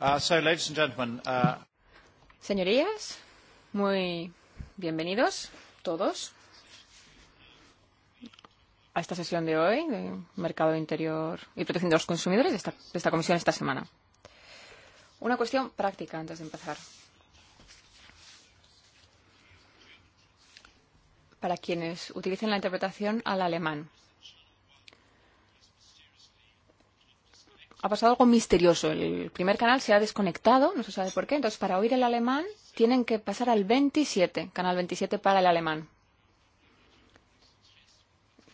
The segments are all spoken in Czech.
Uh, uh, Señorías, muy bienvenidos todos a esta sesión de hoy de Mercado Interior y Protección de los Consumidores de esta, de esta comisión esta semana. Una cuestión práctica antes de empezar. Para quienes utilicen la interpretación al alemán. ha pasado algo misterioso. El primer canal se ha desconectado, no se sabe por qué. Entonces, para oír el alemán, tienen que pasar al 27, canal 27 para el alemán.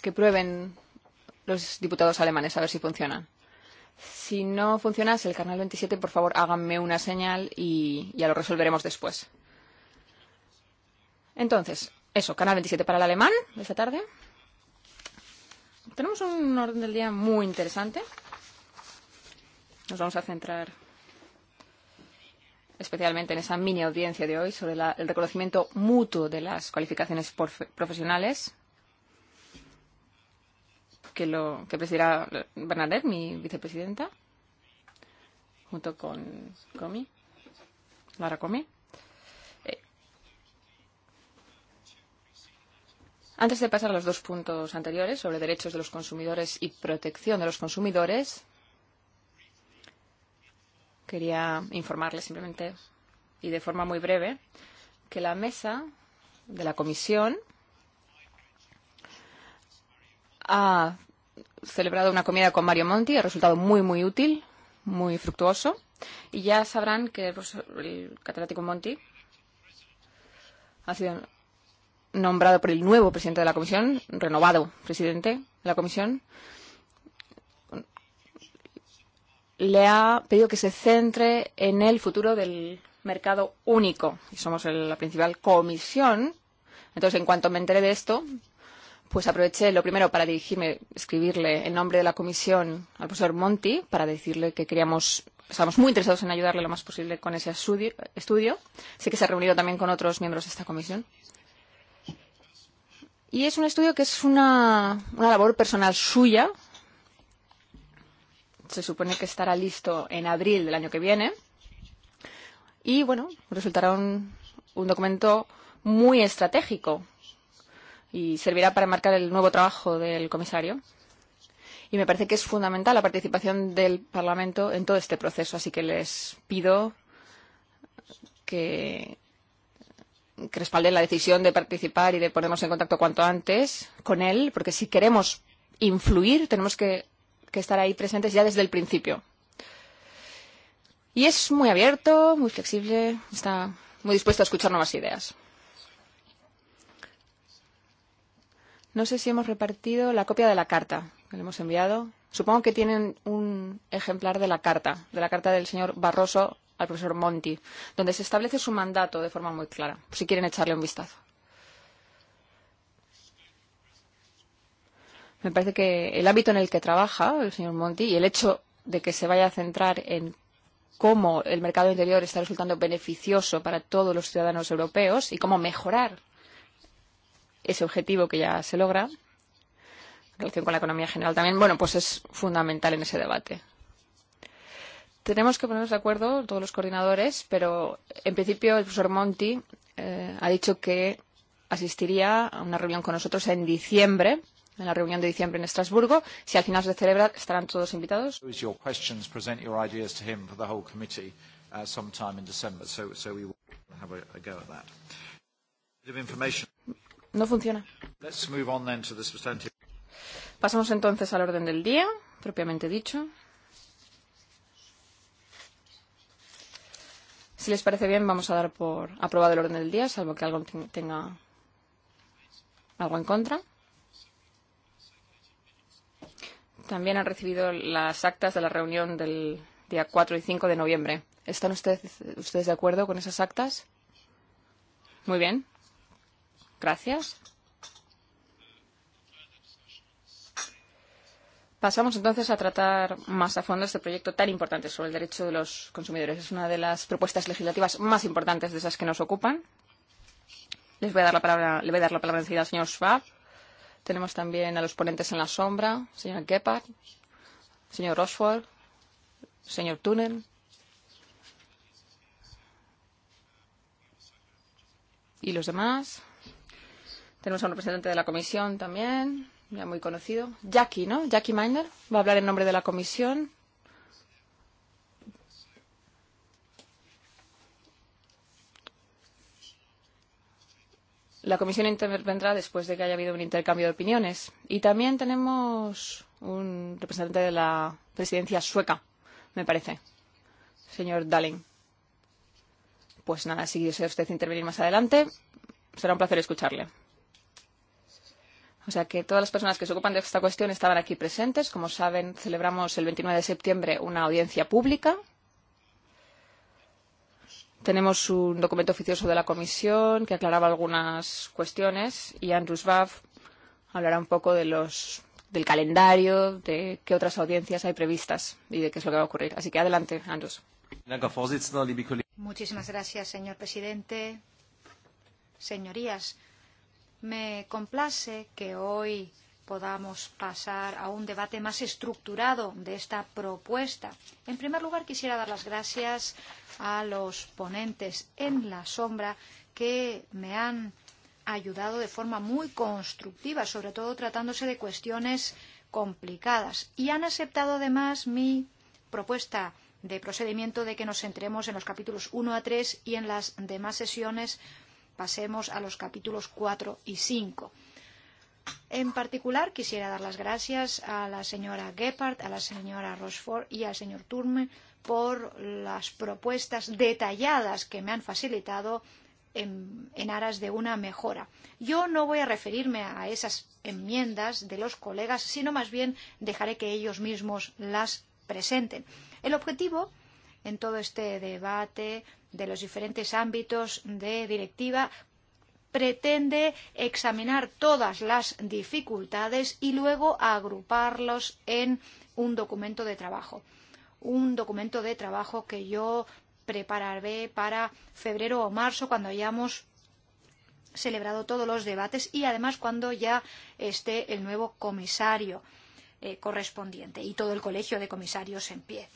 Que prueben los diputados alemanes a ver si funciona. Si no funciona el canal 27, por favor, háganme una señal y ya lo resolveremos después. Entonces, eso, canal 27 para el alemán esta tarde. Tenemos un orden del día muy interesante. Nos vamos a centrar especialmente en esa mini audiencia de hoy sobre la, el reconocimiento mutuo de las cualificaciones porfe, profesionales que lo que presidirá Bernadette, mi vicepresidenta, junto con Comi, Lara Comi. Eh, antes de pasar a los dos puntos anteriores sobre derechos de los consumidores y protección de los consumidores, Quería informarle simplemente y de forma muy breve que la mesa de la comisión ha celebrado una comida con Mario Monti. Ha resultado muy, muy útil, muy fructuoso. Y ya sabrán que el, profesor, el catedrático Monti ha sido nombrado por el nuevo presidente de la comisión, renovado presidente de la comisión, le ha pedido que se centre en el futuro del mercado único. Y somos el, la principal comisión. Entonces, en cuanto me enteré de esto, pues aproveché lo primero para dirigirme, escribirle en nombre de la comisión al profesor Monti para decirle que queríamos, estábamos muy interesados en ayudarle lo más posible con ese estudio. Sé que se ha reunido también con otros miembros de esta comisión. Y es un estudio que es una, una labor personal suya, se supone que estará listo en abril del año que viene. Y bueno, resultará un, un documento muy estratégico y servirá para marcar el nuevo trabajo del comisario. Y me parece que es fundamental la participación del Parlamento en todo este proceso. Así que les pido que, que respalden la decisión de participar y de ponernos en contacto cuanto antes con él, porque si queremos influir tenemos que que estar ahí presentes ya desde el principio. Y es muy abierto, muy flexible, está muy dispuesto a escuchar nuevas ideas. No sé si hemos repartido la copia de la carta que le hemos enviado. Supongo que tienen un ejemplar de la carta, de la carta del señor Barroso al profesor Monti, donde se establece su mandato de forma muy clara, si quieren echarle un vistazo. Me parece que el ámbito en el que trabaja el señor Monti y el hecho de que se vaya a centrar en cómo el mercado interior está resultando beneficioso para todos los ciudadanos europeos y cómo mejorar ese objetivo que ya se logra en relación con la economía general también, bueno, pues es fundamental en ese debate. Tenemos que ponernos de acuerdo todos los coordinadores, pero en principio el profesor Monti eh, ha dicho que asistiría a una reunión con nosotros en diciembre en la reunión de diciembre en Estrasburgo. Si al final se celebra, estarán todos invitados. Uh, no funciona. Pasamos entonces al orden del día, propiamente dicho. Si les parece bien, vamos a dar por aprobado el orden del día, salvo que algo tenga algo en contra. También han recibido las actas de la reunión del día 4 y 5 de noviembre. ¿Están ustedes, ustedes de acuerdo con esas actas? Muy bien. Gracias. Pasamos entonces a tratar más a fondo este proyecto tan importante sobre el derecho de los consumidores. Es una de las propuestas legislativas más importantes de esas que nos ocupan. Les voy a dar la palabra, le voy a dar la palabra enseguida al señor Schwab Tenemos también a los ponentes en la sombra, señor Gephardt, señor Rosford, señor Tunen. Y los demás. Tenemos a un representante de la comisión también, ya muy conocido. Jackie, ¿no? Jackie Miner va a hablar en nombre de la comisión. La comisión intervendrá después de que haya habido un intercambio de opiniones. Y también tenemos un representante de la presidencia sueca, me parece, señor Dalin. Pues nada, si desea usted intervenir más adelante, será un placer escucharle. O sea que todas las personas que se ocupan de esta cuestión estaban aquí presentes. Como saben, celebramos el 29 de septiembre una audiencia pública Tenemos un documento oficioso de la Comisión que aclaraba algunas cuestiones y Andrew Schwab hablará un poco de los, del calendario, de qué otras audiencias hay previstas y de qué es lo que va a ocurrir. Así que adelante, Andrew. Muchísimas gracias, señor presidente. Señorías, me complace que hoy podamos pasar a un debate más estructurado de esta propuesta. En primer lugar, quisiera dar las gracias a los ponentes en la sombra que me han ayudado de forma muy constructiva, sobre todo tratándose de cuestiones complicadas. Y han aceptado además mi propuesta de procedimiento de que nos centremos en los capítulos 1 a 3 y en las demás sesiones pasemos a los capítulos 4 y 5. En particular, quisiera dar las gracias a la señora Gephardt, a la señora Rochefort y al señor Turme por las propuestas detalladas que me han facilitado en, en aras de una mejora. Yo no voy a referirme a esas enmiendas de los colegas, sino más bien dejaré que ellos mismos las presenten. El objetivo en todo este debate de los diferentes ámbitos de directiva pretende examinar todas las dificultades y luego agruparlos en un documento de trabajo. Un documento de trabajo que yo prepararé para febrero o marzo cuando hayamos celebrado todos los debates y además cuando ya esté el nuevo comisario eh, correspondiente y todo el colegio de comisarios en pie.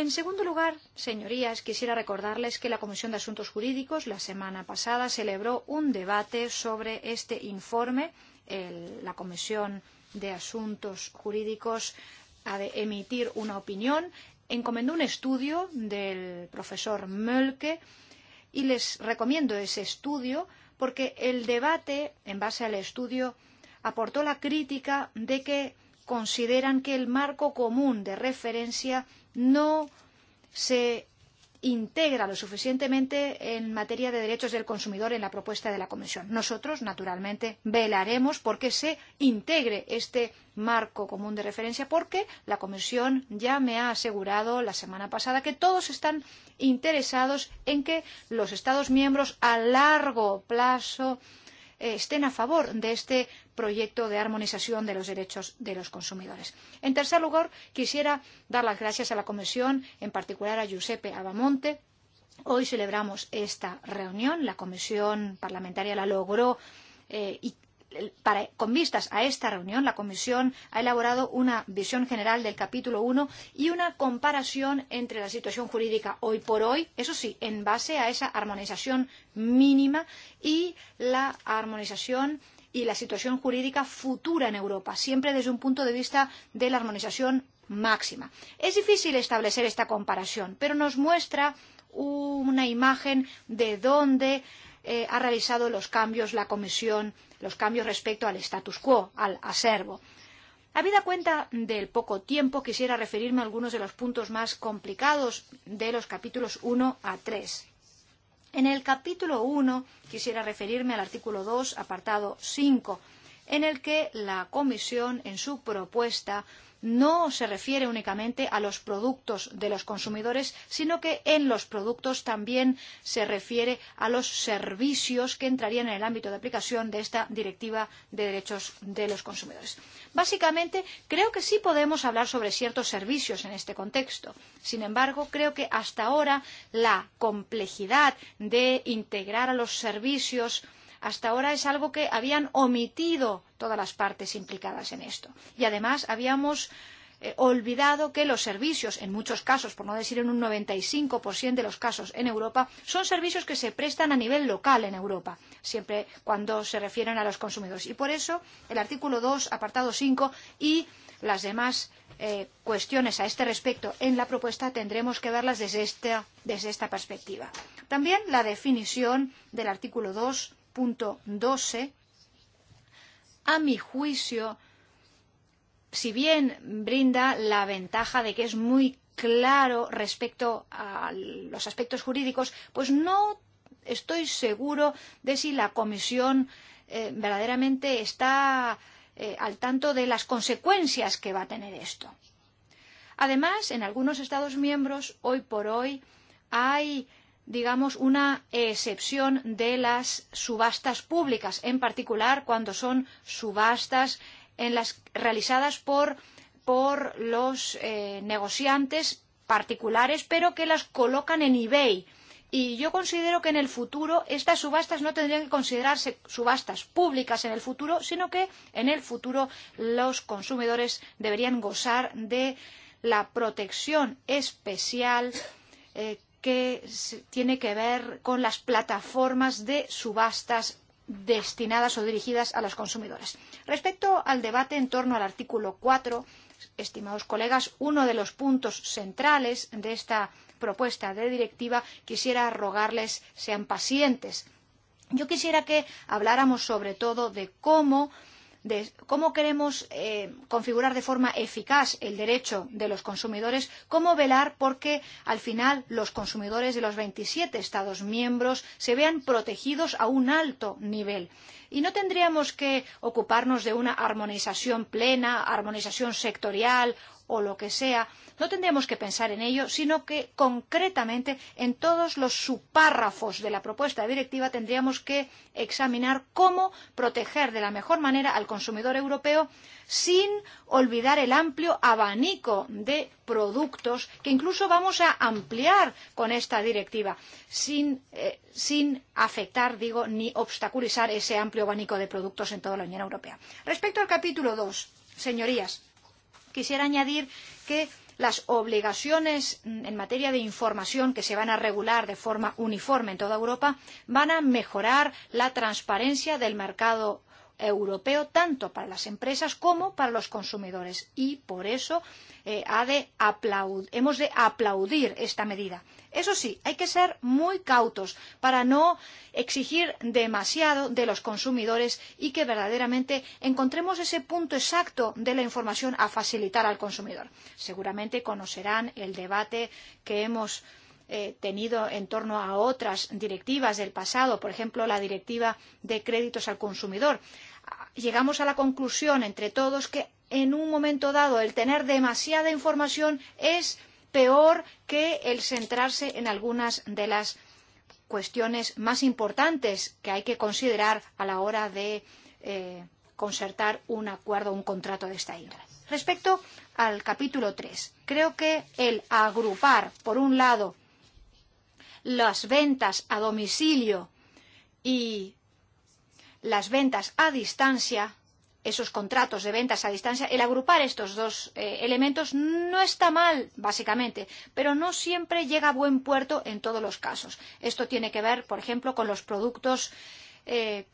En segundo lugar, señorías, quisiera recordarles que la Comisión de Asuntos Jurídicos la semana pasada celebró un debate sobre este informe. El, la Comisión de Asuntos Jurídicos ha de emitir una opinión. Encomendó un estudio del profesor Mölke y les recomiendo ese estudio porque el debate, en base al estudio, aportó la crítica de que consideran que el marco común de referencia no se integra lo suficientemente en materia de derechos del consumidor en la propuesta de la Comisión. Nosotros, naturalmente, velaremos porque se integre este marco común de referencia, porque la Comisión ya me ha asegurado la semana pasada que todos están interesados en que los Estados miembros a largo plazo eh, estén a favor de este proyecto de armonización de los derechos de los consumidores. En tercer lugar, quisiera dar las gracias a la Comisión, en particular a Giuseppe Abamonte, Hoy celebramos esta reunión. La Comisión Parlamentaria la logró eh, y para, con vistas a esta reunión, la Comisión ha elaborado una visión general del capítulo 1 y una comparación entre la situación jurídica hoy por hoy, eso sí, en base a esa armonización mínima y la armonización y la situación jurídica futura en Europa, siempre desde un punto de vista de la armonización máxima. Es difícil establecer esta comparación, pero nos muestra una imagen de dónde eh, ha realizado los cambios la Comisión, los cambios respecto al status quo, al acervo. Habida cuenta del poco tiempo, quisiera referirme a algunos de los puntos más complicados de los capítulos 1 a 3. En el capítulo 1 quisiera referirme al artículo 2, apartado 5, en el que la Comisión, en su propuesta, no se refiere únicamente a los productos de los consumidores, sino que en los productos también se refiere a los servicios que entrarían en el ámbito de aplicación de esta Directiva de Derechos de los Consumidores. Básicamente, creo que sí podemos hablar sobre ciertos servicios en este contexto. Sin embargo, creo que hasta ahora la complejidad de integrar a los servicios Hasta ahora es algo que habían omitido todas las partes implicadas en esto. Y además habíamos eh, olvidado que los servicios, en muchos casos, por no decir en un 95% de los casos en Europa, son servicios que se prestan a nivel local en Europa, siempre cuando se refieren a los consumidores. Y por eso el artículo 2, apartado 5 y las demás eh, cuestiones a este respecto en la propuesta tendremos que verlas desde esta, desde esta perspectiva. También la definición del artículo 2 2.12, a mi juicio, si bien brinda la ventaja de que es muy claro respecto a los aspectos jurídicos, pues no estoy seguro de si la Comisión eh, verdaderamente está eh, al tanto de las consecuencias que va a tener esto. Además, en algunos Estados miembros, hoy por hoy, hay digamos, una excepción de las subastas públicas, en particular cuando son subastas en las, realizadas por, por los eh, negociantes particulares, pero que las colocan en eBay. Y yo considero que en el futuro estas subastas no tendrían que considerarse subastas públicas en el futuro, sino que en el futuro los consumidores deberían gozar de la protección especial eh, que tiene que ver con las plataformas de subastas destinadas o dirigidas a los consumidores. Respecto al debate en torno al artículo 4, estimados colegas, uno de los puntos centrales de esta propuesta de directiva, quisiera rogarles sean pacientes. Yo quisiera que habláramos sobre todo de cómo de cómo queremos eh, configurar de forma eficaz el derecho de los consumidores, cómo velar porque al final los consumidores de los 27 Estados miembros se vean protegidos a un alto nivel. Y no tendríamos que ocuparnos de una armonización plena, armonización sectorial o lo que sea, no tendríamos que pensar en ello, sino que concretamente en todos los subpárrafos de la propuesta de directiva tendríamos que examinar cómo proteger de la mejor manera al consumidor europeo sin olvidar el amplio abanico de productos que incluso vamos a ampliar con esta directiva, sin, eh, sin afectar, digo, ni obstaculizar ese amplio abanico de productos en toda la Unión Europea. Respecto al capítulo 2, señorías, quisiera añadir que las obligaciones en materia de información que se van a regular de forma uniforme en toda Europa van a mejorar la transparencia del mercado europeo tanto para las empresas como para los consumidores. Y por eso eh, ha de aplaud hemos de aplaudir esta medida. Eso sí, hay que ser muy cautos para no exigir demasiado de los consumidores y que verdaderamente encontremos ese punto exacto de la información a facilitar al consumidor. Seguramente conocerán el debate que hemos Eh, tenido en torno a otras directivas del pasado, por ejemplo, la directiva de créditos al consumidor. Llegamos a la conclusión entre todos que en un momento dado el tener demasiada información es peor que el centrarse en algunas de las cuestiones más importantes que hay que considerar a la hora de eh, concertar un acuerdo, o un contrato de esta índole. Respecto al capítulo 3, creo que el agrupar, por un lado, las ventas a domicilio y las ventas a distancia, esos contratos de ventas a distancia, el agrupar estos dos eh, elementos no está mal, básicamente, pero no siempre llega a buen puerto en todos los casos. Esto tiene que ver, por ejemplo, con los productos eh,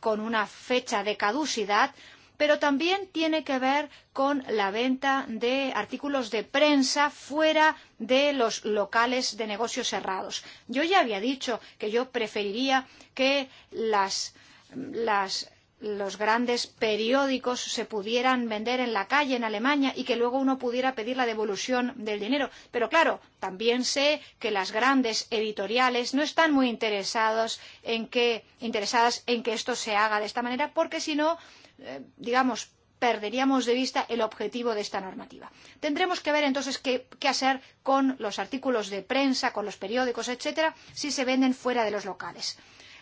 con una fecha de caducidad, pero también tiene que ver con la venta de artículos de prensa fuera de los locales de negocios cerrados. Yo ya había dicho que yo preferiría que las, las los grandes periódicos se pudieran vender en la calle en Alemania y que luego uno pudiera pedir la devolución del dinero. Pero claro, también sé que las grandes editoriales no están muy interesados en que, interesadas en que esto se haga de esta manera porque si no Eh, digamos, perderíamos de vista el objetivo de esta normativa. Tendremos que ver entonces qué, qué hacer con los artículos de prensa, con los periódicos, etcétera, si se venden fuera de los locales.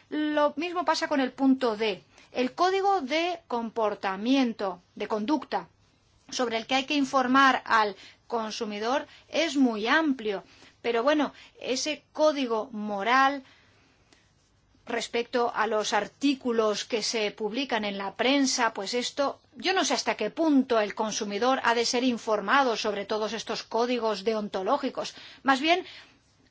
Lo mismo pasa con el punto D, el código de comportamiento, de conducta, sobre el que hay que informar al consumidor es muy amplio, pero bueno, ese código moral, eh, respecto a los artículos que se publican en la prensa, pues esto, yo no sé hasta qué punto el consumidor ha de ser informado sobre todos estos códigos deontológicos. Más bien,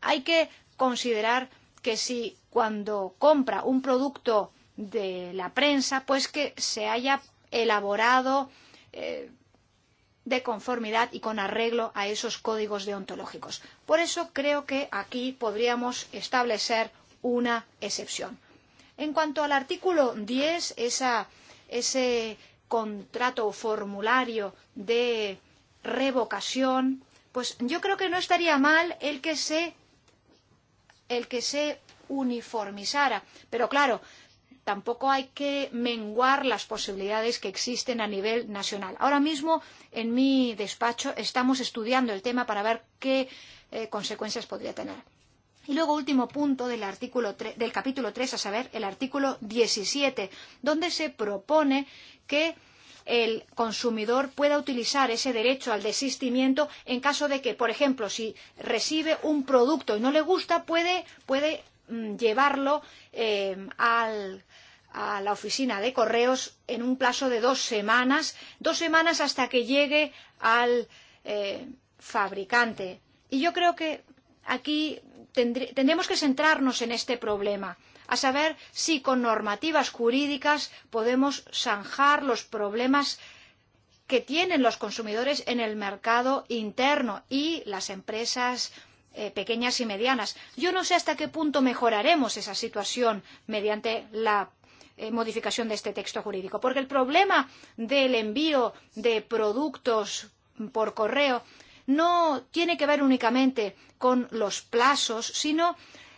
hay que considerar que si cuando compra un producto de la prensa, pues que se haya elaborado eh, de conformidad y con arreglo a esos códigos deontológicos. Por eso creo que aquí podríamos establecer una excepción. En cuanto al artículo 10, esa, ese contrato o formulario de revocación, pues yo creo que no estaría mal el que se, el que se uniformizara. Pero claro, tampoco hay que menguar las posibilidades que existen a nivel nacional. Ahora mismo, en mi despacho, estamos estudiando el tema para ver qué eh, consecuencias podría tener. Y luego, último punto del, artículo 3, del capítulo 3, a saber, el artículo 17, donde se propone que el consumidor pueda utilizar ese derecho al desistimiento en caso de que, por ejemplo, si recibe un producto y no le gusta, puede, puede mm, llevarlo eh, al, a la oficina de correos en un plazo de dos semanas, dos semanas hasta que llegue al eh, fabricante. Y yo creo que aquí tendremos que centrarnos en este problema, a saber si con normativas jurídicas podemos zanjar los problemas que tienen los consumidores en el mercado interno y las empresas eh, pequeñas y medianas. Yo no sé hasta qué punto mejoraremos esa situación mediante la eh, modificación de este texto jurídico, porque el problema del envío de productos por correo no tiene que ver únicamente con los plazos, sino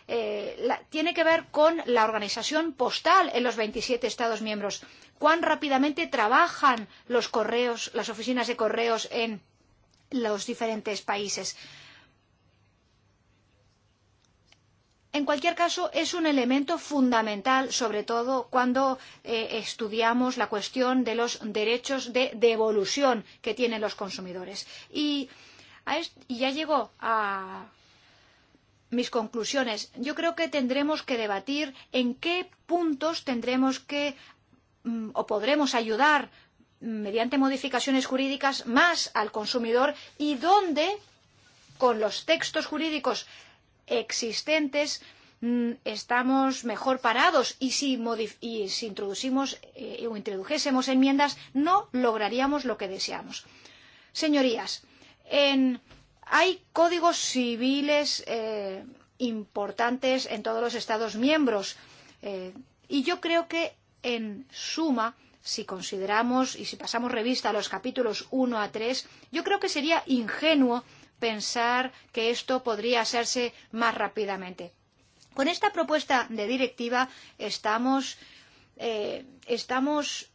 eh, la, tiene que ver con la organización postal en los 27 Estados miembros. Cuán rápidamente trabajan los correos, las oficinas de correos en los diferentes países. En cualquier caso, es un elemento fundamental, sobre todo cuando eh, estudiamos la cuestión de los derechos de devolución que tienen los consumidores. Y eh, a y ya llego a mis conclusiones. Yo creo que tendremos que debatir en qué puntos tendremos que mm, o podremos ayudar mm, mediante modificaciones jurídicas más al consumidor y dónde, con los textos jurídicos existentes, mm, estamos mejor parados y si, y si introducimos eh, o introdujésemos enmiendas no lograríamos lo que deseamos. Señorías, En, hay códigos civiles eh, importantes en todos los Estados miembros eh, y yo creo que en suma si consideramos y si pasamos revista a los capítulos 1 a 3, yo creo que sería ingenuo pensar que esto podría hacerse más rápidamente. Con esta propuesta de directiva estamos, eh, estamos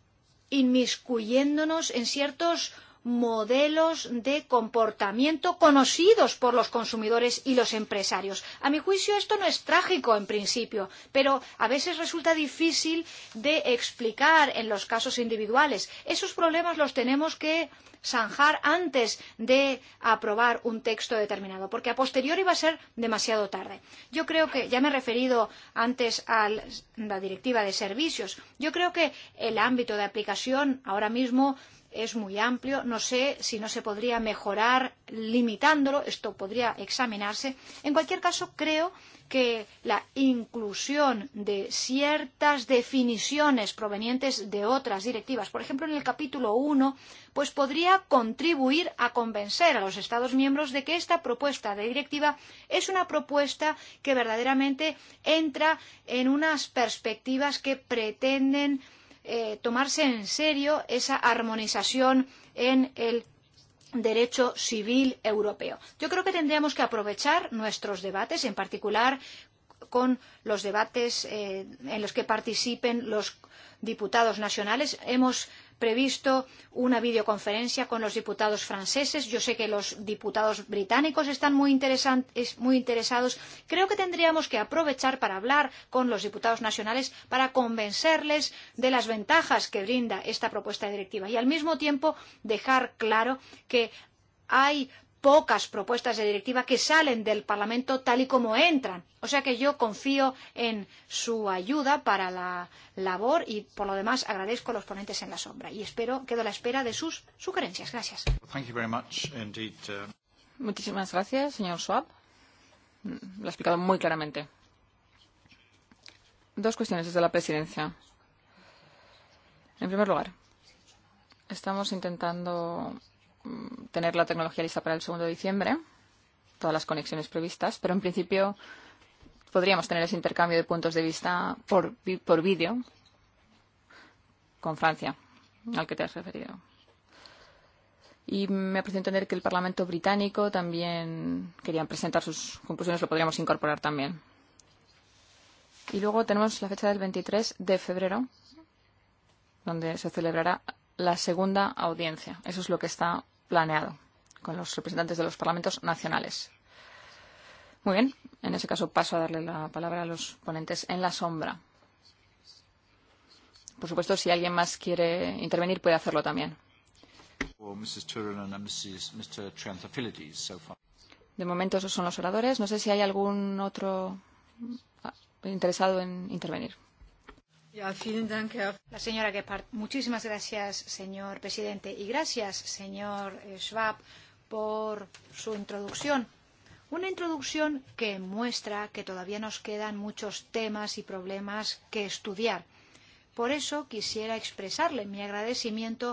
inmiscuyéndonos en ciertos modelos de comportamiento conocidos por los consumidores y los empresarios. A mi juicio esto no es trágico en principio, pero a veces resulta difícil de explicar en los casos individuales. Esos problemas los tenemos que zanjar antes de aprobar un texto determinado, porque a posteriori va a ser demasiado tarde. Yo creo que, ya me he referido antes a la directiva de servicios, yo creo que el ámbito de aplicación ahora mismo es muy amplio. No sé si no se podría mejorar limitándolo. Esto podría examinarse. En cualquier caso, creo que la inclusión de ciertas definiciones provenientes de otras directivas, por ejemplo, en el capítulo 1, pues podría contribuir a convencer a los Estados miembros de que esta propuesta de directiva es una propuesta que verdaderamente entra en unas perspectivas que pretenden eh, eh, tomarse en serio esa armonización en el derecho civil europeo. Yo creo que tendríamos que aprovechar nuestros debates, en particular con los debates eh, en los que participen los diputados nacionales. Hemos previsto una videoconferencia con los diputados franceses. Yo sé que los diputados británicos están muy, interesantes, muy interesados. Creo que tendríamos que aprovechar para hablar con los diputados nacionales para convencerles de las ventajas que brinda esta propuesta de directiva y al mismo tiempo dejar claro que hay pocas propuestas de directiva que salen del Parlamento tal y como entran. O sea que yo confío en su ayuda para la labor y por lo demás agradezco a los ponentes en la sombra y espero, quedo a la espera de sus sugerencias. Gracias. Uh, Muchísimas gracias, señor Schwab. Lo ha explicado muy claramente. Dos cuestiones desde la presidencia. En primer lugar, estamos intentando tener la tecnología lista para el segundo de diciembre, todas las conexiones previstas, pero en principio podríamos tener ese intercambio de puntos de vista por, por vídeo con Francia, al que te has referido. Y me parece entender que el Parlamento británico también querían presentar sus conclusiones, lo podríamos incorporar también. Y luego tenemos la fecha del 23 de febrero, donde se celebrará la segunda audiencia. Eso es lo que está planeado con los representantes de los parlamentos nacionales. Muy bien, en ese caso paso a darle la palabra a los ponentes en la sombra. Por supuesto, si alguien más quiere intervenir, puede hacerlo también. De momento esos son los oradores. No sé si hay algún otro ah, interesado en intervenir señora Gephardt, muchísimas gracias, señor presidente, y gracias, señor eh, Schwab, por su introducción. Una introducción que muestra que todavía nos quedan muchos temas y problemas que estudiar. Por eso quisiera expresarle mi agradecimiento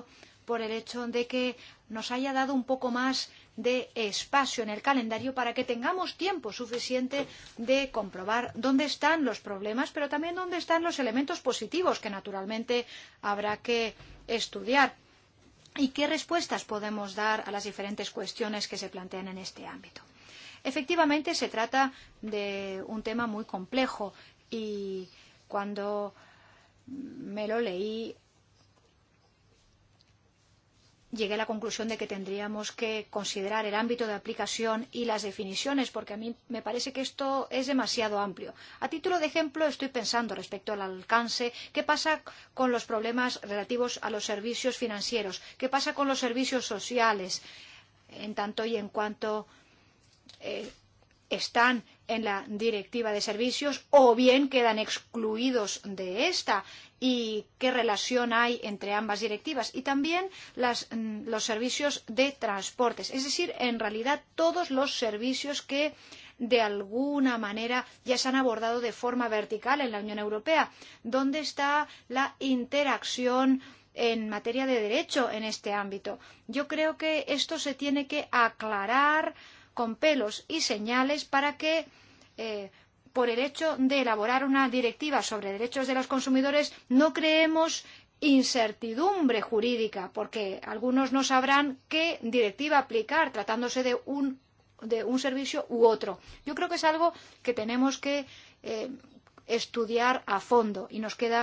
por el hecho de que nos haya dado un poco más de espacio en el calendario para que tengamos tiempo suficiente de comprobar dónde están los problemas, pero también dónde están los elementos positivos que naturalmente habrá que estudiar y qué respuestas podemos dar a las diferentes cuestiones que se plantean en este ámbito. Efectivamente, se trata de un tema muy complejo y cuando me lo leí llegué a la conclusión de que tendríamos que considerar el ámbito de aplicación y las definiciones, porque a mí me parece que esto es demasiado amplio. A título de ejemplo, estoy pensando respecto al alcance, qué pasa con los problemas relativos a los servicios financieros, qué pasa con los servicios sociales, en tanto y en cuanto eh, están en la directiva de servicios o bien quedan excluidos de esta y qué relación hay entre ambas directivas y también las, mm, los servicios de transportes, es decir, en realidad todos los servicios que de alguna manera ya se han abordado de forma vertical en la Unión Europea. ¿Dónde está la interacción en materia de derecho en este ámbito? Yo creo que esto se tiene que aclarar eh, con pelos y señales para que, eh, por el hecho de elaborar una directiva sobre derechos de los consumidores, no creemos incertidumbre jurídica, porque algunos no sabrán qué directiva aplicar tratándose de un, de un servicio u otro. Yo creo que es algo que tenemos que eh, estudiar a fondo y nos queda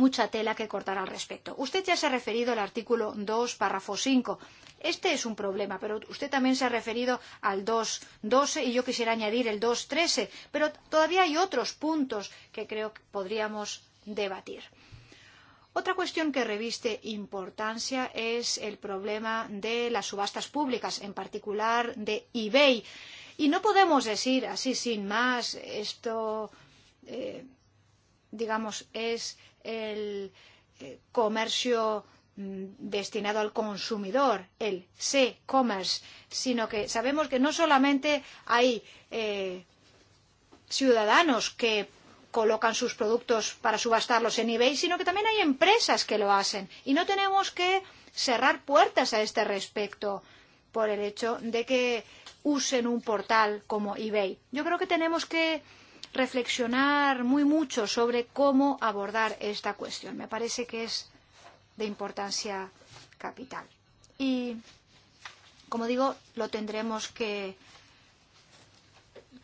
mucha tela que cortar al respecto. Usted ya se ha referido al artículo 2, párrafo 5. Este es un problema, pero usted también se ha referido al 2.12 y yo quisiera añadir el 2.13, pero todavía hay otros puntos que creo que podríamos debatir. Otra cuestión que reviste importancia es el problema de las subastas públicas, en particular de eBay. Y no podemos decir así sin más, esto, eh, digamos, es el eh, comercio mm, destinado al consumidor, el C-commerce, sino que sabemos que no solamente hay eh, ciudadanos que colocan sus productos para subastarlos en eBay, sino que también hay empresas que lo hacen. Y no tenemos que cerrar puertas a este respecto por el hecho de que usen un portal como eBay. Yo creo que tenemos que reflexionar muy mucho sobre cómo abordar esta cuestión. Me parece que es de importancia capital. Y, como digo, lo tendremos que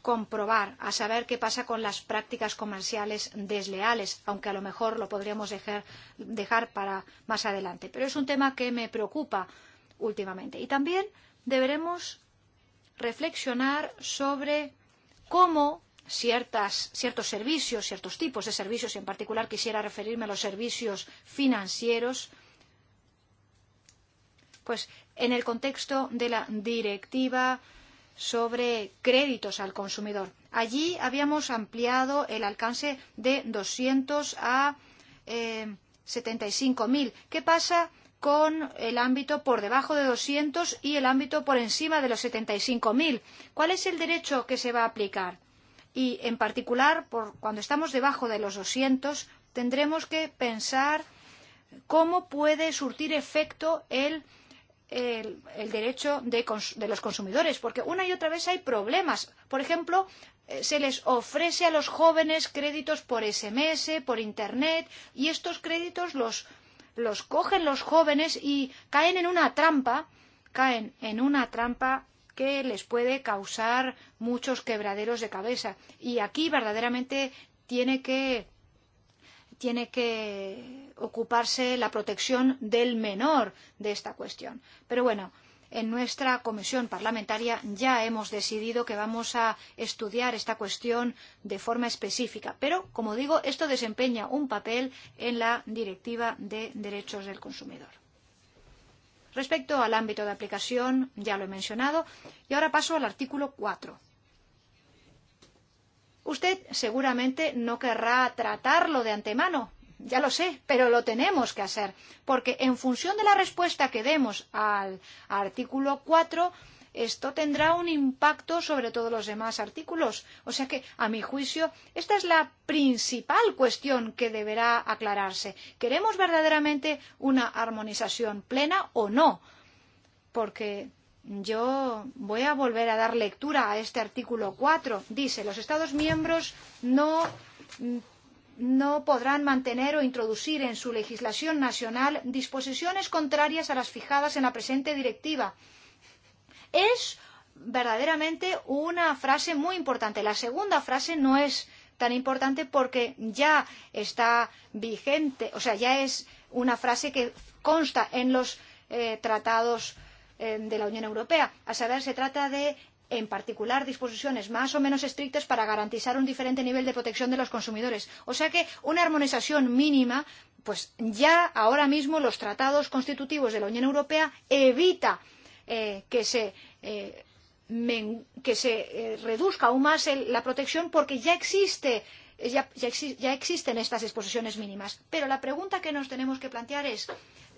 comprobar, a saber qué pasa con las prácticas comerciales desleales, aunque a lo mejor lo podríamos dejar, dejar para más adelante. Pero es un tema que me preocupa últimamente. Y también deberemos reflexionar sobre cómo ciertas, ciertos servicios, ciertos tipos de servicios, y en particular quisiera referirme a los servicios financieros, pues en el contexto de la directiva sobre créditos al consumidor. Allí habíamos ampliado el alcance de 200 a eh, 75.000. ¿Qué pasa con el ámbito por debajo de 200 y el ámbito por encima de los 75.000? ¿Cuál es el derecho que se va a aplicar? y en particular por cuando estamos debajo de los 200 tendremos que pensar cómo puede surtir efecto el, el, el derecho de, de los consumidores, porque una y otra vez hay problemas. Por ejemplo, eh, se les ofrece a los jóvenes créditos por SMS, por Internet, y estos créditos los, los cogen los jóvenes y caen en una trampa, caen en una trampa que les puede causar muchos quebraderos de cabeza. Y aquí verdaderamente tiene que tiene que ocuparse la protección del menor de esta cuestión. Pero bueno, en nuestra comisión parlamentaria ya hemos decidido que vamos a estudiar esta cuestión de forma específica. Pero, como digo, esto desempeña un papel en la Directiva de Derechos del Consumidor. Respecto al ámbito de aplicación, ya lo he mencionado, y ahora paso al artículo 4. Usted seguramente no querrá tratarlo de antemano, ya lo sé, pero lo tenemos que hacer, porque en función de la respuesta que demos al artículo 4, esto tendrá un impacto sobre todos los demás artículos. O sea que, a mi juicio, esta es la principal cuestión que deberá aclararse. ¿Queremos verdaderamente una armonización plena o no? Porque yo voy a volver a dar lectura a este artículo 4. Dice, los Estados miembros no, no podrán mantener o introducir en su legislación nacional disposiciones contrarias a las fijadas en la presente directiva es verdaderamente una frase muy importante. La segunda frase no es tan importante porque ya está vigente, o sea, ya es una frase que consta en los eh, tratados eh, de la Unión Europea. A saber, se trata de, en particular, disposiciones más o menos estrictas para garantizar un diferente nivel de protección de los consumidores. O sea que una armonización mínima, pues ya ahora mismo los tratados constitutivos de la Unión Europea evita eh, que se. Eh, men, que se eh, reduzca aún más el, la protección porque ya existe eh, ya, ya, exi ya existen estas exposiciones mínimas. Pero la pregunta que nos tenemos que plantear es,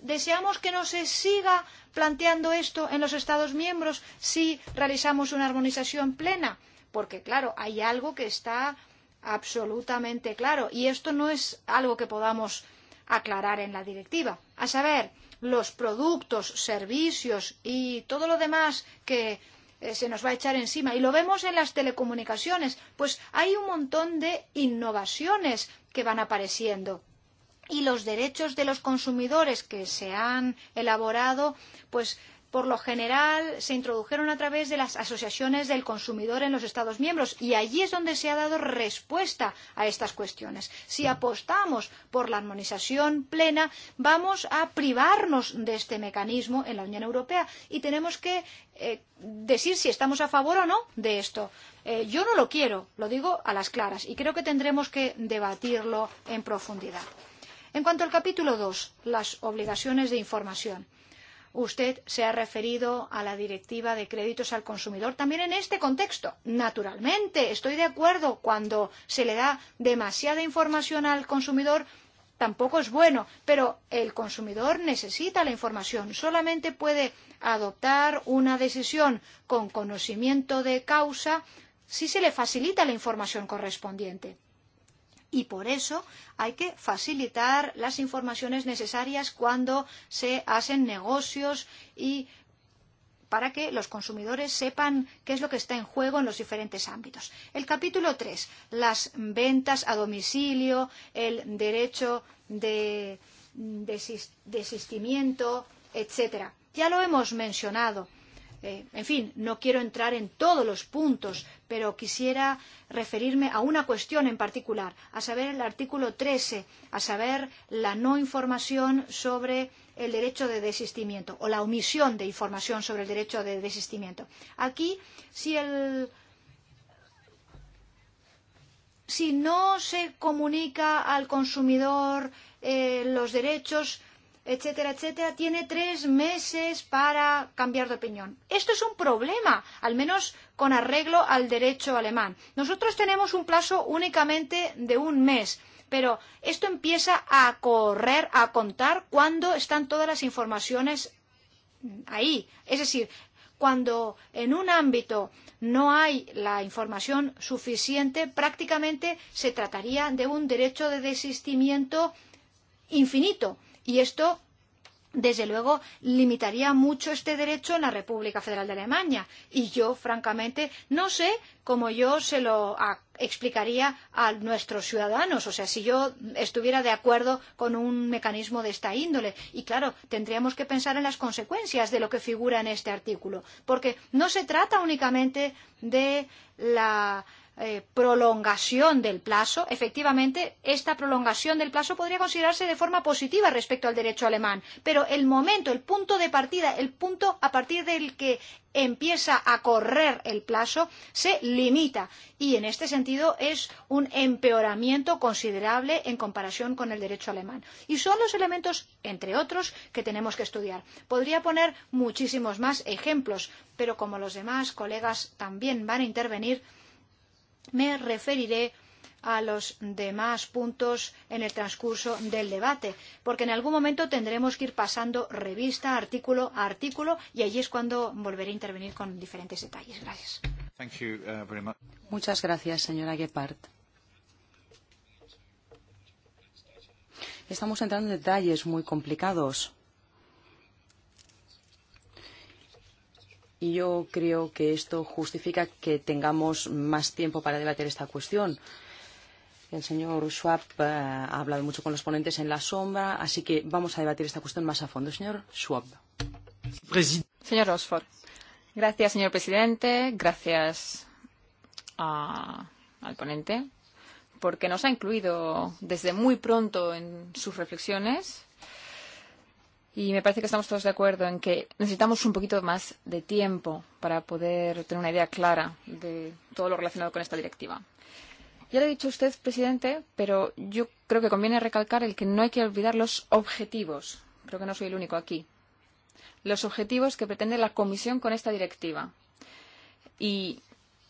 ¿deseamos que no se siga planteando esto en los Estados miembros si realizamos una armonización plena? Porque, claro, hay algo que está absolutamente claro y esto no es algo que podamos aclarar en la directiva. A saber, los productos, servicios y todo lo demás que eh, se nos va a echar encima. Y lo vemos en las telecomunicaciones, pues hay un montón de innovaciones que van apareciendo. Y los derechos de los consumidores que se han elaborado, pues por lo general se introdujeron a través de las asociaciones del consumidor en los Estados miembros y allí es donde se ha dado respuesta a estas cuestiones. Si apostamos por la armonización plena, vamos a privarnos de este mecanismo en la Unión Europea y tenemos que eh, decir si estamos a favor o no de esto. Eh, yo no lo quiero, lo digo a las claras y creo que tendremos que debatirlo en profundidad. En cuanto al capítulo 2, las obligaciones de información. Usted se ha referido a la directiva de créditos al consumidor también en este contexto. Naturalmente, estoy de acuerdo cuando se le da demasiada información al consumidor tampoco es bueno, pero el consumidor necesita la información. Solamente puede adoptar una decisión con conocimiento de causa si se le facilita la información correspondiente y por eso hay que facilitar las informaciones necesarias cuando se hacen negocios y para que los consumidores sepan qué es lo que está en juego en los diferentes ámbitos. El capítulo 3, las ventas a domicilio, el derecho de desistimiento, etc. Ya lo hemos mencionado. Eh, en fin, no quiero entrar en todos los puntos pero quisiera referirme a una cuestión en particular, a saber el artículo 13, a saber la no información sobre el derecho de desistimiento o la omisión de información sobre el derecho de desistimiento. Aquí, si el si no se comunica al consumidor eh, los derechos etcétera, etcétera, tiene tres meses para cambiar de opinión. Esto es un problema, al menos con arreglo al derecho alemán. Nosotros tenemos un plazo únicamente de un mes, pero esto empieza a correr, a contar cuando están todas las informaciones ahí. Es decir, cuando en un ámbito no hay la información suficiente, prácticamente se trataría de un derecho de desistimiento infinito Y esto, desde luego, limitaría mucho este derecho en la República Federal de Alemania. Y yo, francamente, no sé cómo yo se lo explicaría a nuestros ciudadanos. O sea, si yo estuviera de acuerdo con un mecanismo de esta índole. Y claro, tendríamos que pensar en las consecuencias de lo que figura en este artículo. Porque no se trata únicamente de la eh, prolongación del plazo, efectivamente, esta prolongación del plazo podría considerarse de forma positiva respecto al derecho alemán. Pero el momento, el punto de partida, el punto a partir del que empieza a correr el plazo, se limita. Y en este sentido es un empeoramiento considerable en comparación con el derecho alemán. Y son los elementos, entre otros, que tenemos que estudiar. Podría poner muchísimos más ejemplos, pero como los demás colegas también van a intervenir, Me referiré a los demás puntos en el transcurso del debate, porque en algún momento tendremos que ir pasando revista, artículo a artículo, y allí es cuando volveré a intervenir con diferentes detalles. Gracias. Thank you, uh, very much. Muchas gracias, señora Gepard. Estamos entrando en detalles muy complicados. yo creo que esto justifica que tengamos más tiempo para debatir esta cuestión. El señor Schwab uh, ha hablado mucho con los ponentes en la sombra, así que vamos a debatir esta cuestión más a fondo. Señor Schwab. Señor Rosford. Gracias, señor presidente. Gracias a, al ponente, porque nos ha incluido desde muy pronto en sus reflexiones Y me parece que estamos todos de acuerdo en que necesitamos un poquito más de tiempo para poder tener una idea clara de todo lo relacionado con esta directiva. Ya lo ha dicho usted, presidente, pero yo creo que conviene recalcar el que no hay que olvidar los objetivos. Creo que no soy el único aquí. Los objetivos que pretende la Comisión con esta directiva. Y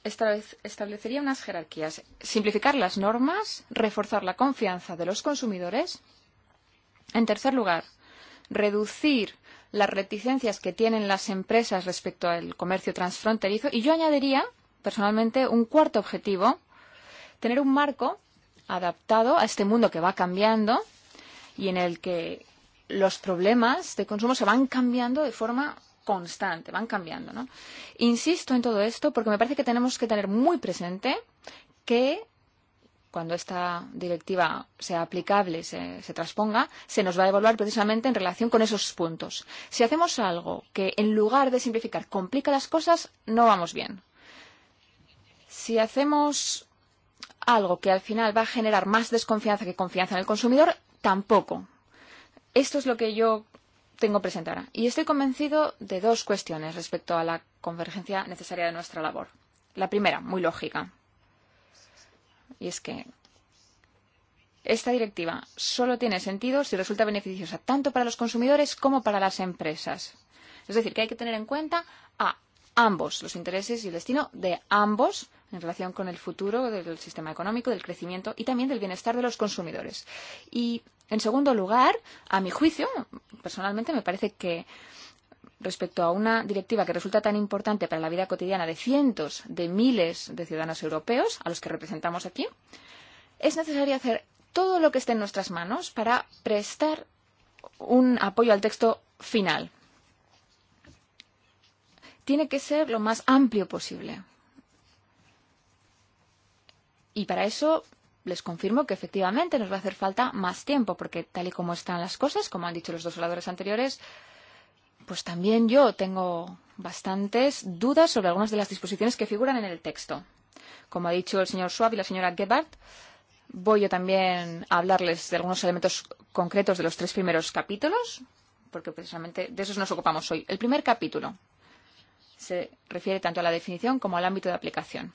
establecería unas jerarquías. Simplificar las normas, reforzar la confianza de los consumidores. En tercer lugar, reducir las reticencias que tienen las empresas respecto al comercio transfronterizo. Y yo añadiría, personalmente, un cuarto objetivo, tener un marco adaptado a este mundo que va cambiando y en el que los problemas de consumo se van cambiando de forma constante, van cambiando. ¿no? Insisto en todo esto porque me parece que tenemos que tener muy presente que cuando esta directiva sea aplicable, se, se transponga, se nos va a evaluar precisamente en relación con esos puntos. Si hacemos algo que en lugar de simplificar complica las cosas, no vamos bien. Si hacemos algo que al final va a generar más desconfianza que confianza en el consumidor, tampoco. Esto es lo que yo tengo presente ahora. Y estoy convencido de dos cuestiones respecto a la convergencia necesaria de nuestra labor. La primera, muy lógica y es que esta directiva solo tiene sentido si resulta beneficiosa tanto para los consumidores como para las empresas. Es decir, que hay que tener en cuenta a ambos, los intereses y el destino de ambos en relación con el futuro del sistema económico, del crecimiento y también del bienestar de los consumidores. Y, en segundo lugar, a mi juicio, personalmente me parece que eh, respecto a una directiva que resulta tan importante para la vida cotidiana de cientos de miles de ciudadanos europeos, a los que representamos aquí, es necesario hacer todo lo que esté en nuestras manos para prestar un apoyo al texto final. Tiene que ser lo más amplio posible. Y para eso les confirmo que efectivamente nos va a hacer falta más tiempo, porque tal y como están las cosas, como han dicho los dos oradores anteriores, eh, pues también yo tengo bastantes dudas sobre algunas de las disposiciones que figuran en el texto. Como ha dicho el señor Schwab y la señora Gebhardt, voy yo también a hablarles de algunos elementos concretos de los tres primeros capítulos, porque precisamente de esos nos ocupamos hoy. El primer capítulo se refiere tanto a la definición como al ámbito de aplicación.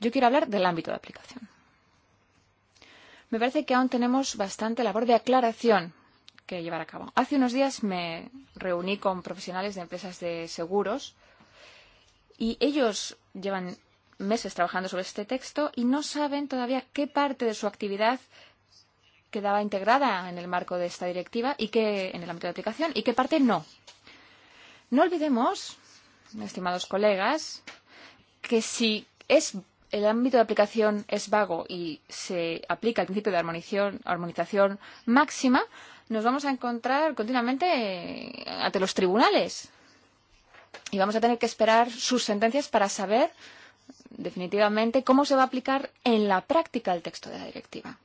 Yo quiero hablar del ámbito de aplicación. Me parece que aún tenemos bastante labor de aclaración que llevar a cabo. Hace unos días me reuní con profesionales de empresas de seguros y ellos llevan meses trabajando sobre este texto y no saben todavía qué parte de su actividad quedaba integrada en el marco de esta directiva y qué en el ámbito de aplicación y qué parte no. No olvidemos, estimados colegas, que si es el ámbito de aplicación es vago y se aplica el principio de armonización, armonización máxima, nos vamos a encontrar continuamente ante los tribunales y vamos a tener que esperar sus sentencias para saber definitivamente cómo se va a aplicar en la práctica el texto de la directiva.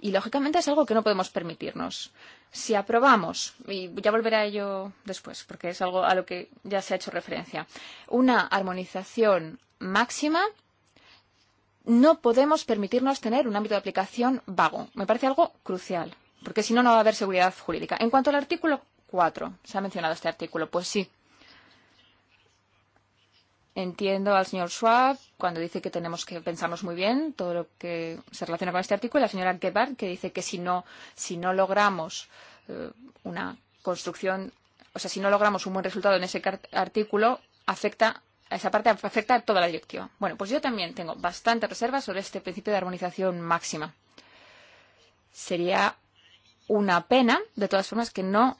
Y lógicamente es algo que no podemos permitirnos. Si aprobamos, y ya volveré a ello después, porque es algo a lo que ya se ha hecho referencia, una armonización máxima, no podemos permitirnos tener un ámbito de aplicación vago. Me parece algo crucial porque si no, no va a haber seguridad jurídica. En cuanto al artículo 4, se ha mencionado este artículo, pues sí. Entiendo al señor Schwab cuando dice que tenemos que pensarnos muy bien todo lo que se relaciona con este artículo, y la señora Gebhardt que dice que si no, si no logramos eh, una construcción, o sea, si no logramos un buen resultado en ese artículo, afecta a esa parte afecta a toda la directiva. Bueno, pues yo también tengo bastante reserva sobre este principio de armonización máxima. Sería una pena, de todas formas, que no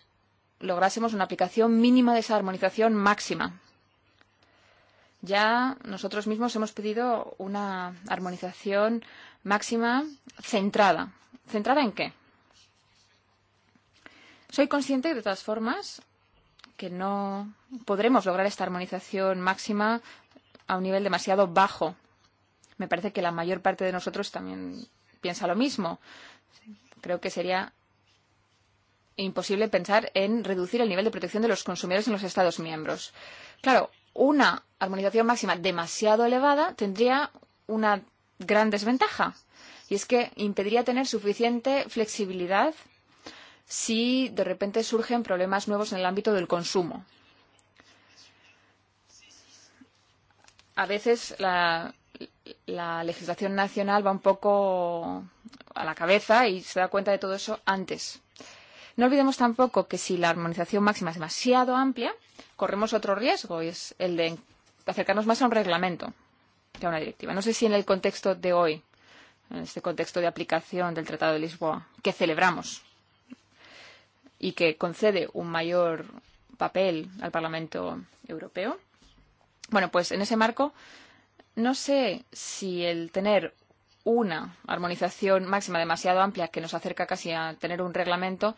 lográsemos una aplicación mínima de esa armonización máxima. Ya nosotros mismos hemos pedido una armonización máxima centrada. ¿Centrada en qué? Soy consciente, de todas formas, que no podremos lograr esta armonización máxima a un nivel demasiado bajo. Me parece que la mayor parte de nosotros también piensa lo mismo. Creo que sería imposible pensar en reducir el nivel de protección de los consumidores en los Estados miembros. Claro, una armonización máxima demasiado elevada tendría una gran desventaja y es que impediría tener suficiente flexibilidad si de repente surgen problemas nuevos en el ámbito del consumo. A veces la, la legislación nacional va un poco a la cabeza y se da cuenta de todo eso antes No olvidemos tampoco que si la armonización máxima es demasiado amplia, corremos otro riesgo, y es el de acercarnos más a un reglamento que a una directiva. No sé si en el contexto de hoy, en este contexto de aplicación del Tratado de Lisboa, que celebramos y que concede un mayor papel al Parlamento Europeo, bueno, pues en ese marco, no sé si el tener una armonización máxima demasiado amplia que nos acerca casi a tener un reglamento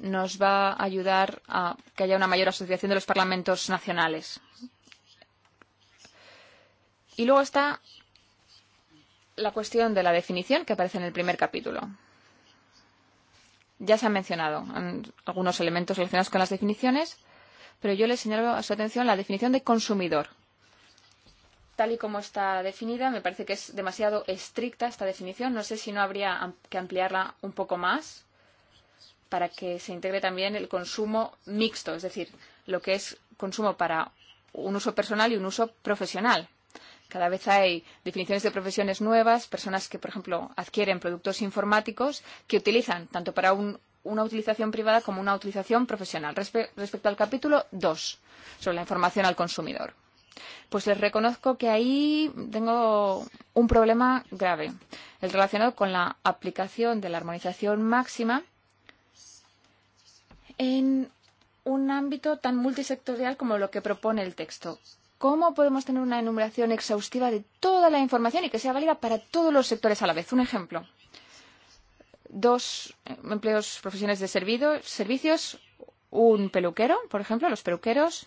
nos va a ayudar a que haya una mayor asociación de los parlamentos nacionales. Y luego está la cuestión de la definición que aparece en el primer capítulo. Ya se han mencionado algunos elementos relacionados con las definiciones, pero yo le señalo a su atención la definición de consumidor. Tal y como está definida, me parece que es demasiado estricta esta definición. No sé si no habría que ampliarla un poco más para que se integre también el consumo mixto, es decir, lo que es consumo para un uso personal y un uso profesional. Cada vez hay definiciones de profesiones nuevas, personas que, por ejemplo, adquieren productos informáticos que utilizan tanto para un, una utilización privada como una utilización profesional. Respe respecto al capítulo 2, sobre la información al consumidor. Pues les reconozco que ahí tengo un problema grave, el relacionado con la aplicación de la armonización máxima en un ámbito tan multisectorial como lo que propone el texto. ¿Cómo podemos tener una enumeración exhaustiva de toda la información y que sea válida para todos los sectores a la vez? Un ejemplo. Dos empleos, profesiones de servido, servicios, un peluquero, por ejemplo, los peluqueros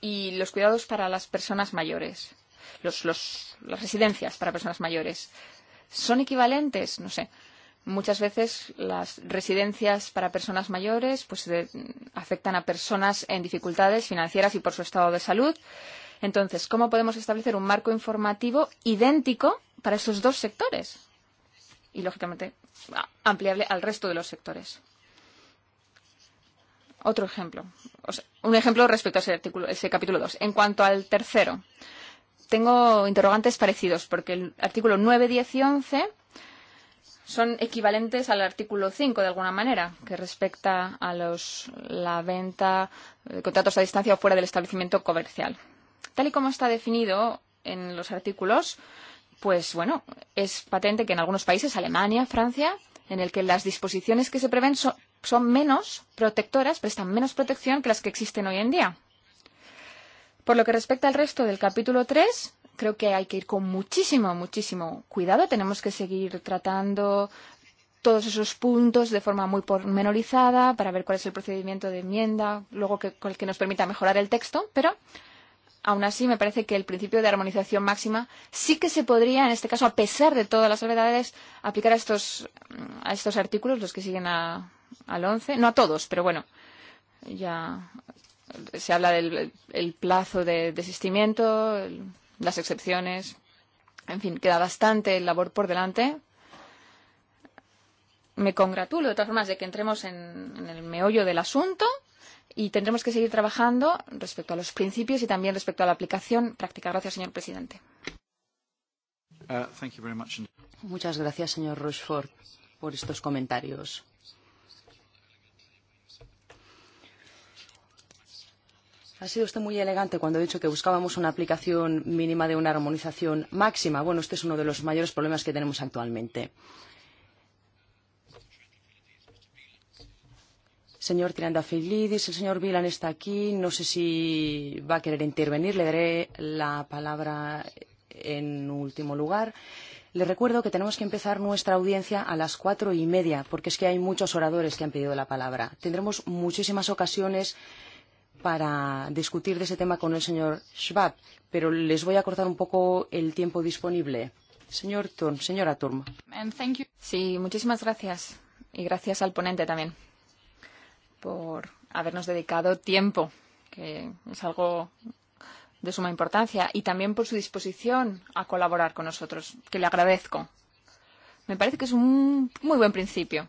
y los cuidados para las personas mayores, los, los, las residencias para personas mayores. ¿Son equivalentes? No sé. Eh, Muchas veces las residencias para personas mayores pues, de, afectan a personas en dificultades financieras y por su estado de salud. Entonces, ¿cómo podemos establecer un marco informativo idéntico para esos dos sectores? Y, lógicamente, ampliable al resto de los sectores. Otro ejemplo. O sea, un ejemplo respecto a ese, artículo, ese capítulo 2. En cuanto al tercero, tengo interrogantes parecidos, porque el artículo 9, 10 y 11 son equivalentes al artículo 5 de alguna manera, que respecta a los, la venta de contratos a distancia o fuera del establecimiento comercial. Tal y como está definido en los artículos, pues bueno, es patente que en algunos países, Alemania, Francia, en el que las disposiciones que se prevén son, son menos protectoras, prestan menos protección que las que existen hoy en día. Por lo que respecta al resto del capítulo 3, creo que hay que ir con muchísimo, muchísimo cuidado. Tenemos que seguir tratando todos esos puntos de forma muy pormenorizada para ver cuál es el procedimiento de enmienda, luego que, con el que nos permita mejorar el texto, pero aún así me parece que el principio de armonización máxima sí que se podría, en este caso, a pesar de todas las novedades, aplicar a estos, mm, a estos artículos, los que siguen a, al 11, no a todos, pero bueno, ya se habla del el plazo de desistimiento, el, las excepciones. En fin, queda bastante labor por delante. Me congratulo, de todas formas, de que entremos en, en el meollo del asunto y tendremos que seguir trabajando respecto a los principios y también respecto a la aplicación práctica. Gracias, señor presidente. Uh, thank you very much. Muchas gracias, señor Rochefort, por estos comentarios. Ha sido usted muy elegante cuando ha dicho que buscábamos una aplicación mínima de una armonización máxima. Bueno, este es uno de los mayores problemas que tenemos actualmente. Señor Tirandafilidis, el señor Vilan está aquí. No sé si va a querer intervenir. Le daré la palabra en último lugar. Le recuerdo que tenemos que empezar nuestra audiencia a las cuatro y media, porque es que hay muchos oradores que han pedido la palabra. Tendremos muchísimas ocasiones para discutir de ese tema con el señor Schwab, pero les voy a cortar un poco el tiempo disponible. Señor Turm, señora Turm. Sí, muchísimas gracias. Y gracias al ponente también por habernos dedicado tiempo, que es algo de suma importancia, y también por su disposición a colaborar con nosotros, que le agradezco. Me parece que es un muy buen principio.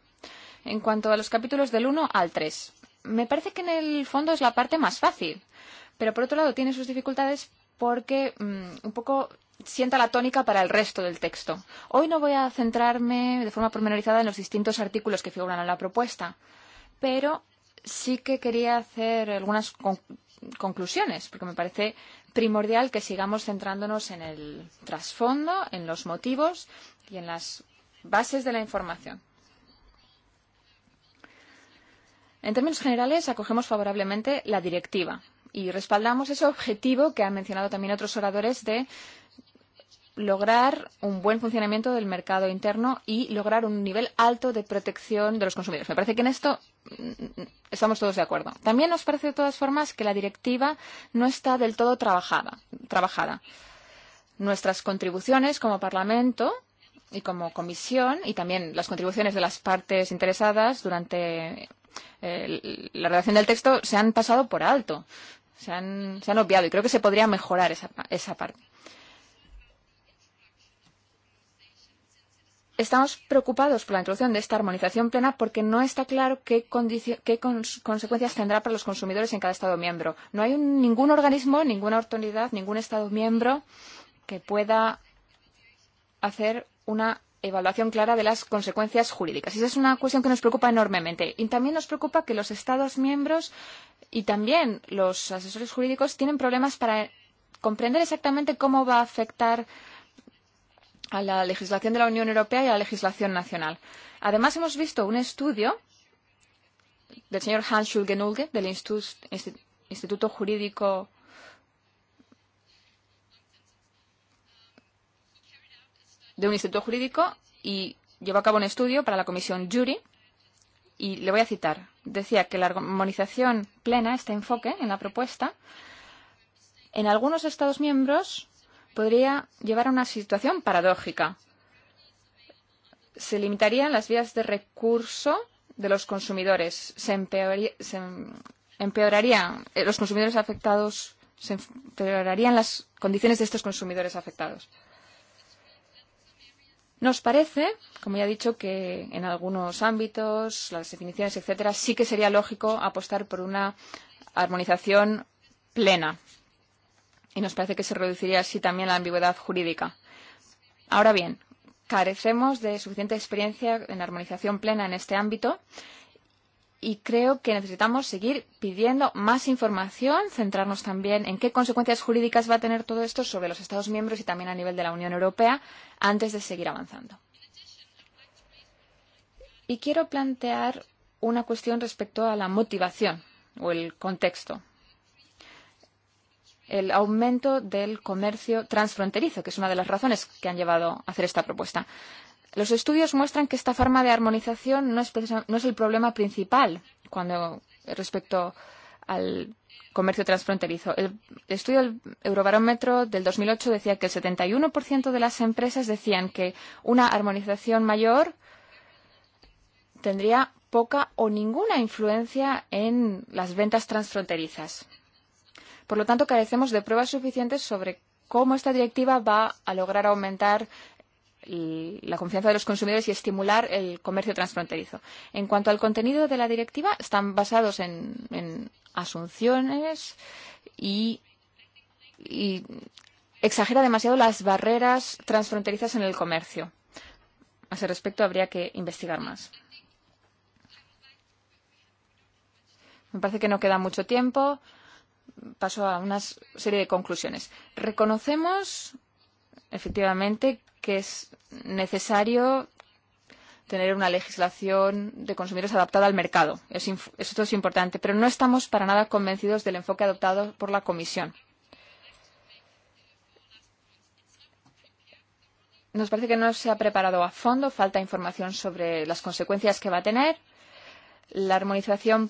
En cuanto a los capítulos del 1 al 3, me parece que en el fondo es la parte más fácil, pero por otro lado tiene sus dificultades porque mmm, un poco sienta la tónica para el resto del texto. Hoy no voy a centrarme de forma pormenorizada en los distintos artículos que figuran en la propuesta, pero sí que quería hacer algunas con conclusiones, porque me parece primordial que sigamos centrándonos en el trasfondo, en los motivos y en las bases de la información. En términos generales, acogemos favorablemente la directiva y respaldamos ese objetivo que han mencionado también otros oradores de lograr un buen funcionamiento del mercado interno y lograr un nivel alto de protección de los consumidores. Me parece que en esto mm, estamos todos de acuerdo. También nos parece de todas formas que la directiva no está del todo trabajada. trabajada. Nuestras contribuciones como Parlamento y como Comisión y también las contribuciones de las partes interesadas durante Eh, la redacción del texto se han pasado por alto, se han, se han obviado y creo que se podría mejorar esa, esa parte. Estamos preocupados por la introducción de esta armonización plena porque no está claro qué, qué cons consecuencias tendrá para los consumidores en cada Estado miembro. No hay un, ningún organismo, ninguna autoridad, ningún Estado miembro que pueda hacer una evaluación clara de las consecuencias jurídicas. Y esa es una cuestión que nos preocupa enormemente. Y también nos preocupa que los Estados miembros y también los asesores jurídicos tienen problemas para comprender exactamente cómo va a afectar a la legislación de la Unión Europea y a la legislación nacional. Además, hemos visto un estudio del señor Hans Schulgenulge del Instituto Jurídico de un instituto jurídico y llevó a cabo un estudio para la comisión Jury y le voy a citar. Decía que la armonización plena, este enfoque en la propuesta, en algunos Estados miembros podría llevar a una situación paradójica. Se limitarían las vías de recurso de los consumidores. Se, empeoría, se empeoraría eh, los consumidores afectados, se empeorarían las condiciones de estos consumidores afectados. Nos parece, como ya he dicho, que en algunos ámbitos, las definiciones, etcétera, sí que sería lógico apostar por una armonización plena. Y nos parece que se reduciría así también la ambigüedad jurídica. Ahora bien, carecemos de suficiente experiencia en armonización plena en este ámbito y creo que necesitamos seguir pidiendo más información, centrarnos también en qué consecuencias jurídicas va a tener todo esto sobre los Estados miembros y también a nivel de la Unión Europea antes de seguir avanzando. Y quiero plantear una cuestión respecto a la motivación o el contexto. El aumento del comercio transfronterizo, que es una de las razones que han llevado a hacer esta propuesta. Los estudios muestran que esta forma de armonización no es, no es el problema principal cuando respecto al comercio transfronterizo. El estudio del Eurobarómetro del 2008 decía que el 71% de las empresas decían que una armonización mayor tendría poca o ninguna influencia en las ventas transfronterizas. Por lo tanto, carecemos de pruebas suficientes sobre cómo esta directiva va a lograr aumentar la confianza de los consumidores y estimular el comercio transfronterizo. En cuanto al contenido de la directiva, están basados en, en asunciones y, y exagera demasiado las barreras transfronterizas en el comercio. A ese respecto habría que investigar más. Me parece que no queda mucho tiempo. Paso a una serie de conclusiones. Reconocemos efectivamente que es necesario tener una legislación de consumidores adaptada al mercado. Es, esto es importante, pero no estamos para nada convencidos del enfoque adoptado por la Comisión. Nos parece que no se ha preparado a fondo, falta información sobre las consecuencias que va a tener. La armonización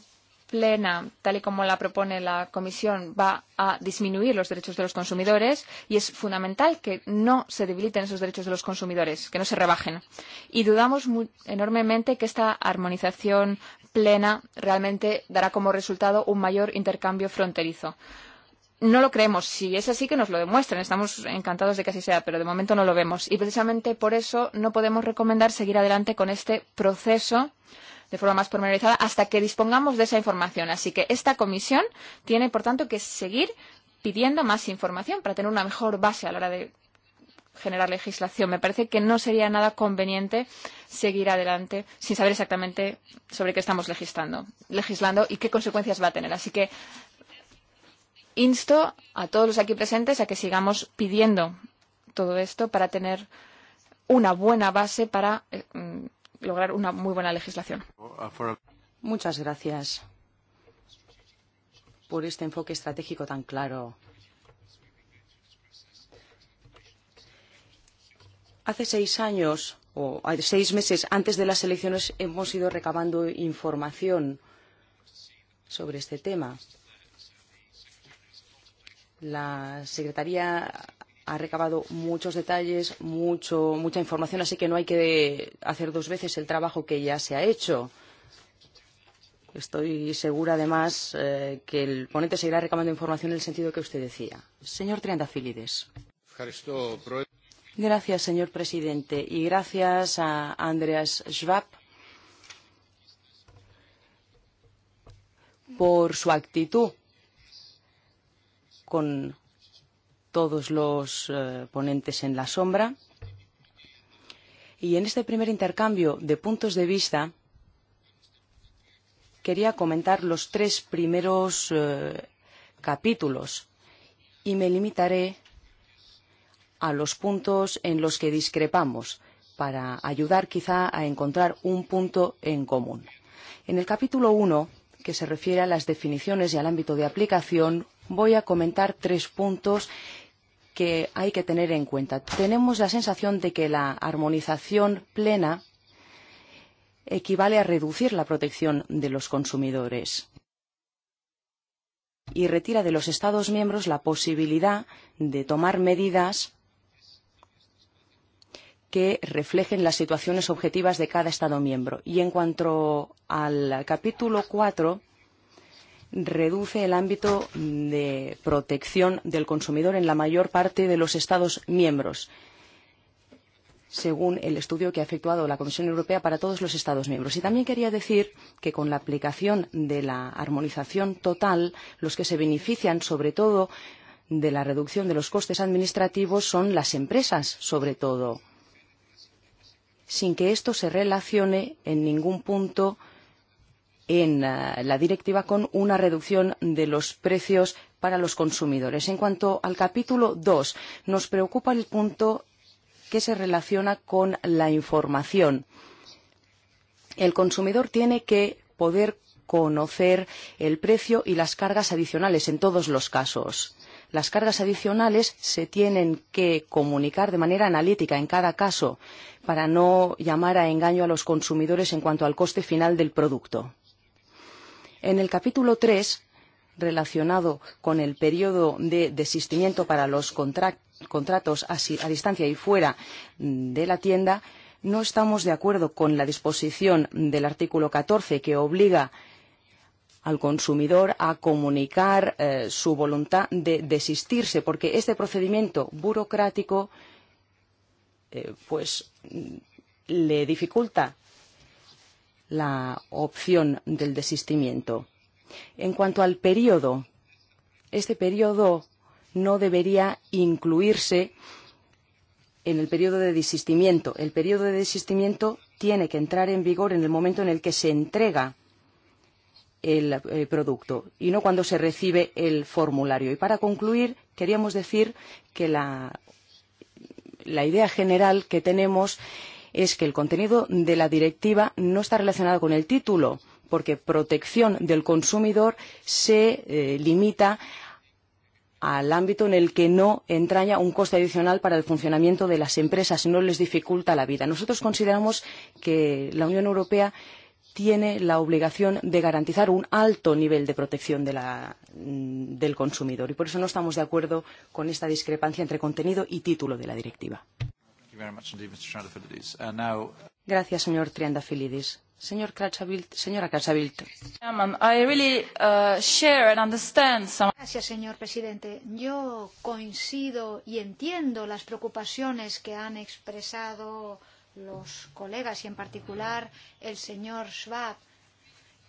plena, tal y como la propone la Comisión, va a disminuir los derechos de los consumidores y es fundamental que no se debiliten esos derechos de los consumidores, que no se rebajen. Y dudamos muy, enormemente que esta armonización plena realmente dará como resultado un mayor intercambio fronterizo. No lo creemos. Si es así, que nos lo demuestren. Estamos encantados de que así sea, pero de momento no lo vemos. Y precisamente por eso no podemos recomendar seguir adelante con este proceso de forma más pormenorizada hasta que dispongamos de esa información. Así que esta comisión tiene, por tanto, que seguir pidiendo más información para tener una mejor base a la hora de generar legislación. Me parece que no sería nada conveniente seguir adelante sin saber exactamente sobre qué estamos legislando, legislando y qué consecuencias va a tener. Así que insto a todos los aquí presentes a que sigamos pidiendo todo esto para tener una buena base para eh, lograr una muy buena legislación. Muchas gracias por este enfoque estratégico tan claro. Hace seis años o seis meses antes de las elecciones hemos ido recabando información sobre este tema. La Secretaría ha recabado muchos detalles, mucho, mucha información, así que no hay que hacer dos veces el trabajo que ya se ha hecho. Estoy segura, además, eh, que el ponente seguirá recabando información en el sentido que usted decía. Señor Triandafilides. Gracias, señor presidente, y gracias a Andreas Schwab por su actitud con todos los eh, ponentes en la sombra. Y en este primer intercambio de puntos de vista, quería comentar los tres primeros eh, capítulos y me limitaré a los puntos en los que discrepamos para ayudar quizá a encontrar un punto en común. En el capítulo 1, que se refiere a las definiciones y al ámbito de aplicación, voy a comentar tres puntos que hay que tener en cuenta. Tenemos la sensación de que la armonización plena equivale a reducir la protección de los consumidores y retira de los Estados miembros la posibilidad de tomar medidas que reflejen las situaciones objetivas de cada Estado miembro. Y en cuanto al capítulo 4, reduce el ámbito de protección del consumidor en la mayor parte de los Estados miembros, según el estudio que ha efectuado la Comisión Europea para todos los Estados miembros. Y también quería decir que con la aplicación de la armonización total, los que se benefician sobre todo de la reducción de los costes administrativos son las empresas, sobre todo, sin que esto se relacione en ningún punto con en eh, la directiva con una reducción de los precios para los consumidores. En cuanto al capítulo 2, nos preocupa el punto que se relaciona con la información. El consumidor tiene que poder conocer el precio y las cargas adicionales en todos los casos. Las cargas adicionales se tienen que comunicar de manera analítica en cada caso para no llamar a engaño a los consumidores en cuanto al coste final del producto. En el capítulo 3, relacionado con el periodo de desistimiento para los contratos a distancia y fuera de la tienda, no estamos de acuerdo con la disposición del artículo 14 que obliga al consumidor a comunicar eh, su voluntad de desistirse, porque este procedimiento burocrático eh, pues, le dificulta la opción del desistimiento. En cuanto al periodo, este periodo no debería incluirse en el periodo de desistimiento. El periodo de desistimiento tiene que entrar en vigor en el momento en el que se entrega el, el eh, producto y no cuando se recibe el formulario. Y para concluir, queríamos decir que la, la idea general que tenemos es que el contenido de la directiva no está relacionado con el título, porque protección del consumidor se eh, limita al ámbito en el que no entraña un coste adicional para el funcionamiento de las empresas, no les dificulta la vida. Nosotros consideramos que la Unión Europea tiene la obligación de garantizar un alto nivel de protección de la, mm, del consumidor y por eso no estamos de acuerdo con esta discrepancia entre contenido y título de la directiva. Gracias, señor Triandafilidis. Señor Kratzabilt, señora Kratzabilt. Uh, Gracias, señor presidente. Yo coincido y entiendo las preocupaciones que han expresado los colegas y en particular el señor Schwab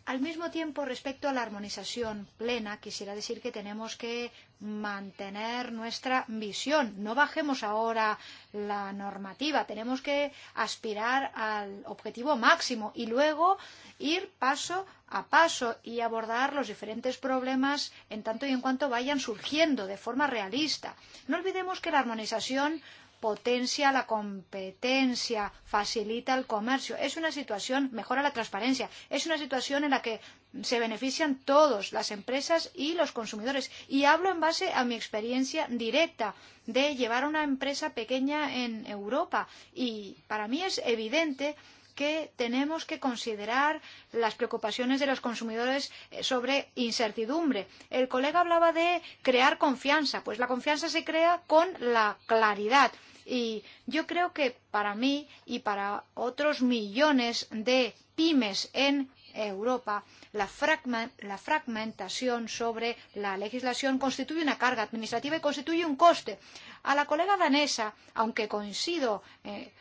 Al mismo tiempo, respecto a la armonización plena, quisiera decir que tenemos que mantener nuestra visión. No bajemos ahora la normativa. Tenemos que aspirar al objetivo máximo y luego ir paso a paso y abordar los diferentes problemas en tanto y en cuanto vayan surgiendo de forma realista. No olvidemos que la armonización potencia la competencia, facilita el comercio. Es una situación, mejora la transparencia. Es una situación en la que se benefician todos, las empresas y los consumidores. Y hablo en base a mi experiencia directa de llevar una empresa pequeña en Europa. Y para mí es evidente que tenemos que considerar las preocupaciones de los consumidores eh, sobre incertidumbre. El colega hablaba de crear confianza. Pues la confianza se crea con la claridad. Y yo creo que para mí y para otros millones de pymes en Europa, la, fragma, la fragmentación sobre la legislación constituye una carga administrativa y constituye un coste. A la colega danesa, aunque coincido eh,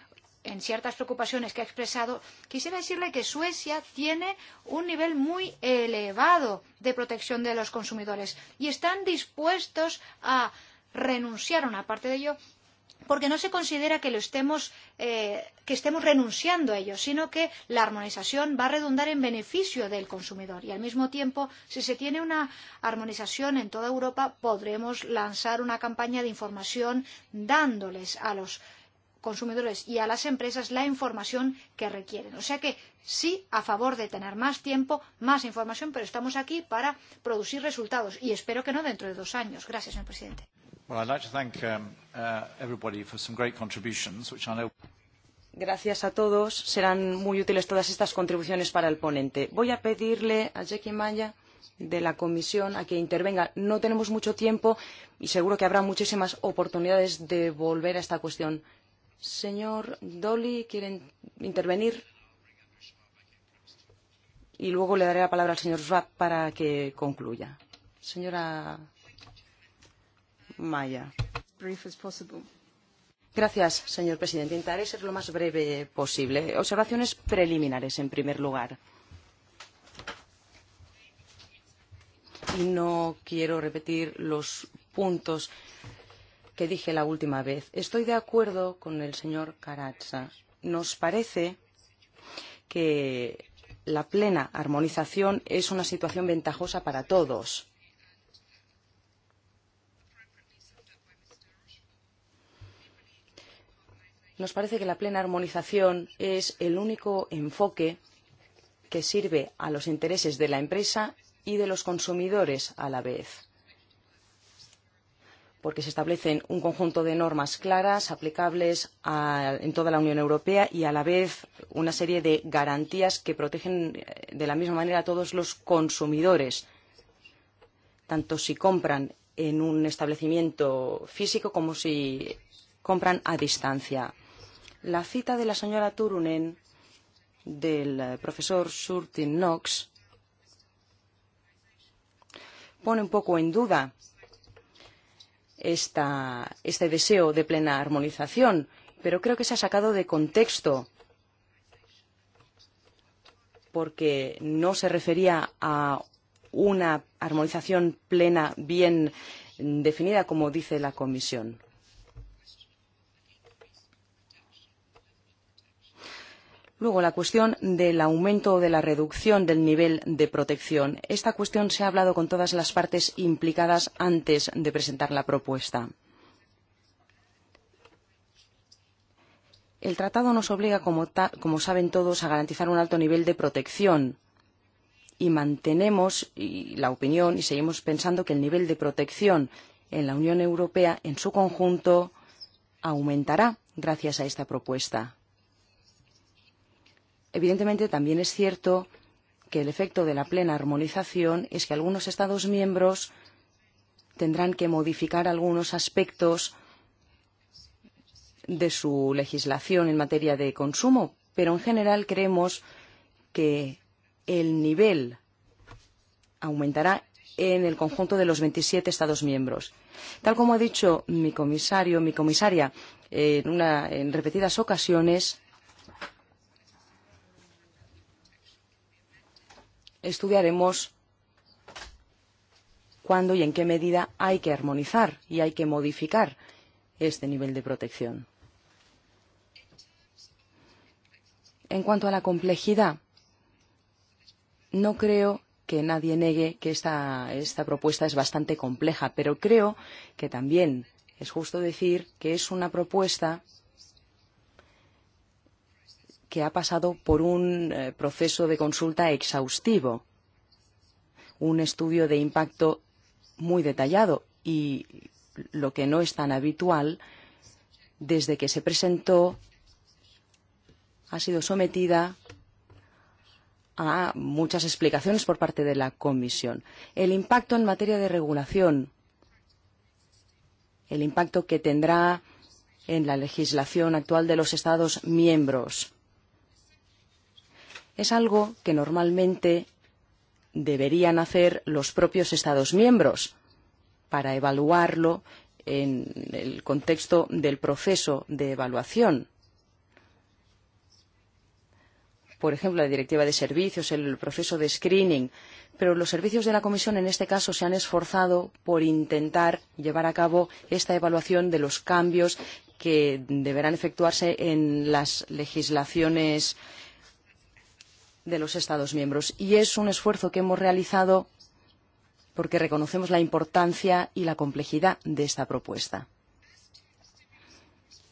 en ciertas preocupaciones que ha expresado, quisiera decirle que Suecia tiene un nivel muy elevado de protección de los consumidores y están dispuestos a renunciar a una parte de ello porque no se considera que lo estemos eh, que estemos renunciando a ello, sino que la armonización va a redundar en beneficio del consumidor y al mismo tiempo, si se tiene una armonización en toda Europa, podremos lanzar una campaña de información dándoles a los consumidores y a las empresas la información que requieren. O sea que sí, a favor de tener más tiempo, más información, pero estamos aquí para producir resultados y espero que no dentro de dos años. Gracias, señor presidente. Gracias a todos. Serán muy útiles todas estas contribuciones para el ponente. Voy a pedirle a Jackie Maya de la comisión a que intervenga. No tenemos mucho tiempo y seguro que habrá muchísimas oportunidades de volver a esta cuestión. Señor Dolly, ¿quiere intervenir? Y luego le daré la palabra al señor Schwab para que concluya. Señora señor presidente. Intentaré ser lo más breve posible. Observaciones preliminares, en primer lugar. Y no quiero repetir los puntos que dije la última vez. Estoy de acuerdo con el señor Carazza. Nos parece que la plena armonización es una situación ventajosa para todos Nos parece que la plena armonización es el único enfoque que sirve a los intereses de la empresa y de los consumidores a la vez porque se establecen un conjunto de normas claras aplicables a, en toda la Unión Europea y a la vez una serie de garantías que protegen eh, de la misma manera a todos los consumidores, tanto si compran en un establecimiento físico como si compran a distancia. La cita de la señora Turunen del profesor Surtin Knox pone un poco en duda esta, este deseo de plena armonización, pero creo que se ha sacado de contexto porque no se refería a una armonización plena bien definida como dice la Comisión. Luego, la cuestión del aumento o de la reducción del nivel de protección. Esta cuestión se ha hablado con todas las partes implicadas antes de presentar la propuesta. El tratado nos obliga, como, ta, como saben todos, a garantizar un alto nivel de protección y mantenemos y la opinión y seguimos pensando que el nivel de protección en la Unión Europea en su conjunto aumentará gracias a esta propuesta Evidentemente, también es cierto que el efecto de la plena armonización es que algunos Estados miembros tendrán que modificar algunos aspectos de su legislación en materia de consumo, pero en general creemos que el nivel aumentará en el conjunto de los 27 Estados miembros. Tal como ha dicho mi comisario, mi comisaria, en, una, en repetidas ocasiones, estudiaremos cuándo y en qué medida hay que armonizar y hay que modificar este nivel de protección. En cuanto a la complejidad, no creo que nadie negue que esta, esta propuesta es bastante compleja, pero creo que también es justo decir que es una propuesta que ha pasado por un eh, proceso de consulta exhaustivo, un estudio de impacto muy detallado y lo que no es tan habitual, desde que se presentó, ha sido sometida a muchas explicaciones por parte de la Comisión. El impacto en materia de regulación, el impacto que tendrá en la legislación actual de los Estados miembros, es algo que normalmente deberían hacer los propios Estados miembros para evaluarlo en el contexto del proceso de evaluación. Por ejemplo, la directiva de servicios, el proceso de screening. Pero los servicios de la Comisión en este caso se han esforzado por intentar llevar a cabo esta evaluación de los cambios que deberán efectuarse en las legislaciones de los Estados miembros. Y es un esfuerzo que hemos realizado porque reconocemos la importancia y la complejidad de esta propuesta.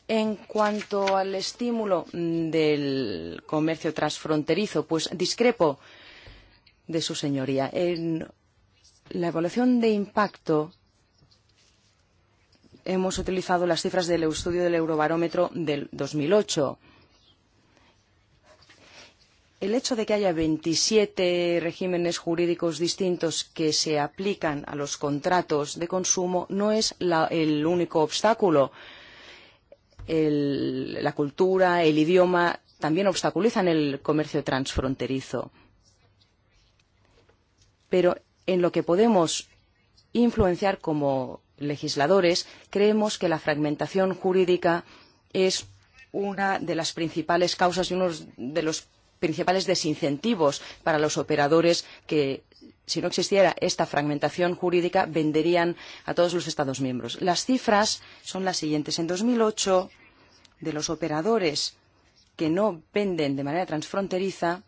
En cuanto al estímulo del comercio transfronterizo, pues discrepo de su señoría. En la evaluación de impacto hemos utilizado las cifras del estudio del Eurobarómetro del 2008 el hecho de que haya 27 regímenes jurídicos distintos que se aplican a los contratos de consumo no es la, el único obstáculo. El, la cultura, el idioma también obstaculizan el comercio transfronterizo. Pero en lo que podemos influenciar como legisladores, creemos que la fragmentación jurídica es una de las principales causas y uno de los principales desincentivos para los operadores que, si no existiera esta fragmentación jurídica, venderían a todos los Estados miembros. Las cifras son las siguientes. En 2008, de los operadores que no venden de manera transfronteriza,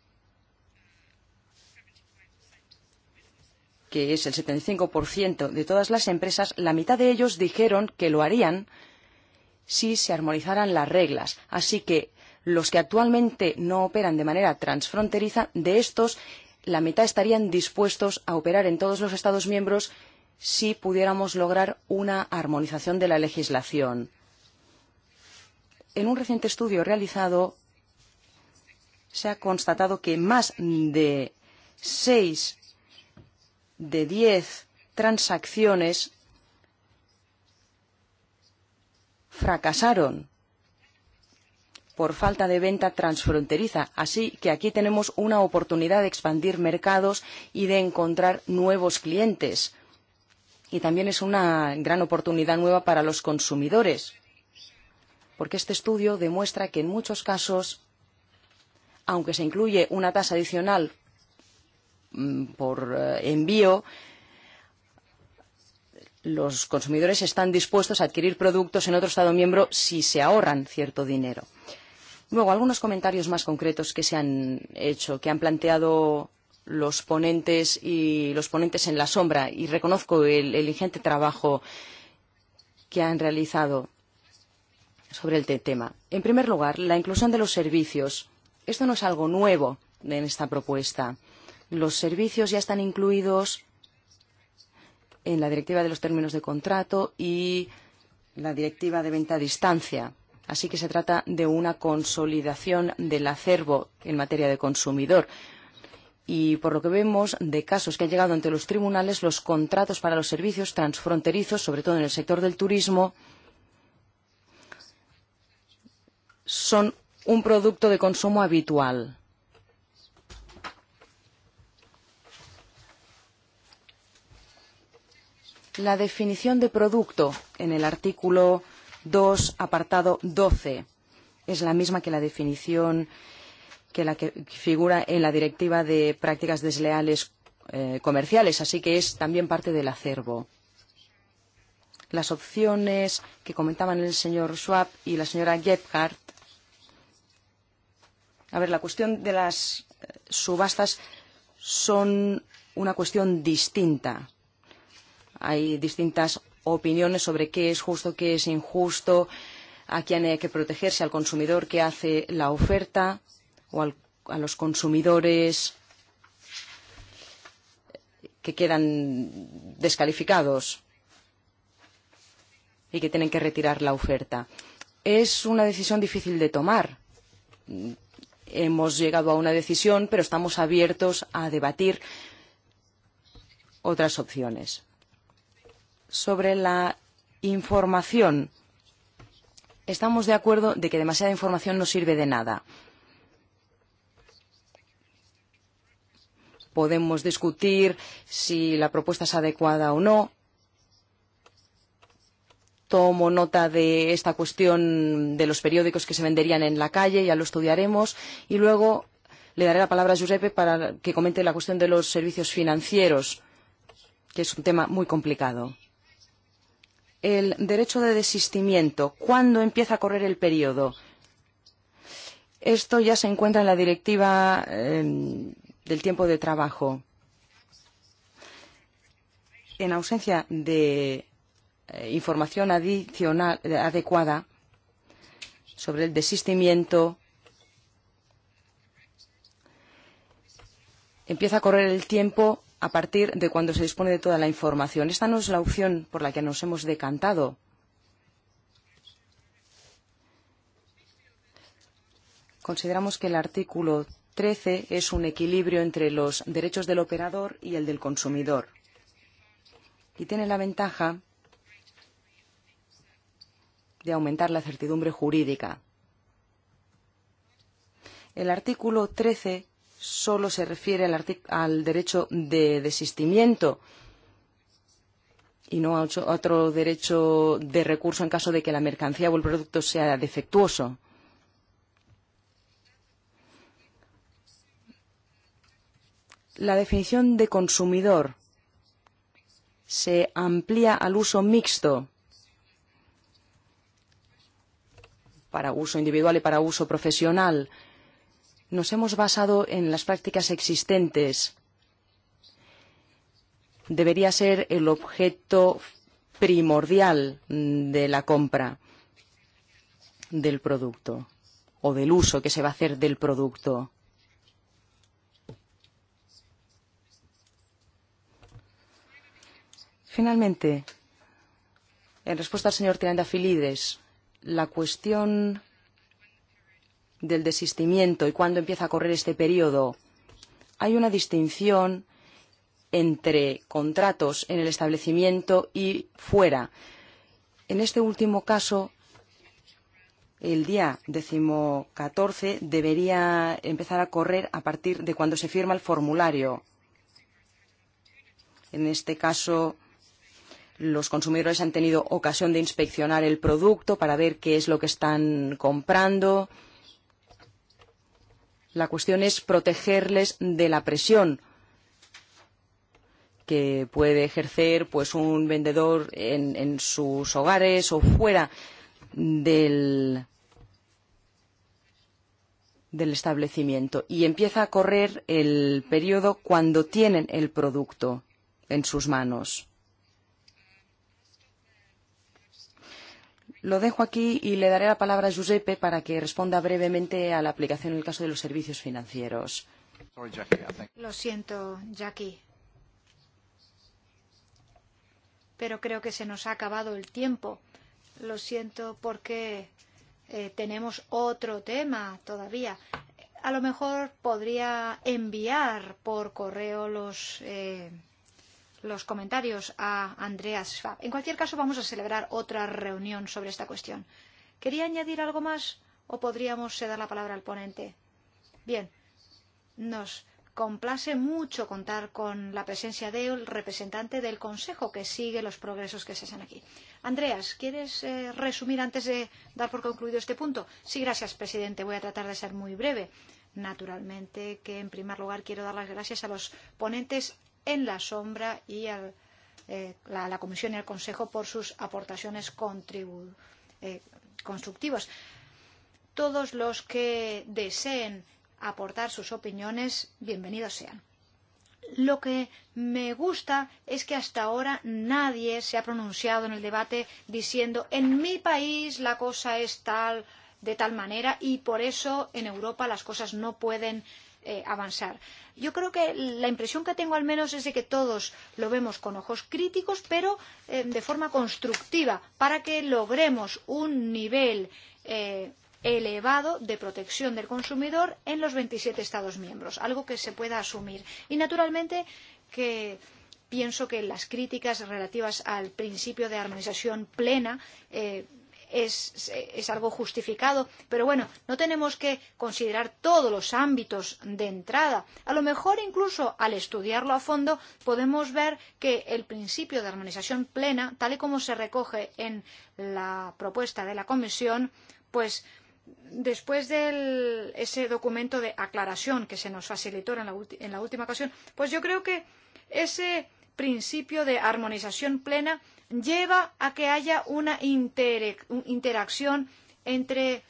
que es el 75% de todas las empresas, la mitad de ellos dijeron que lo harían si se armonizaran las reglas. Así que los que actualmente no operan de manera transfronteriza, de estos, la mitad estarían dispuestos a operar en todos los Estados miembros si pudiéramos lograr una armonización de la legislación. En un reciente estudio realizado se ha constatado que más de seis de diez transacciones fracasaron por falta de venta transfronteriza. Así que aquí tenemos una oportunidad de expandir mercados y de encontrar nuevos clientes. Y también es una gran oportunidad nueva para los consumidores, porque este estudio demuestra que en muchos casos, aunque se incluye una tasa adicional mm, por eh, envío, los consumidores están dispuestos a adquirir productos en otro Estado miembro si se ahorran cierto dinero. Luego, algunos comentarios más concretos que se han hecho, que han planteado los ponentes y los ponentes en la sombra, y reconozco el, el ingente trabajo que han realizado sobre el tema. En primer lugar, la inclusión de los servicios. Esto no es algo nuevo en esta propuesta. Los servicios ya están incluidos en la directiva de los términos de contrato y la directiva de venta a distancia. Así que se trata de una consolidación del acervo en materia de consumidor. Y por lo que vemos de casos que han llegado ante los tribunales, los contratos para los servicios transfronterizos, sobre todo en el sector del turismo, son un producto de consumo habitual. La definición de producto en el artículo 2, apartado 12. Es la misma que la definición que la que figura en la Directiva de Prácticas Desleales eh, Comerciales, así que es también parte del acervo. Las opciones que comentaban el señor Schwab y la señora Gebhardt. A ver, la cuestión de las eh, subastas son una cuestión distinta. Hay distintas opiniones sobre qué es justo, qué es injusto, a quién hay que protegerse, al consumidor que hace la oferta o al, a los consumidores que quedan descalificados y que tienen que retirar la oferta. Es una decisión difícil de tomar. Hemos llegado a una decisión, pero estamos abiertos a debatir otras opciones sobre la información. Estamos de acuerdo de que demasiada información no sirve de nada. Podemos discutir si la propuesta es adecuada o no. Tomo nota de esta cuestión de los periódicos que se venderían en la calle, ya lo estudiaremos. Y luego le daré la palabra a Giuseppe para que comente la cuestión de los servicios financieros, que es un tema muy complicado el derecho de desistimiento, cuándo empieza a correr el periodo. Esto ya se encuentra en la directiva eh, del tiempo de trabajo. En ausencia de eh, información adicional adecuada sobre el desistimiento, empieza a correr el tiempo a partir de cuando se dispone de toda la información. Esta no es la opción por la que nos hemos decantado. Consideramos que el artículo 13 es un equilibrio entre los derechos del operador y el del consumidor. Y tiene la ventaja de aumentar la certidumbre jurídica. El artículo 13 solo se refiere al, al derecho de desistimiento y no a otro derecho de recurso en caso de que la mercancía o el producto sea defectuoso. La definición de consumidor se amplía al uso mixto para uso individual y para uso profesional nos hemos basado en las prácticas existentes. Debería ser el objeto primordial de la compra del producto o del uso que se va a hacer del producto. Finalmente, en respuesta al señor Tiranda Filides, la cuestión del desistimiento y cuándo empieza a correr este periodo, hay una distinción entre contratos en el establecimiento y fuera. En este último caso, el día 14 debería empezar a correr a partir de cuando se firma el formulario. En este caso, los consumidores han tenido ocasión de inspeccionar el producto para ver qué es lo que están comprando. La cuestión es protegerles de la presión que puede ejercer pues un vendedor en, en sus hogares o fuera del, del establecimiento y empieza a correr el periodo cuando tienen el producto en sus manos. Lo dejo aquí y le daré la palabra a Giuseppe para que responda brevemente a la aplicación en el caso de los servicios financieros. Lo siento, Jackie. Pero creo que se nos ha acabado el tiempo. Lo siento porque eh, tenemos otro tema todavía. A lo mejor podría enviar por correo los. Eh, los comentarios a Andreas Schwab. En cualquier caso, vamos a celebrar otra reunión sobre esta cuestión. ¿Quería añadir algo más o podríamos dar la palabra al ponente? Bien, nos complace mucho contar con la presencia del representante del Consejo que sigue los progresos que se hacen aquí. Andreas, ¿quieres eh, resumir antes de dar por concluido este punto? Sí, gracias, presidente. Voy a tratar de ser muy breve. Naturalmente que, en primer lugar, quiero dar las gracias a los ponentes en la sombra y a eh, la, la Comisión y al Consejo por sus aportaciones contribu eh, constructivas. Todos los que deseen aportar sus opiniones, bienvenidos sean. Lo que me gusta es que hasta ahora nadie se ha pronunciado en el debate diciendo en mi país la cosa es tal, de tal manera y por eso en Europa las cosas no pueden eh, eh, avanzar. Yo creo que la impresión que tengo al menos es de que todos lo vemos con ojos críticos, pero eh, de forma constructiva, para que logremos un nivel eh, elevado de protección del consumidor en los 27 Estados miembros, algo que se pueda asumir. Y, naturalmente, que pienso que las críticas relativas al principio de armonización plena eh, es, es algo justificado, pero bueno, no tenemos que considerar todos los ámbitos de entrada. A lo mejor incluso al estudiarlo a fondo podemos ver que el principio de armonización plena, tal y como se recoge en la propuesta de la Comisión, pues después de ese documento de aclaración que se nos facilitó en la, en la última ocasión, pues yo creo que ese principio de armonización plena lleva a que haya una inter interacción entre,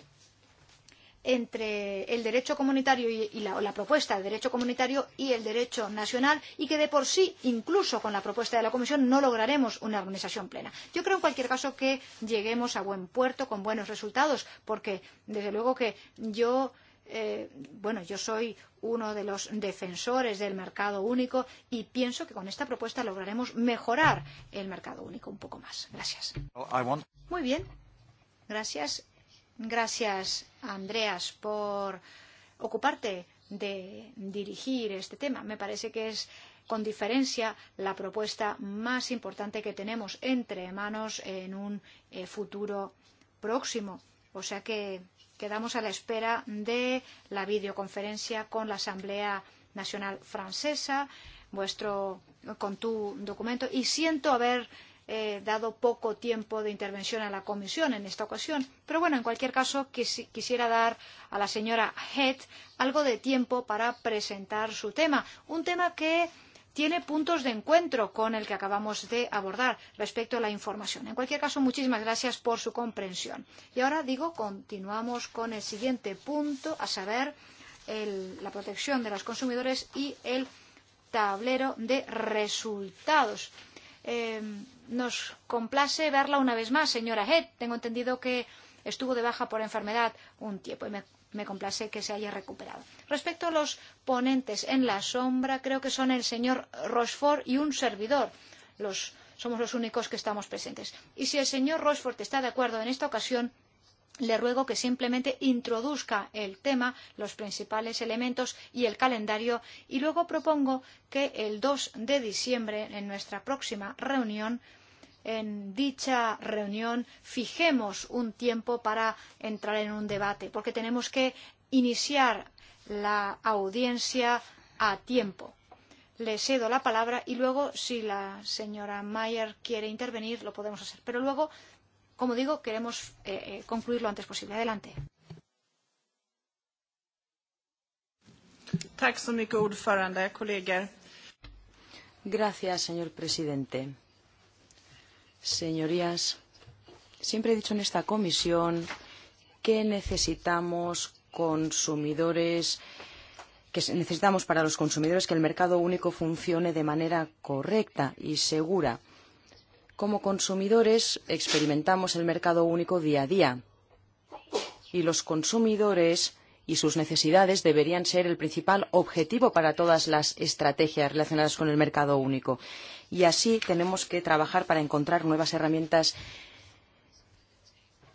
entre el derecho comunitario y, y la, la propuesta de derecho comunitario y el derecho nacional y que de por sí, incluso con la propuesta de la Comisión, no lograremos una armonización plena. Yo creo, en cualquier caso, que lleguemos a buen puerto con buenos resultados, porque, desde luego, que yo eh, bueno, yo soy uno de los defensores del mercado único y pienso que con esta propuesta lograremos mejorar el mercado único un poco más. Gracias. Oh, Muy bien. Gracias. Gracias, Andreas, por ocuparte de dirigir este tema. Me parece que es con diferencia la propuesta más importante que tenemos entre manos en un eh, futuro próximo. O sea que quedamos a la espera de la videoconferencia con la Asamblea Nacional Francesa, vuestro, con tu documento, y siento haber eh, dado poco tiempo de intervención a la comisión en esta ocasión. Pero bueno, en cualquier caso, quisi quisiera dar a la señora Head algo de tiempo para presentar su tema. Un tema que tiene puntos de encuentro con el que acabamos de abordar respecto a la información. En cualquier caso, muchísimas gracias por su comprensión. Y ahora digo, continuamos con el siguiente punto, a saber, el, la protección de los consumidores y el tablero de resultados. Eh, nos complace verla una vez más, señora Head. Tengo entendido que estuvo de baja por enfermedad un tiempo. Y me me complace que se haya recuperado. Respecto a los ponentes en la sombra, creo que son el señor Rochefort y un servidor. Los, somos los únicos que estamos presentes. Y si el señor Rochefort está de acuerdo en esta ocasión, le ruego que simplemente introduzca el tema, los principales elementos y el calendario, y luego propongo que el 2 de diciembre, en nuestra próxima reunión, en dicha reunión fijemos un tiempo para entrar en un debate, porque tenemos que iniciar la audiencia a tiempo. Le cedo la palabra y luego, si la señora Mayer quiere intervenir, lo podemos hacer. Pero luego, como digo, queremos eh, eh concluir lo antes posible. Adelante. Gracias, señor presidente Señorías, siempre he dicho en esta comisión que necesitamos consumidores que necesitamos para los consumidores que el mercado único funcione de manera correcta y segura. Como consumidores experimentamos el mercado único día a día y los consumidores y sus necesidades deberían ser el principal objetivo para todas las estrategias relacionadas con el mercado único. Y así tenemos que trabajar para encontrar nuevas herramientas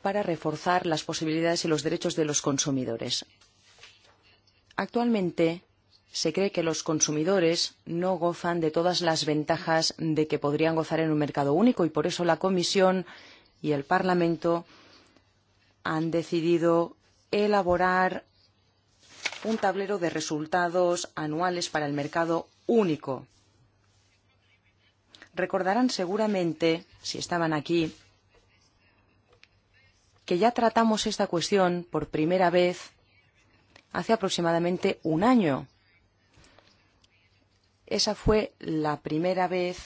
para reforzar las posibilidades y los derechos de los consumidores. Actualmente se cree que los consumidores no gozan de todas las ventajas de que podrían gozar en un mercado único y por eso la Comisión y el Parlamento han decidido elaborar un tablero de resultados anuales para el mercado único. Recordarán seguramente, si estaban aquí, que ya tratamos esta cuestión por primera vez hace aproximadamente un año. Esa fue la primera vez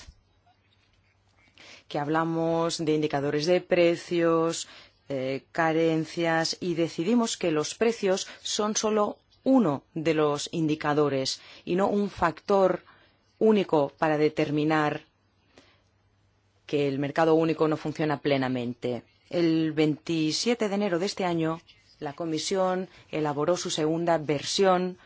que hablamos de indicadores de precios, eh, carencias y decidimos que los precios son solo uno de los indicadores y no un factor único para determinar que el mercado único no funciona plenamente. El 27 de enero de este año, la Comisión elaboró su segunda versión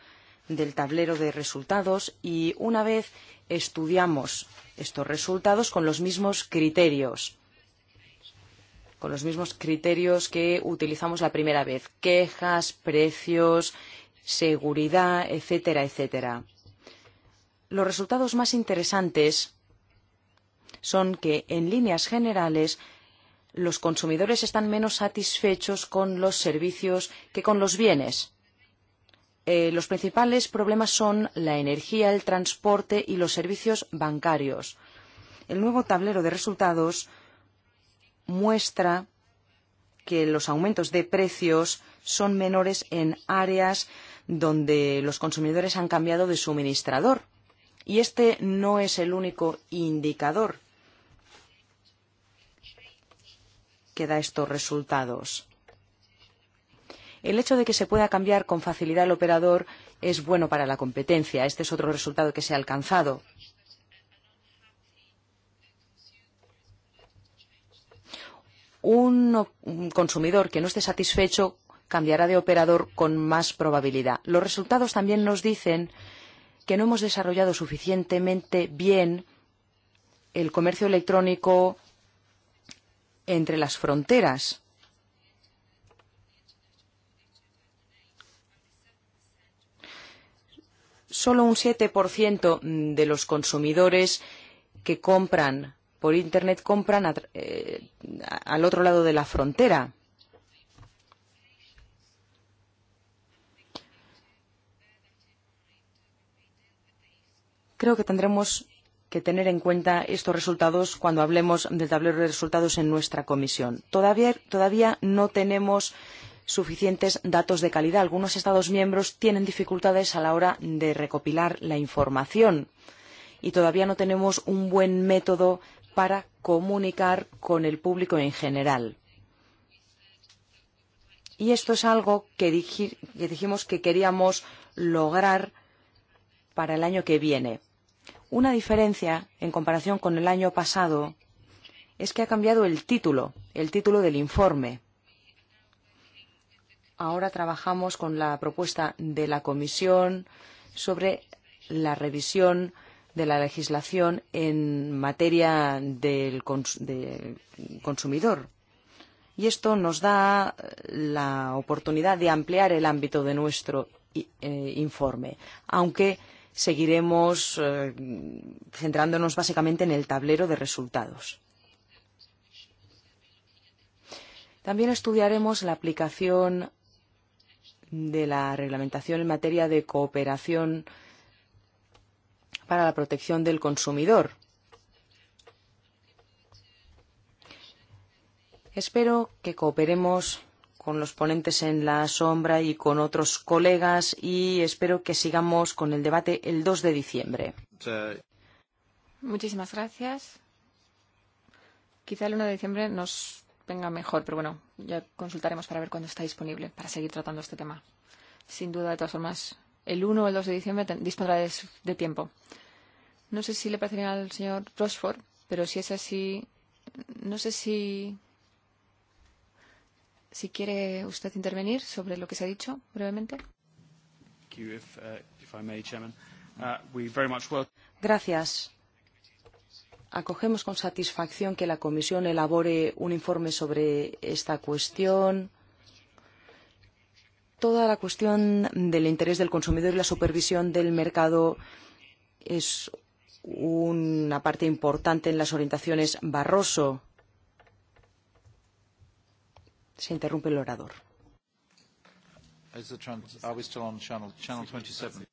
del tablero de resultados y una vez estudiamos estos resultados con los mismos criterios con los mismos criterios que utilizamos la primera vez quejas, precios, seguridad, etcétera, etcétera. Los resultados más interesantes son que, en líneas generales, los consumidores están menos satisfechos con los servicios que con los bienes. Eh, los principales problemas son la energía, el transporte y los servicios bancarios. El nuevo tablero de resultados muestra que los aumentos de precios son menores en áreas donde los consumidores han cambiado de suministrador. Y este no es el único indicador que da estos resultados. El hecho de que se pueda cambiar con facilidad el operador es bueno para la competencia. Este es otro resultado que se ha alcanzado. Un no- consumidor que no esté satisfecho cambiará de operador con más probabilidad. Los resultados también nos dicen que no hemos desarrollado suficientemente bien el comercio electrónico entre las fronteras. Solo un 7% de los consumidores que compran por Internet compran a, eh, al otro lado de la frontera. Creo que tendremos que tener en cuenta estos resultados cuando hablemos del tablero de resultados en nuestra comisión. Todavía, todavía no tenemos suficientes datos de calidad. Algunos Estados miembros tienen dificultades a la hora de recopilar la información y todavía no tenemos un buen método para comunicar con el público en general. Y esto es algo que, dijimos que queríamos lograr para el año que viene. Una diferencia en comparación con el año pasado es que ha cambiado el título, el título del informe. Ahora trabajamos con la propuesta de la Comisión sobre la revisión de la legislación en materia del cons de consumidor. Y esto nos da la oportunidad de ampliar el ámbito de nuestro eh, informe, aunque seguiremos eh, centrándonos básicamente en el tablero de resultados. También estudiaremos la aplicación de la reglamentación en materia de cooperación para la protección del consumidor. Espero que cooperemos con los ponentes en la sombra y con otros colegas y espero que sigamos con el debate el 2 de diciembre. Muchísimas gracias. Quizá el 1 de diciembre nos venga mejor, pero bueno, ya consultaremos para ver cuándo está disponible para seguir tratando este tema. Sin duda, de todas formas, el 1 o el 2 de diciembre dispondrá de, de tiempo. No sé si le parecería al señor Rosford, pero si es así, no sé si si quiere usted intervenir sobre lo que se ha dicho brevemente. Uh, uh, Gracias. Acogemos con satisfacción que la Comisión elabore un informe sobre esta cuestión. Toda la cuestión del interés del consumidor y la supervisión del mercado es una parte importante en las orientaciones Barroso se interrumpe el orador.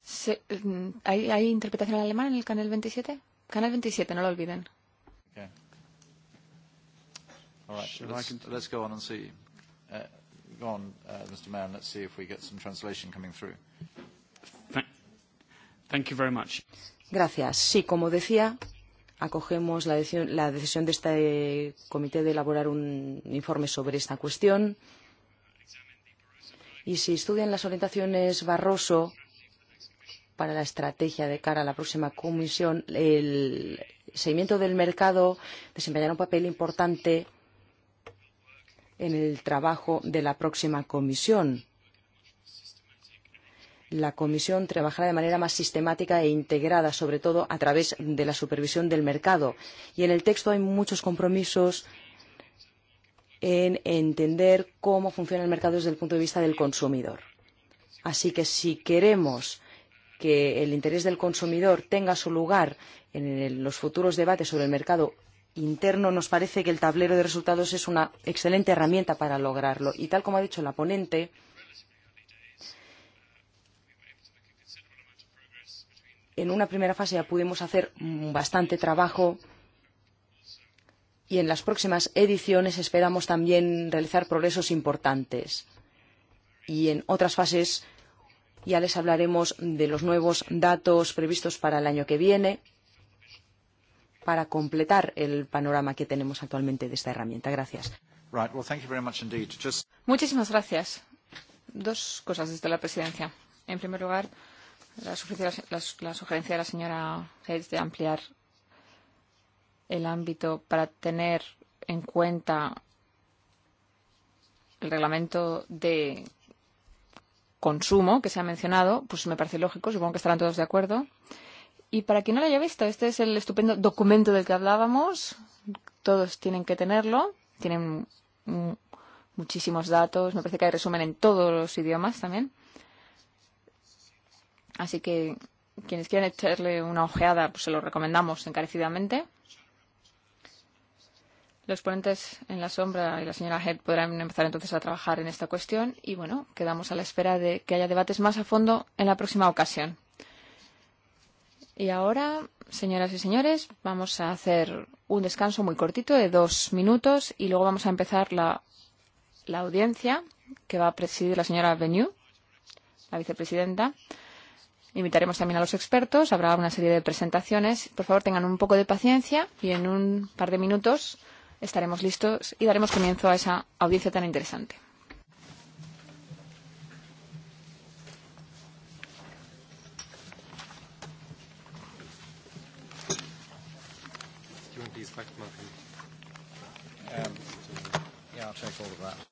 Se, mm, ¿hay, ¿Hay interpretación en alemán en el canal 27? Canal 27, no lo olviden. Gracias. Sí, como decía, acogemos la decisión, la decisión de este comité de elaborar un informe sobre esta cuestión. Y si estudian las orientaciones Barroso para la estrategia de cara a la próxima comisión, el seguimiento del mercado desempeñará un papel importante en el trabajo de la próxima comisión la Comisión trabajará de manera más sistemática e integrada, sobre todo a través de la supervisión del mercado. Y en el texto hay muchos compromisos en entender cómo funciona el mercado desde el punto de vista del consumidor. Así que si queremos que el interés del consumidor tenga su lugar en los futuros debates sobre el mercado interno, nos parece que el tablero de resultados es una excelente herramienta para lograrlo. Y tal como ha dicho la ponente, en una primera fase ya pudimos hacer bastante trabajo y en las próximas ediciones esperamos también realizar progresos importantes. Y en otras fases ya les hablaremos de los nuevos datos previstos para el año que viene para completar el panorama que tenemos actualmente de esta herramienta. Gracias. Right. Well, thank you very much Just... Muchísimas gracias. Dos cosas desde la presidencia. En primer lugar, la, la, la sugerencia de la señora Hayes de ampliar el ámbito para tener en cuenta el reglamento de consumo que se ha mencionado, pues me parece lógico, supongo que estarán todos de acuerdo. Y para quien no lo haya visto, este es el estupendo documento del que hablábamos, todos tienen que tenerlo, tienen muchísimos datos, me parece que hay resumen en todos los idiomas también. Así que quienes quieran echarle una ojeada, pues se lo recomendamos encarecidamente. Los ponentes en la sombra y la señora Head podrán empezar entonces a trabajar en esta cuestión y bueno, quedamos a la espera de que haya debates más a fondo en la próxima ocasión. Y ahora, señoras y señores, vamos a hacer un descanso muy cortito de dos minutos y luego vamos a empezar la, la audiencia que va a presidir la señora Venue, la vicepresidenta. Invitaremos también a los expertos, habrá una serie de presentaciones. Por favor, tengan un poco de paciencia y en un par de minutos estaremos listos y daremos comienzo a esa audiencia tan interesante. Um, yeah, I'll check all of that.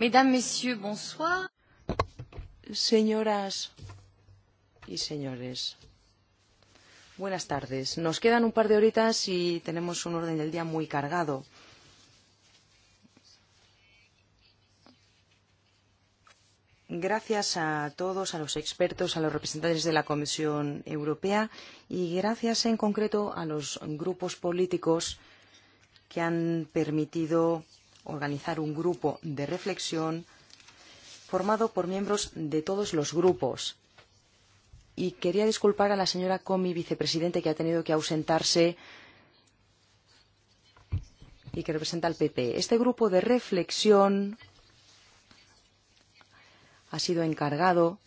Mesdames, Messieurs, bonsoir. Señoras y señores, buenas tardes. Nos quedan un par de horitas y tenemos un orden del día muy cargado. Gracias a todos, a los expertos, a los representantes de la Comisión Europea y gracias en concreto a los grupos políticos que han permitido organizar un grupo de reflexión formado por miembros de todos los grupos. Y quería disculpar a la señora Comi, vicepresidente, que ha tenido que ausentarse y que representa al PP. E. Este grupo de reflexión ha sido encargado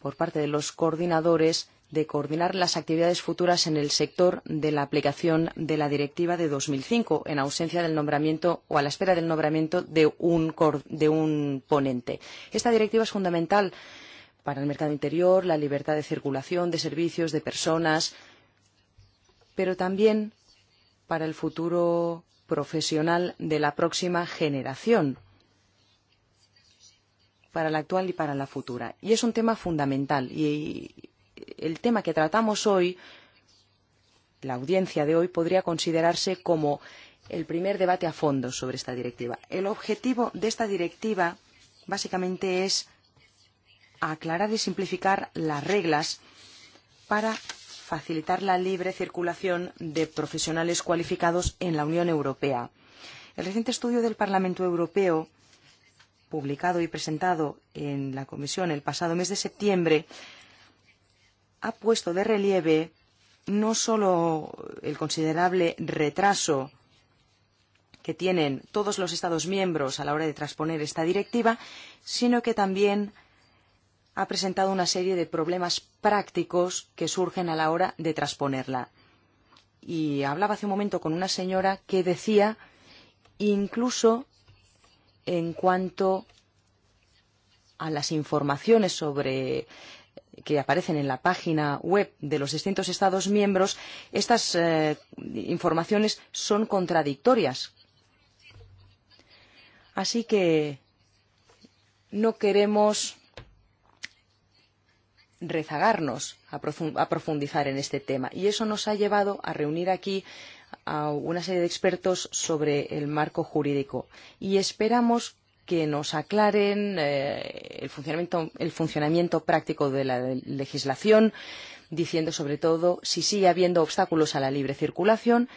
por parte de los coordinadores de coordinar las actividades futuras en el sector de la aplicación de la Directiva de 2005, en ausencia del nombramiento o a la espera del nombramiento de un, de un ponente. Esta directiva es fundamental para el mercado interior, la libertad de circulación de servicios, de personas, pero también para el futuro profesional de la próxima generación, para la actual y para la futura. Y es un tema fundamental y el tema que tratamos hoy, la audiencia de hoy, podría considerarse como el primer debate a fondo sobre esta directiva. El objetivo de esta directiva básicamente es aclarar y simplificar las reglas para facilitar la libre circulación de profesionales cualificados en la Unión Europea. El reciente estudio del Parlamento Europeo, publicado y presentado en la Comisión el pasado mes de septiembre, ha puesto de relieve no solo el considerable retraso que tienen todos los Estados miembros a la hora de transponer esta directiva, sino que también ha presentado una serie de problemas prácticos que surgen a la hora de transponerla. Y hablaba hace un momento con una señora que decía, incluso en cuanto a las informaciones sobre eh, que aparecen en la página web de los distintos Estados miembros, estas eh, informaciones son contradictorias. Así que no queremos rezagarnos a profundizar en este tema. Y eso nos ha llevado a reunir aquí a una serie de expertos sobre el marco jurídico. Y esperamos que nos aclaren eh, el, funcionamiento, el funcionamiento práctico de la legislación, diciendo sobre todo si sigue habiendo obstáculos a la libre circulación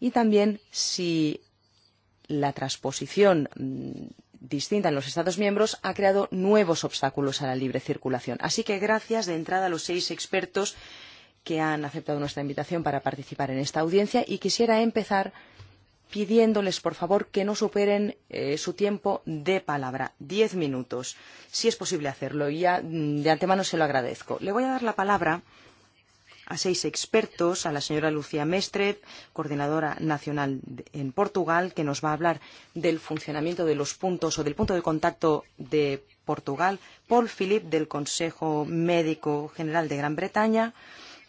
y también si la transposición mm, distinta en los Estados miembros ha creado nuevos obstáculos a la libre circulación. Así que gracias de entrada a los seis expertos que han aceptado nuestra invitación para participar en esta audiencia y quisiera empezar pidiéndoles, por favor, que no superen eh, su tiempo de palabra, diez minutos, si es posible hacerlo. Y ya mm, de antemano se lo agradezco. Le voy a dar la palabra a seis expertos, a la señora Lucía Mestre, coordinadora nacional de, en Portugal, que nos va a hablar del funcionamiento de los puntos o del punto de contacto de Portugal, Paul Philip del Consejo Médico General de Gran Bretaña,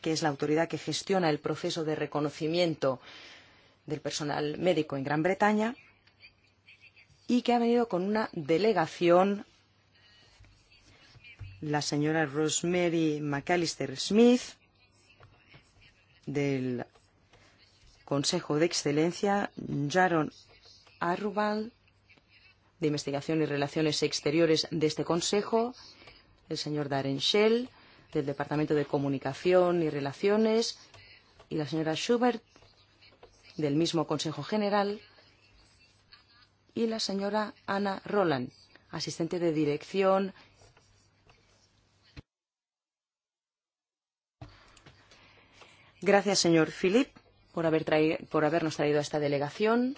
que es la autoridad que gestiona el proceso de reconocimiento eh, del personal médico en Gran Bretaña y que ha venido con una delegación la señora Rosemary McAllister Smith del Consejo de Excelencia, Jaron Arrubal de Investigación y Relaciones Exteriores de este Consejo, el señor Darren Shell del Departamento de Comunicación y Relaciones y la señora Schubert del mismo Consejo General, y la señora Ana Roland, asistente de dirección Gracias, señor Philip, por, haber traído, por habernos traído a esta delegación.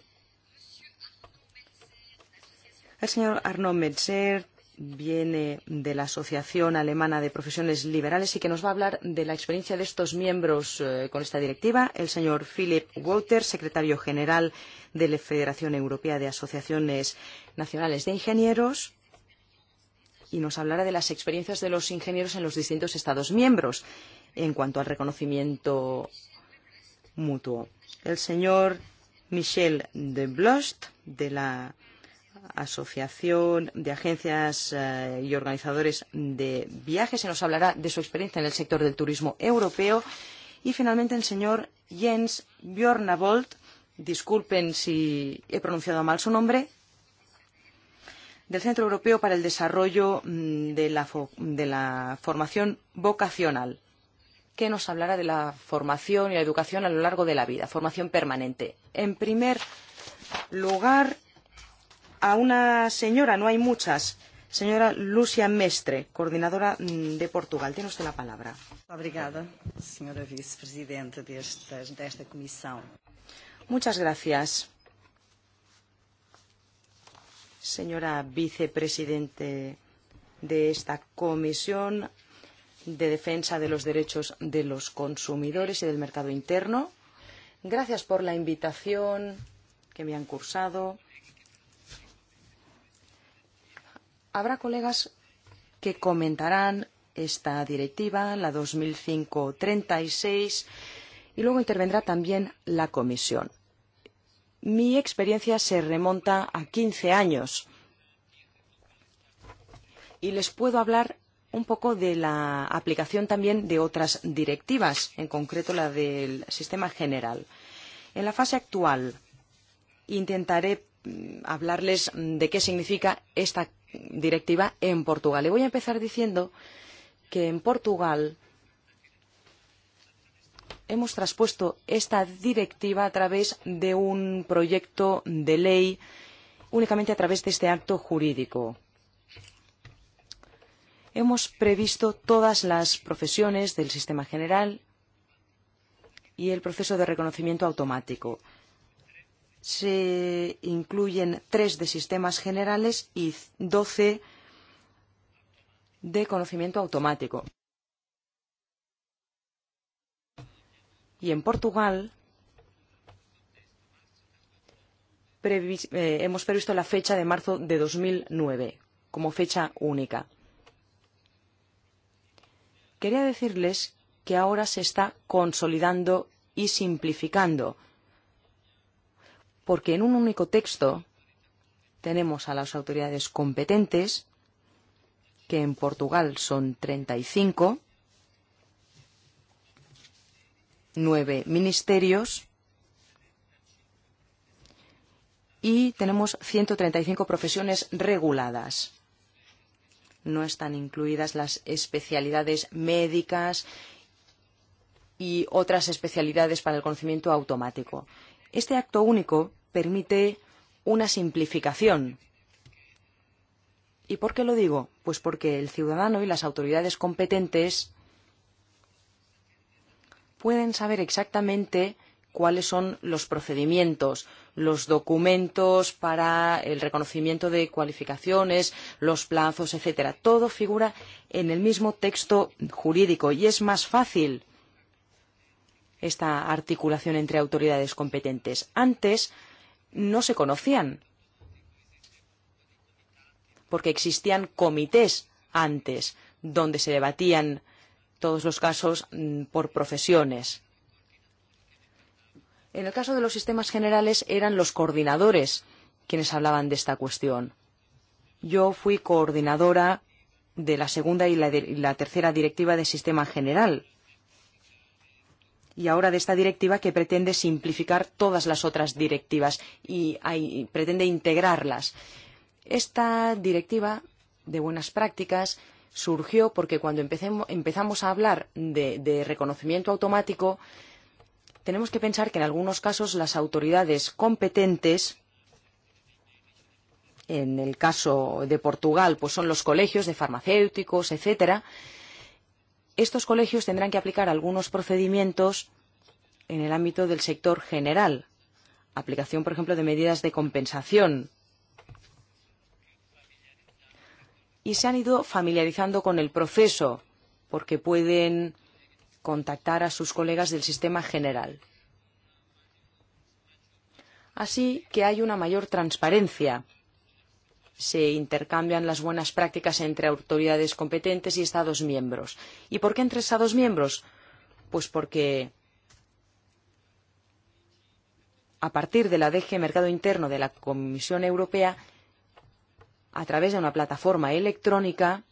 El señor Arnaud Metzert, viene de la Asociación Alemana de Profesiones Liberales y que nos va a hablar de la experiencia de estos miembros eh, con esta directiva, el señor Philip Wouter, secretario general de la Federación Europea de Asociaciones Nacionales de Ingenieros, y nos hablará de las experiencias de los ingenieros en los distintos Estados miembros en cuanto al reconocimiento mutuo. El señor Michel de Blost, de la asociación de agencias eh, y organizadores de viajes y nos hablará de su experiencia en el sector del turismo europeo. Y finalmente el señor Jens Bjornavold, disculpen si he pronunciado mal su nombre, del Centro Europeo para el Desarrollo mm, de la, de la Formación Vocacional, que nos hablará de la formación y la educación a lo largo de la vida, formación permanente. En primer lugar, a una señora, no hay muchas, señora Lucia Mestre, coordinadora de Portugal. Tiene usted la palabra. Obrigada, señora vicepresidenta de esta, de esta comisión. Muchas gracias, señora vicepresidente de esta comisión de defensa de los derechos de los consumidores y del mercado interno. Gracias por la invitación que me han cursado habrá colegas que comentarán esta directiva, la 2005-36, y luego intervendrá también la Comisión. Mi experiencia se remonta a 15 años y les puedo hablar un poco de la aplicación también de otras directivas, en concreto la del sistema general. En la fase actual intentaré mm, hablarles de qué significa esta directiva en Portugal. Le voy a empezar diciendo que en Portugal hemos traspuesto esta directiva a través de un proyecto de ley únicamente a través de este acto jurídico. Hemos previsto todas las profesiones del sistema general y el proceso de reconocimiento automático se incluyen tres de sistemas generales y doce de conocimiento automático. Y en Portugal previs eh, hemos previsto la fecha de marzo de 2009 como fecha única. Quería decirles que ahora se está consolidando y simplificando porque en un único texto tenemos a las autoridades competentes, que en Portugal son 35, nueve ministerios y tenemos 135 profesiones reguladas. No están incluidas las especialidades médicas y otras especialidades para el conocimiento automático. Este acto único permite una simplificación. ¿Y por qué lo digo? Pues porque el ciudadano y las autoridades competentes pueden saber exactamente cuáles son los procedimientos, los documentos para el reconocimiento de cualificaciones, los plazos, etcétera. Todo figura en el mismo texto jurídico y es más fácil esta articulación entre autoridades competentes. Antes no se conocían, porque existían comités antes donde se debatían todos los casos mm, por profesiones. En el caso de los sistemas generales eran los coordinadores quienes hablaban de esta cuestión. Yo fui coordinadora de la segunda y la, de, y la tercera directiva de sistema general y ahora de esta directiva que pretende simplificar todas las otras directivas y, hay, y pretende integrarlas. Esta directiva de buenas prácticas surgió porque cuando empezamos a hablar de, de reconocimiento automático, tenemos que pensar que en algunos casos las autoridades competentes en el caso de Portugal, pues son los colegios de farmacéuticos, etcétera, estos colegios tendrán que aplicar algunos procedimientos en el ámbito del sector general. Aplicación, por ejemplo, de medidas de compensación. Y se han ido familiarizando con el proceso porque pueden contactar a sus colegas del sistema general. Así que hay una mayor transparencia se intercambian las buenas prácticas entre autoridades competentes y Estados miembros. ¿Y por qué entre Estados miembros? Pues porque a partir de la DG Mercado Interno de la Comisión Europea, a través de una plataforma electrónica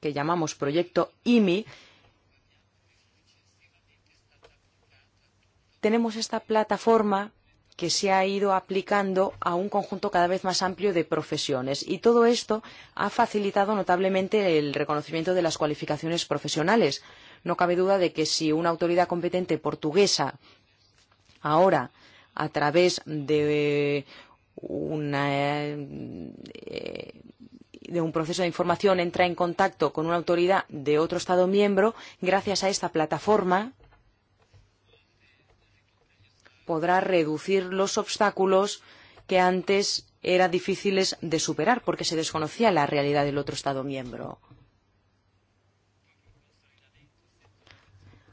que llamamos Proyecto IMI, tenemos esta plataforma que se ha ido aplicando a un conjunto cada vez más amplio de profesiones. Y todo esto ha facilitado notablemente el reconocimiento de las cualificaciones profesionales. No cabe duda de que si una autoridad competente portuguesa ahora, a través de una, eh, de un proceso de información entra en contacto con una autoridad de otro Estado miembro, gracias a esta plataforma podrá reducir los obstáculos que antes eran difíciles de superar porque se desconocía la realidad del otro Estado miembro.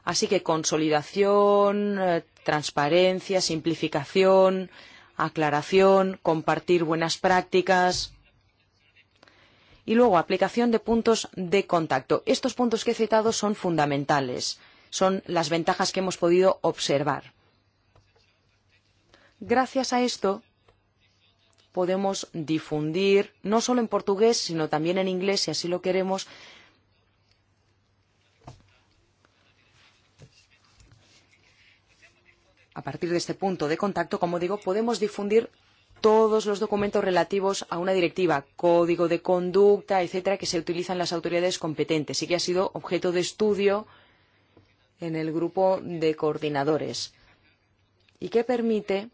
Así que consolidación, eh, transparencia, simplificación, aclaración, compartir buenas prácticas y luego aplicación de puntos de contacto. Estos puntos que he citado son fundamentales, son las ventajas que hemos podido observar. Gracias a esto podemos difundir, no solo en portugués, sino también en inglés, si así lo queremos, a partir de este punto de contacto, como digo, podemos difundir todos los documentos relativos a una directiva, código de conducta, etcétera, que se utilizan las autoridades competentes y que ha sido objeto de estudio en el grupo de coordinadores y que permite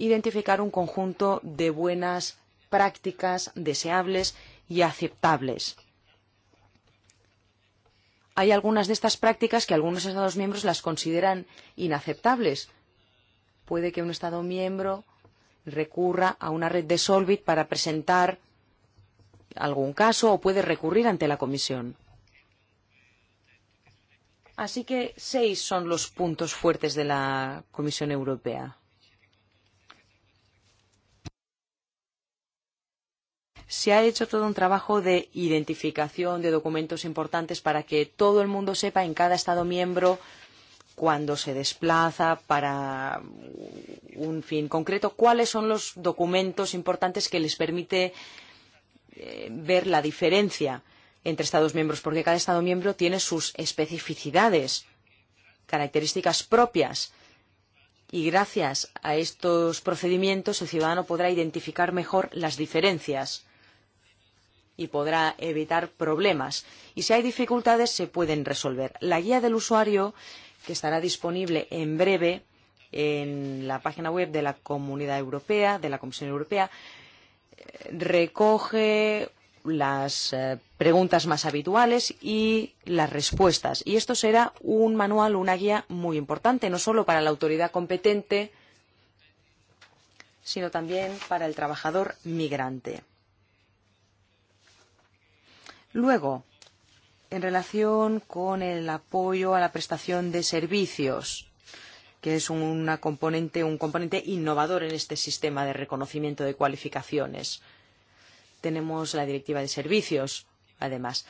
identificar un conjunto de buenas prácticas deseables y aceptables. Hay algunas de estas prácticas que algunos Estados miembros las consideran inaceptables. Puede que un Estado miembro recurra a una red de Solvit para presentar algún caso o puede recurrir ante la Comisión. Así que seis son los puntos fuertes de la Comisión Europea. se ha hecho todo un trabajo de identificación de documentos importantes para que todo el mundo sepa en cada Estado miembro cuando se desplaza para un fin concreto, cuáles son los documentos importantes que les permite eh, ver la diferencia entre Estados miembros, porque cada Estado miembro tiene sus especificidades, características propias. Y gracias a estos procedimientos el ciudadano podrá identificar mejor las diferencias y podrá evitar problemas. Y si hay dificultades, se pueden resolver. La guía del usuario, que estará disponible en breve en la página web de la Comunidad Europea, de la Comisión Europea, recoge las eh, preguntas más habituales y las respuestas. Y esto será un manual, una guía muy importante, no solo para la autoridad competente, sino también para el trabajador migrante. Luego, en relación con el apoyo a la prestación de servicios, que es una componente, un componente innovador en este sistema de reconocimiento de cualificaciones. Tenemos la directiva de servicios, además.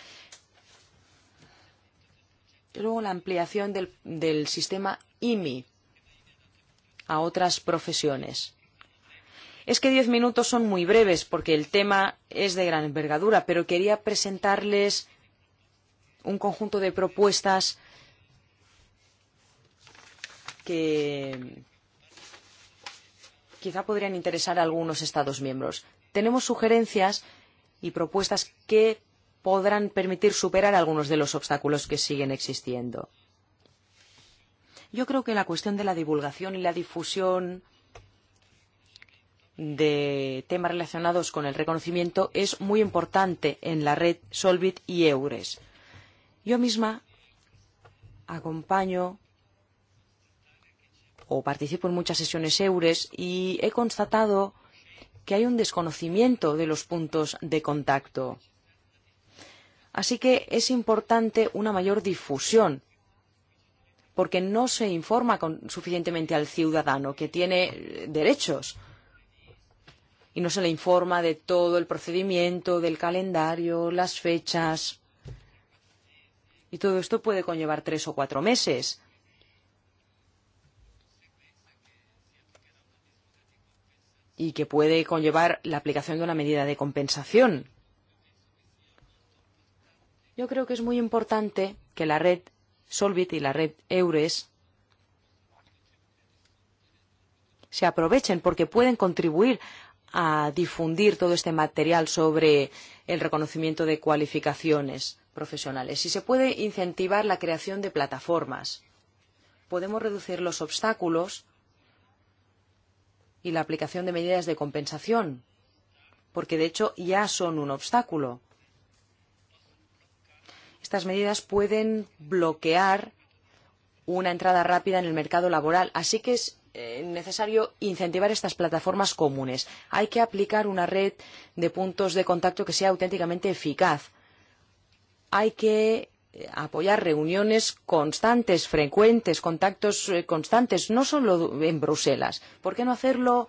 Luego la ampliación del, del sistema IMI a otras profesiones. Es que diez minutos son muy breves porque el tema es de gran envergadura, pero quería presentarles un conjunto de propuestas que quizá podrían interesar a algunos Estados miembros. Tenemos sugerencias y propuestas que podrán permitir superar algunos de los obstáculos que siguen existiendo. Yo creo que la cuestión de la divulgación y la difusión de temas relacionados con el reconocimiento es muy importante en la red Solvit y Eures. Yo misma acompaño o participo en muchas sesiones Eures y he constatado que hay un desconocimiento de los puntos de contacto. Así que es importante una mayor difusión porque no se informa con, suficientemente al ciudadano que tiene derechos y no se le informa de todo el procedimiento, del calendario, las fechas. Y todo esto puede conllevar tres o cuatro meses. Y que puede conllevar la aplicación de una medida de compensación. Yo creo que es muy importante que la red Solvit y la red Eures se aprovechen porque pueden contribuir a difundir todo este material sobre el reconocimiento de cualificaciones profesionales. Si se puede incentivar la creación de plataformas, podemos reducir los obstáculos y la aplicación de medidas de compensación, porque de hecho ya son un obstáculo. Estas medidas pueden bloquear una entrada rápida en el mercado laboral, así que es Eh, necesario incentivar estas plataformas comunes. Hay que aplicar una red de puntos de contacto que sea auténticamente eficaz. Hay que eh, apoyar reuniones constantes, frecuentes, contactos eh, constantes, no solo en Bruselas. ¿Por qué no hacerlo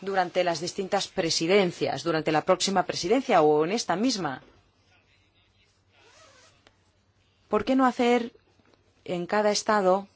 durante las distintas presidencias, durante la próxima presidencia o en esta misma? ¿Por qué no hacer en cada Estado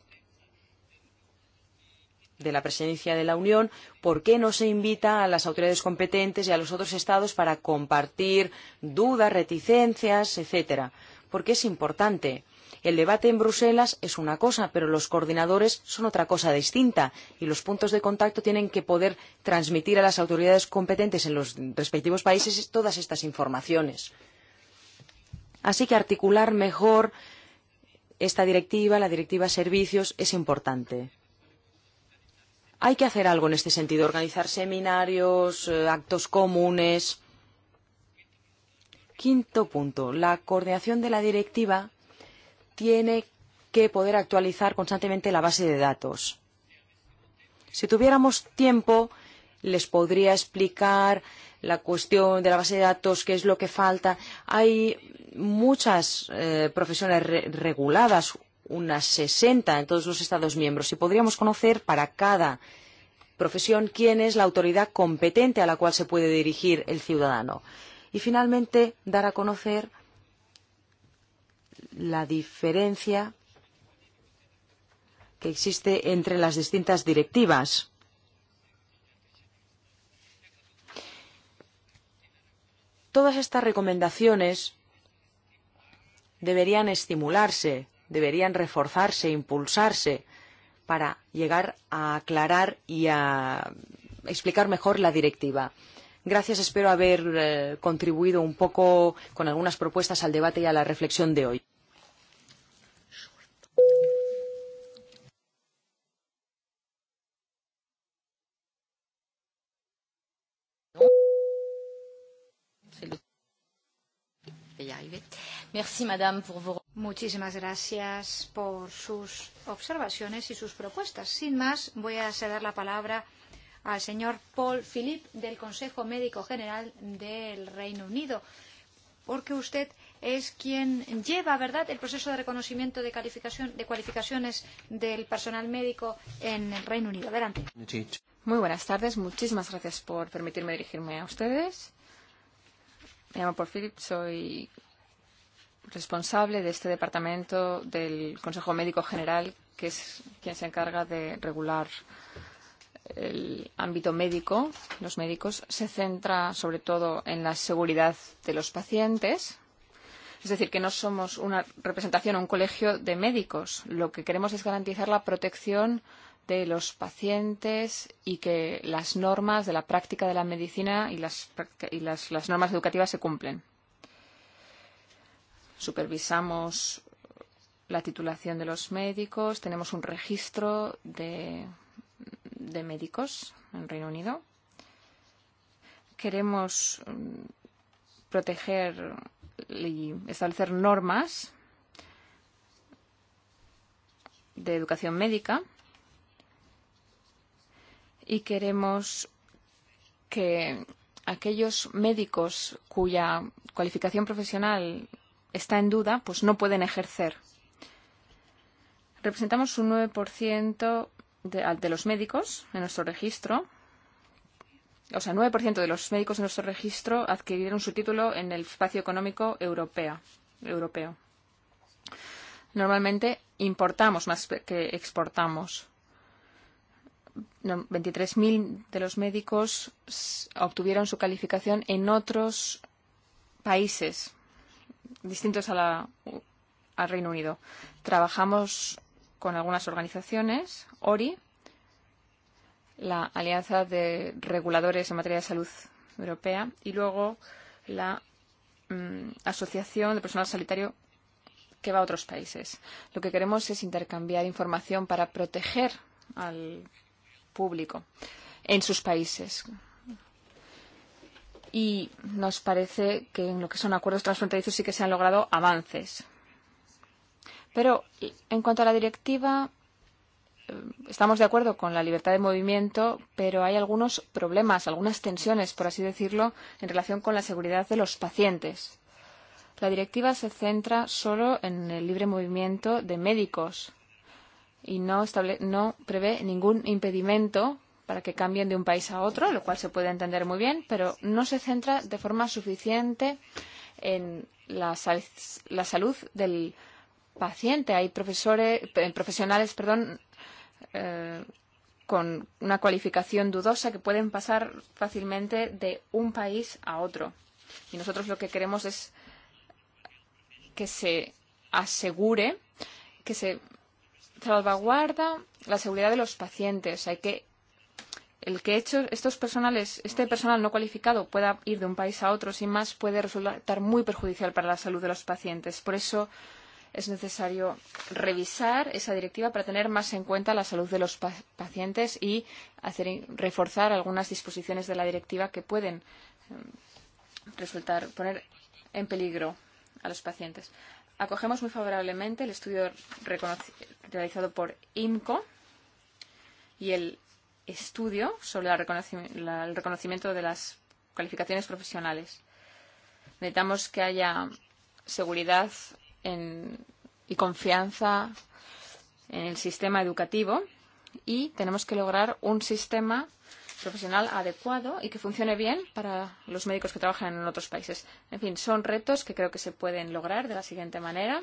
de la presidencia de la Unión, ¿por qué no se invita a las autoridades competentes y a los otros estados para compartir dudas, reticencias, etcétera? Porque es importante. El debate en Bruselas es una cosa, pero los coordinadores son otra cosa distinta y los puntos de contacto tienen que poder transmitir a las autoridades competentes en los respectivos países todas estas informaciones. Así que articular mejor esta directiva, la directiva servicios, es importante. Hay que hacer algo en este sentido, organizar seminarios, eh, actos comunes. Quinto punto, la coordinación de la directiva tiene que poder actualizar constantemente la base de datos. Si tuviéramos tiempo, les podría explicar la cuestión de la base de datos, qué es lo que falta. Hay muchas eh, profesiones re reguladas, unas 60 en todos los Estados miembros y podríamos conocer para cada profesión quién es la autoridad competente a la cual se puede dirigir el ciudadano. Y finalmente, dar a conocer la diferencia que existe entre las distintas directivas. Todas estas recomendaciones deberían estimularse deberían reforzarse, impulsarse para llegar a aclarar y a explicar mejor la directiva. Gracias, espero haber eh, contribuido un poco con algunas propuestas al debate y a la reflexión de hoy. Merci, madame, pour vos... Muchísimas gracias por sus observaciones y sus propuestas. Sin más, voy a ceder la palabra al señor Paul Philip del Consejo Médico General del Reino Unido, porque usted es quien lleva, ¿verdad?, el proceso de reconocimiento de, calificación, de cualificaciones del personal médico en el Reino Unido. Adelante. Muy buenas tardes. Muchísimas gracias por permitirme dirigirme a ustedes. Me llamo Paul Philip, soy responsable de este departamento del Consejo Médico General, que es quien se encarga de regular el ámbito médico, los médicos, se centra sobre todo en la seguridad de los pacientes. Es decir, que no somos una representación o un colegio de médicos. Lo que queremos es garantizar la protección de los pacientes y que las normas de la práctica de la medicina y las, y las, las normas educativas se cumplen. Supervisamos la titulación de los médicos, tenemos un registro de, de médicos en Reino Unido. Queremos mm, proteger y establecer normas de educación médica y queremos que aquellos médicos cuya cualificación profesional está en duda, pues no pueden ejercer. Representamos un 9% de, de los médicos en nuestro registro. O sea, 9% de los médicos en nuestro registro adquirieron su título en el espacio económico europeo. europeo. Normalmente importamos más que exportamos. 23.000 no, de los médicos obtuvieron su calificación en otros países distintos a la, al Reino Unido. Trabajamos con algunas organizaciones, ORI, la Alianza de Reguladores en Materia de Salud Europea y luego la mm, Asociación de Personal Sanitario que va a otros países. Lo que queremos es intercambiar información para proteger al público en sus países y nos parece que en lo que son acuerdos transfronterizos sí que se han logrado avances. Pero en cuanto a la directiva, eh, estamos de acuerdo con la libertad de movimiento, pero hay algunos problemas, algunas tensiones, por así decirlo, en relación con la seguridad de los pacientes. La directiva se centra solo en el libre movimiento de médicos y no, estable, no prevé ningún impedimento para que cambien de un país a otro, lo cual se puede entender muy bien, pero no se centra de forma suficiente en la, sal la salud del paciente. Hay profesores, profesionales perdón, eh, con una cualificación dudosa que pueden pasar fácilmente de un país a otro. Y nosotros lo que queremos es que se asegure que se salvaguarda la seguridad de los pacientes. Hay que el que hecho estos personales, este personal no cualificado pueda ir de un país a otro sin más puede resultar muy perjudicial para la salud de los pacientes. Por eso es necesario revisar esa directiva para tener más en cuenta la salud de los pa pacientes y hacer, reforzar algunas disposiciones de la directiva que pueden resultar poner en peligro a los pacientes. Acogemos muy favorablemente el estudio realizado por IMCO y el estudio sobre la reconocim la, el reconocimiento de las cualificaciones profesionales. Necesitamos que haya seguridad en, y confianza en el sistema educativo y tenemos que lograr un sistema profesional adecuado y que funcione bien para los médicos que trabajan en otros países. En fin, son retos que creo que se pueden lograr de la siguiente manera.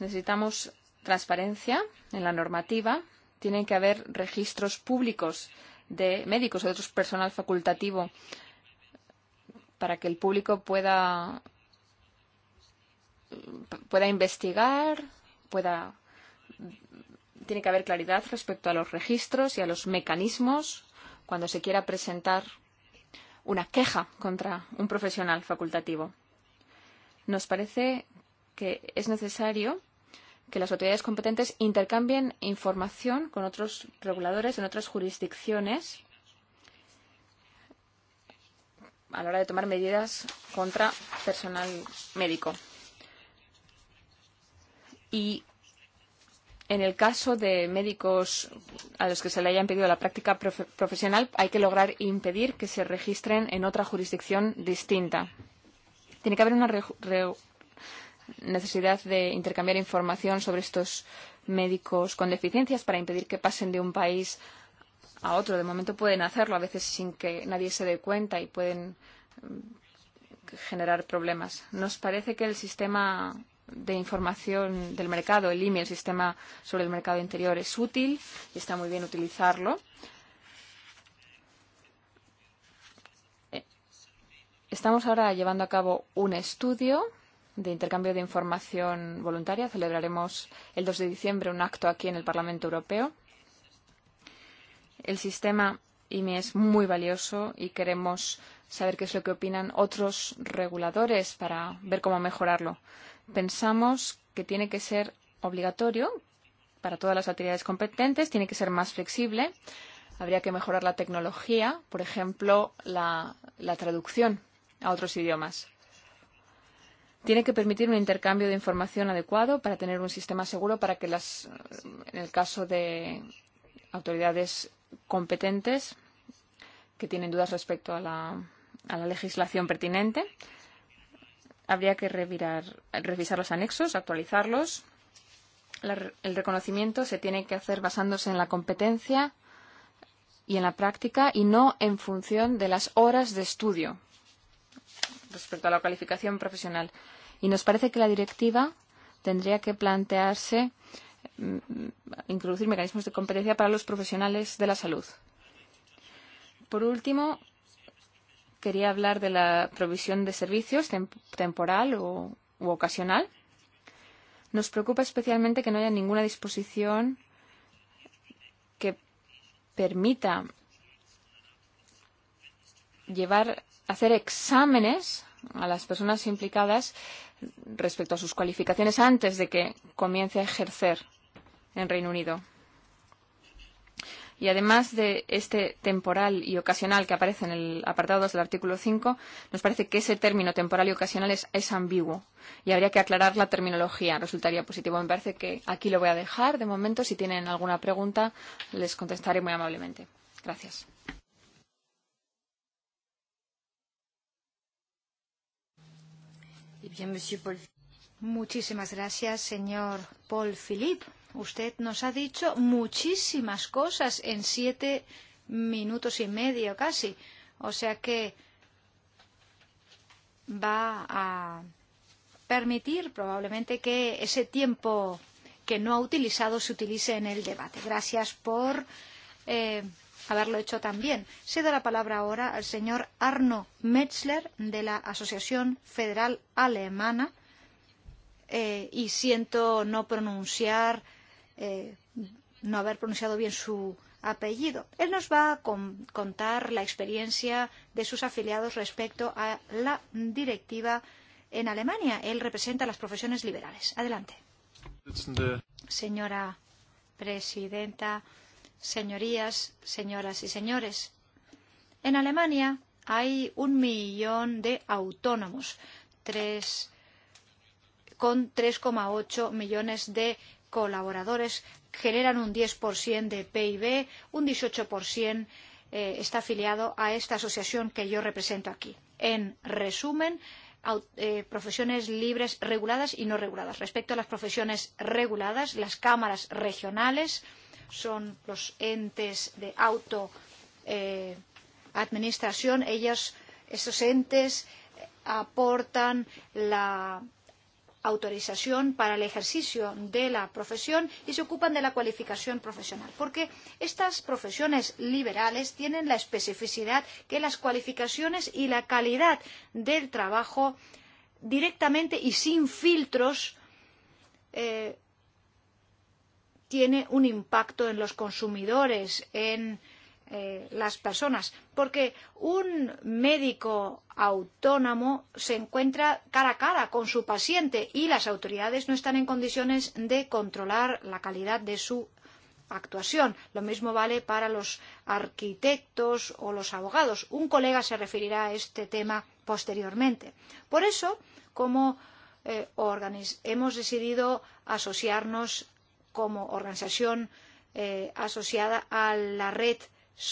Necesitamos transparencia en la normativa tienen que haber registros públicos de médicos o de otro personal facultativo para que el público pueda pueda investigar, pueda tiene que haber claridad respecto a los registros y a los mecanismos cuando se quiera presentar una queja contra un profesional facultativo. Nos parece que es necesario que las autoridades competentes intercambien información con otros reguladores en otras jurisdicciones a la hora de tomar medidas contra personal médico. Y en el caso de médicos a los que se le haya impedido la práctica profe profesional, hay que lograr impedir que se registren en otra jurisdicción distinta. Tiene que haber una re re necesidad de intercambiar información sobre estos médicos con deficiencias para impedir que pasen de un país a otro. De momento pueden hacerlo, a veces sin que nadie se dé cuenta y pueden mm, generar problemas. Nos parece que el sistema de información del mercado, el IMI, el sistema sobre el mercado interior, es útil y está muy bien utilizarlo. Eh, estamos ahora llevando a cabo un estudio de intercambio de información voluntaria. Celebraremos el 2 de diciembre un acto aquí en el Parlamento Europeo. El sistema IME es muy valioso y queremos saber qué es lo que opinan otros reguladores para ver cómo mejorarlo. Pensamos que tiene que ser obligatorio para todas las autoridades competentes, tiene que ser más flexible. Habría que mejorar la tecnología, por ejemplo, la, la traducción a otros idiomas. Tiene que permitir un intercambio de información adecuado para tener un sistema seguro para que las, en el caso de autoridades competentes que tienen dudas respecto a la, a la legislación pertinente, habría que revirar, revisar los anexos, actualizarlos. La, el reconocimiento se tiene que hacer basándose en la competencia y en la práctica y no en función de las horas de estudio respecto a la calificación profesional. Y nos parece que la directiva tendría que plantearse mm, introducir mecanismos de competencia para los profesionales de la salud. Por último, quería hablar de la provisión de servicios temp temporal o, u ocasional. Nos preocupa especialmente que no haya ninguna disposición que permita llevar, hacer exámenes a las personas implicadas respecto a sus cualificaciones antes de que comience a ejercer en Reino Unido. Y además de este temporal y ocasional que aparece en el apartado 2 del artículo 5, nos parece que ese término temporal y ocasional es, es ambiguo y habría que aclarar la terminología. Resultaría positivo. Me parece que aquí lo voy a dejar. De momento, si tienen alguna pregunta, les contestaré muy amablemente. Gracias. Muchísimas gracias, señor Paul Philippe. Usted nos ha dicho muchísimas cosas en siete minutos y medio casi. O sea que va a permitir probablemente que ese tiempo que no ha utilizado se utilice en el debate. Gracias por eh, haberlo hecho también. Se da la palabra ahora al señor Arno Metzler de la Asociación Federal Alemana eh, y siento no pronunciar, eh, no haber pronunciado bien su apellido. Él nos va a con, contar la experiencia de sus afiliados respecto a la directiva en Alemania. Él representa las profesiones liberales. Adelante. Señora presidenta, señorías, señoras y señores. En Alemania hay un millón de autónomos, tres, con 3,8 millones de colaboradores, generan un 10% de PIB, un 18% eh, está afiliado a esta asociación que yo represento aquí. En resumen, eh, profesiones libres reguladas y no reguladas. Respecto a las profesiones reguladas, las cámaras regionales eh, son los entes de autoadministración. Eh, Ellas, esos entes eh, aportan la autorización para el ejercicio de la profesión y se ocupan de la cualificación profesional. Porque estas profesiones liberales tienen la especificidad que las cualificaciones y la calidad del trabajo directamente y sin filtros eh, tiene un impacto en los consumidores, en eh, las personas, porque un médico autónomo se encuentra cara a cara con su paciente y las autoridades no están en condiciones de controlar la calidad de su actuación. Lo mismo vale para los arquitectos o los abogados. Un colega se referirá a este tema posteriormente. Por eso, como eh, hemos decidido asociarnos como organización eh, asociada a la red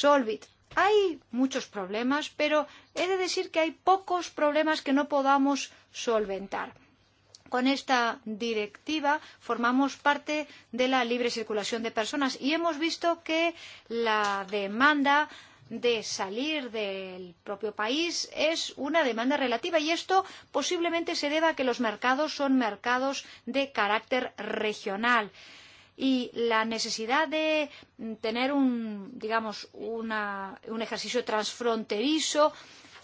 Solvit. Hay muchos problemas, pero he de decir que hay pocos problemas que no podamos solventar. Con esta directiva formamos parte de la libre circulación de personas y hemos visto que la demanda de salir del propio país es una demanda relativa y esto posiblemente se deba a que los mercados son mercados de carácter regional. Eh, y la necesidad de tener un, digamos, una, un ejercicio transfronterizo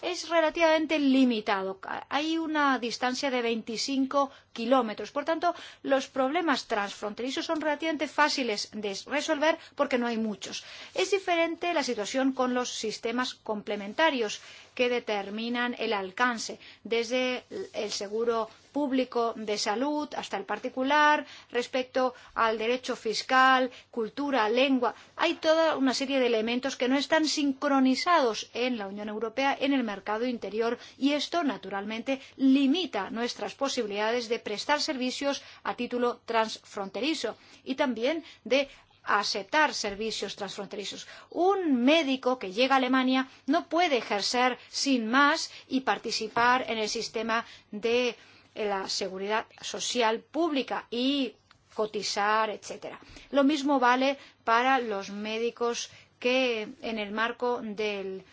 es relativamente limitado. Hay una distancia de 25 kilómetros. Por tanto, los problemas transfronterizos son relativamente fáciles de resolver porque no hay muchos. Es diferente la situación con los sistemas complementarios que determinan el alcance, desde el seguro público de salud hasta el particular, respecto al derecho fiscal, cultura, lengua. Hay toda una serie de elementos que no están sincronizados en la Unión Europea, en el mercado interior, y esto, naturalmente, limita nuestras posibilidades de prestar servicios a título transfronterizo y también de aceptar servicios transfronterizos. Un médico que llega a Alemania no puede ejercer sin más y participar en el sistema de en la seguridad social pública y cotizar, etcétera. Lo mismo vale para los médicos que en el marco de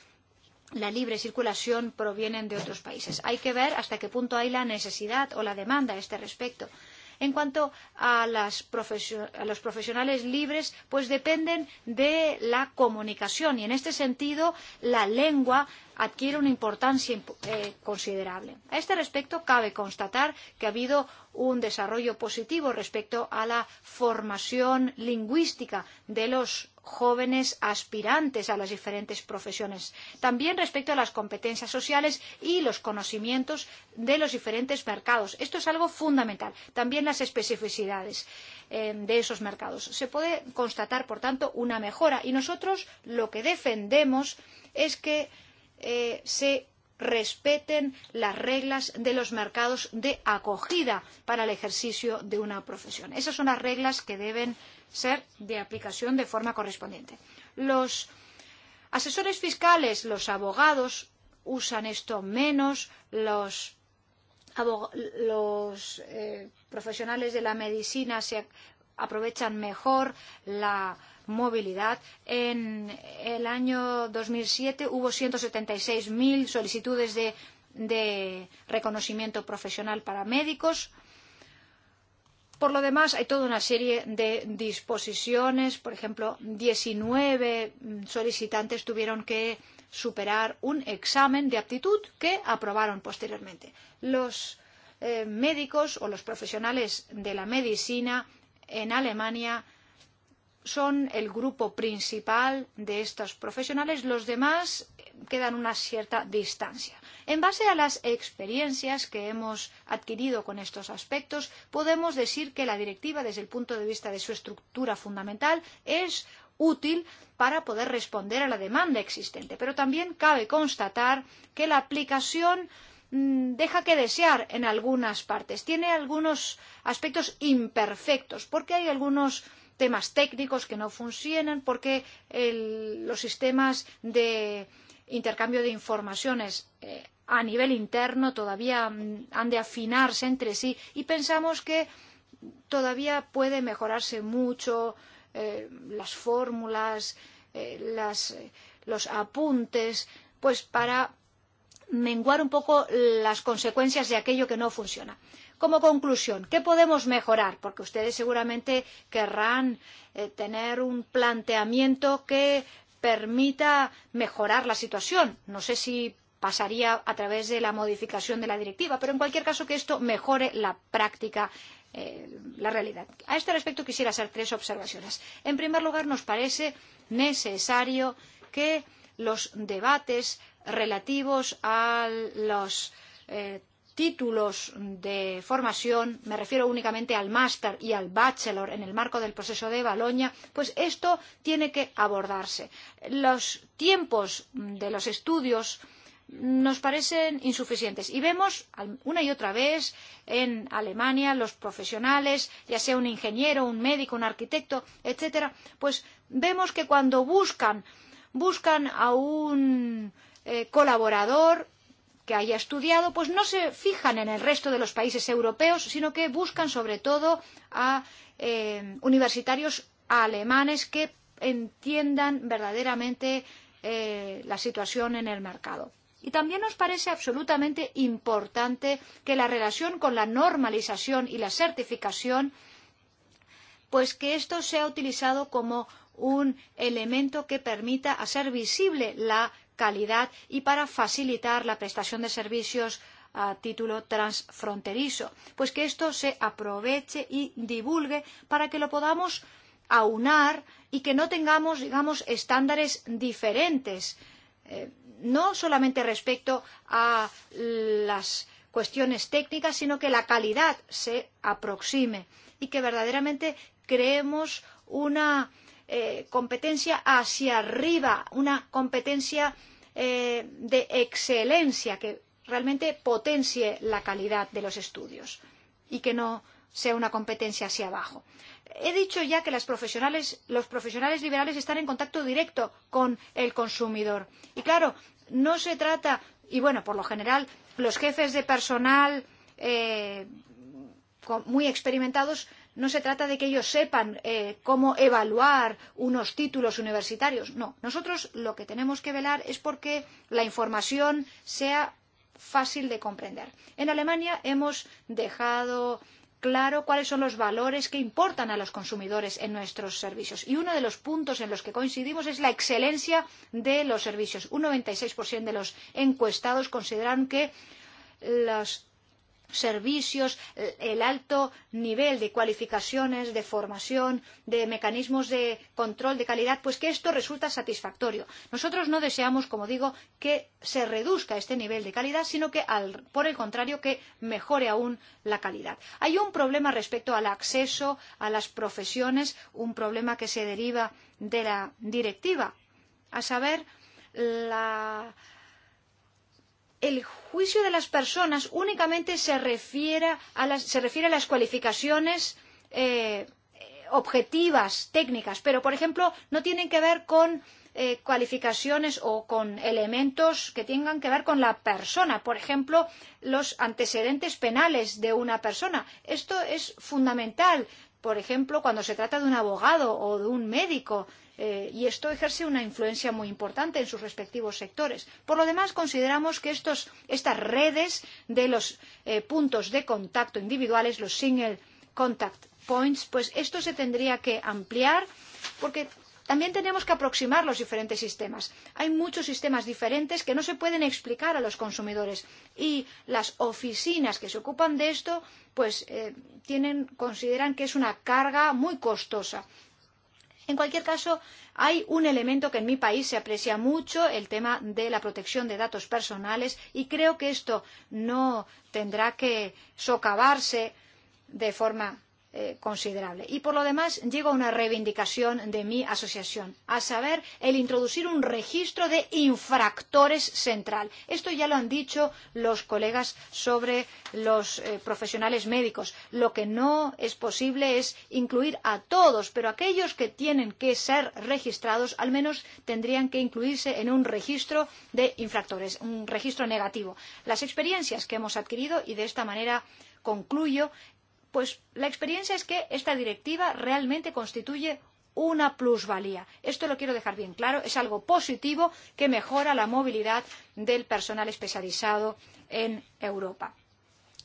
la libre circulación provienen de otros países. Hay que ver hasta qué punto hay la necesidad o la demanda a este respecto. En cuanto a, las a los profesionales libres, pues dependen de la comunicación y en este sentido la lengua adquiere una importancia eh, considerable. A este respecto, cabe constatar que ha habido un desarrollo positivo respecto a la formación lingüística de los jóvenes aspirantes a las diferentes profesiones, también respecto a las competencias sociales y los conocimientos de los diferentes mercados. Esto es algo fundamental. También las especificidades eh, de esos mercados. Se puede constatar, por tanto, una mejora y nosotros lo que defendemos es que eh, se respeten las reglas de los mercados de acogida para el ejercicio de una profesión. Esas son las reglas que deben ser de aplicación de forma correspondiente. Los asesores fiscales, los abogados usan esto menos, los, los eh, profesionales de la medicina se aprovechan mejor la movilidad. En el año 2007 hubo 176.000 solicitudes de, de reconocimiento profesional para médicos. Por lo demás, hay toda una serie de disposiciones. Por ejemplo, 19 solicitantes tuvieron que superar un examen de aptitud que aprobaron posteriormente. Los eh, médicos o los profesionales de la medicina en Alemania son el grupo principal de estos profesionales, los demás quedan una cierta distancia. En base a las experiencias que hemos adquirido con estos aspectos, podemos decir que la directiva, desde el punto de vista de su estructura fundamental, es útil para poder responder a la demanda existente. Pero también cabe constatar que la aplicación Mm, deja que desear en algunas partes. Tiene algunos aspectos imperfectos, porque hay algunos temas técnicos que no funcionan, porque el, los sistemas de intercambio de informaciones eh, a nivel interno todavía mm, han de afinarse entre sí y pensamos que todavía puede mejorarse mucho eh, las fórmulas, eh, eh los apuntes, pues para menguar un poco las consecuencias de aquello que no funciona. Como conclusión, ¿qué podemos mejorar? Porque ustedes seguramente querrán eh, tener un planteamiento que permita mejorar la situación. No sé si pasaría a través de la modificación de la directiva, pero en cualquier caso que esto mejore la práctica eh, la realidad. A este respecto quisiera hacer tres observaciones. En primer lugar, nos parece necesario que los debates relativos a los eh, títulos de formación, me refiero únicamente al máster y al bachelor en el marco del proceso de Baloña, pues esto tiene que abordarse. Los tiempos de los estudios nos parecen insuficientes y vemos una y otra vez en Alemania los profesionales, ya sea un ingeniero, un médico, un arquitecto, etcétera, pues vemos que cuando buscan buscan a un eh, colaborador que haya estudiado, pues no se fijan en el resto de los países europeos, sino que buscan sobre todo a eh, universitarios alemanes que entiendan verdaderamente eh, la situación en el mercado. Y también nos parece absolutamente importante que la relación con la normalización y la certificación, pues que esto sea utilizado como un elemento que permita hacer visible la calidad y para facilitar la prestación de servicios a título transfronterizo, pues que esto se aproveche y divulgue para que lo podamos aunar y que no tengamos, digamos, estándares diferentes, eh, no solamente respecto a las cuestiones técnicas, sino que la calidad se aproxime y que verdaderamente creemos una eh, competencia hacia arriba, una competencia eh, eh, de excelencia que realmente potencie la calidad de los estudios y que no sea una competencia hacia abajo. He dicho ya que las profesionales, los profesionales liberales están en contacto directo con el consumidor. Y claro, no se trata, y bueno, por lo general, los jefes de personal eh, muy experimentados no se trata de que ellos sepan eh, cómo evaluar unos títulos universitarios. No, nosotros lo que tenemos que velar es porque la información sea fácil de comprender. En Alemania hemos dejado claro cuáles son los valores que importan a los consumidores en nuestros servicios. Y uno de los puntos en los que coincidimos es la excelencia de los servicios. Un 96% de los encuestados consideran que los servicios, eh, el alto nivel de cualificaciones, de formación, de mecanismos de control de calidad, pues que esto resulta satisfactorio. Nosotros no deseamos, como digo, que se reduzca este nivel de calidad, sino que, al, por el contrario, que mejore aún la calidad. Hay un problema respecto al acceso a las profesiones, un problema que se deriva de la directiva, a saber, la el juicio de las personas únicamente se refiere a las, se refiere a las cualificaciones eh, objetivas, técnicas, pero, por ejemplo, no tienen que ver con eh, cualificaciones o con elementos que tengan que ver con la persona. Por ejemplo, los antecedentes penales de una persona. Esto es fundamental por ejemplo, cuando se trata de un abogado o de un médico, eh, y esto ejerce una influencia muy importante en sus respectivos sectores. Por lo demás, consideramos que estos, estas redes de los eh, puntos de contacto individuales, los single contact points, pues esto se tendría que ampliar porque También tenemos que aproximar los diferentes sistemas. Hay muchos sistemas diferentes que no se pueden explicar a los consumidores y las oficinas que se ocupan de esto pues eh, tienen, consideran que es una carga muy costosa. En cualquier caso, hay un elemento que en mi país se aprecia mucho, el tema de la protección de datos personales, y creo que esto no tendrá que socavarse de forma eh, considerable. Y por lo demás, a una reivindicación de mi asociación, a saber, el introducir un registro de infractores central. Esto ya lo han dicho los colegas sobre los eh, profesionales médicos. Lo que no es posible es incluir a todos, pero aquellos que tienen que ser registrados al menos tendrían que incluirse en un registro de infractores, un registro negativo. Las experiencias que hemos adquirido y de esta manera concluyo Pues la experiencia es que esta directiva realmente constituye una plusvalía. Esto lo quiero dejar bien claro. Es algo positivo que mejora la movilidad del personal especializado en Europa.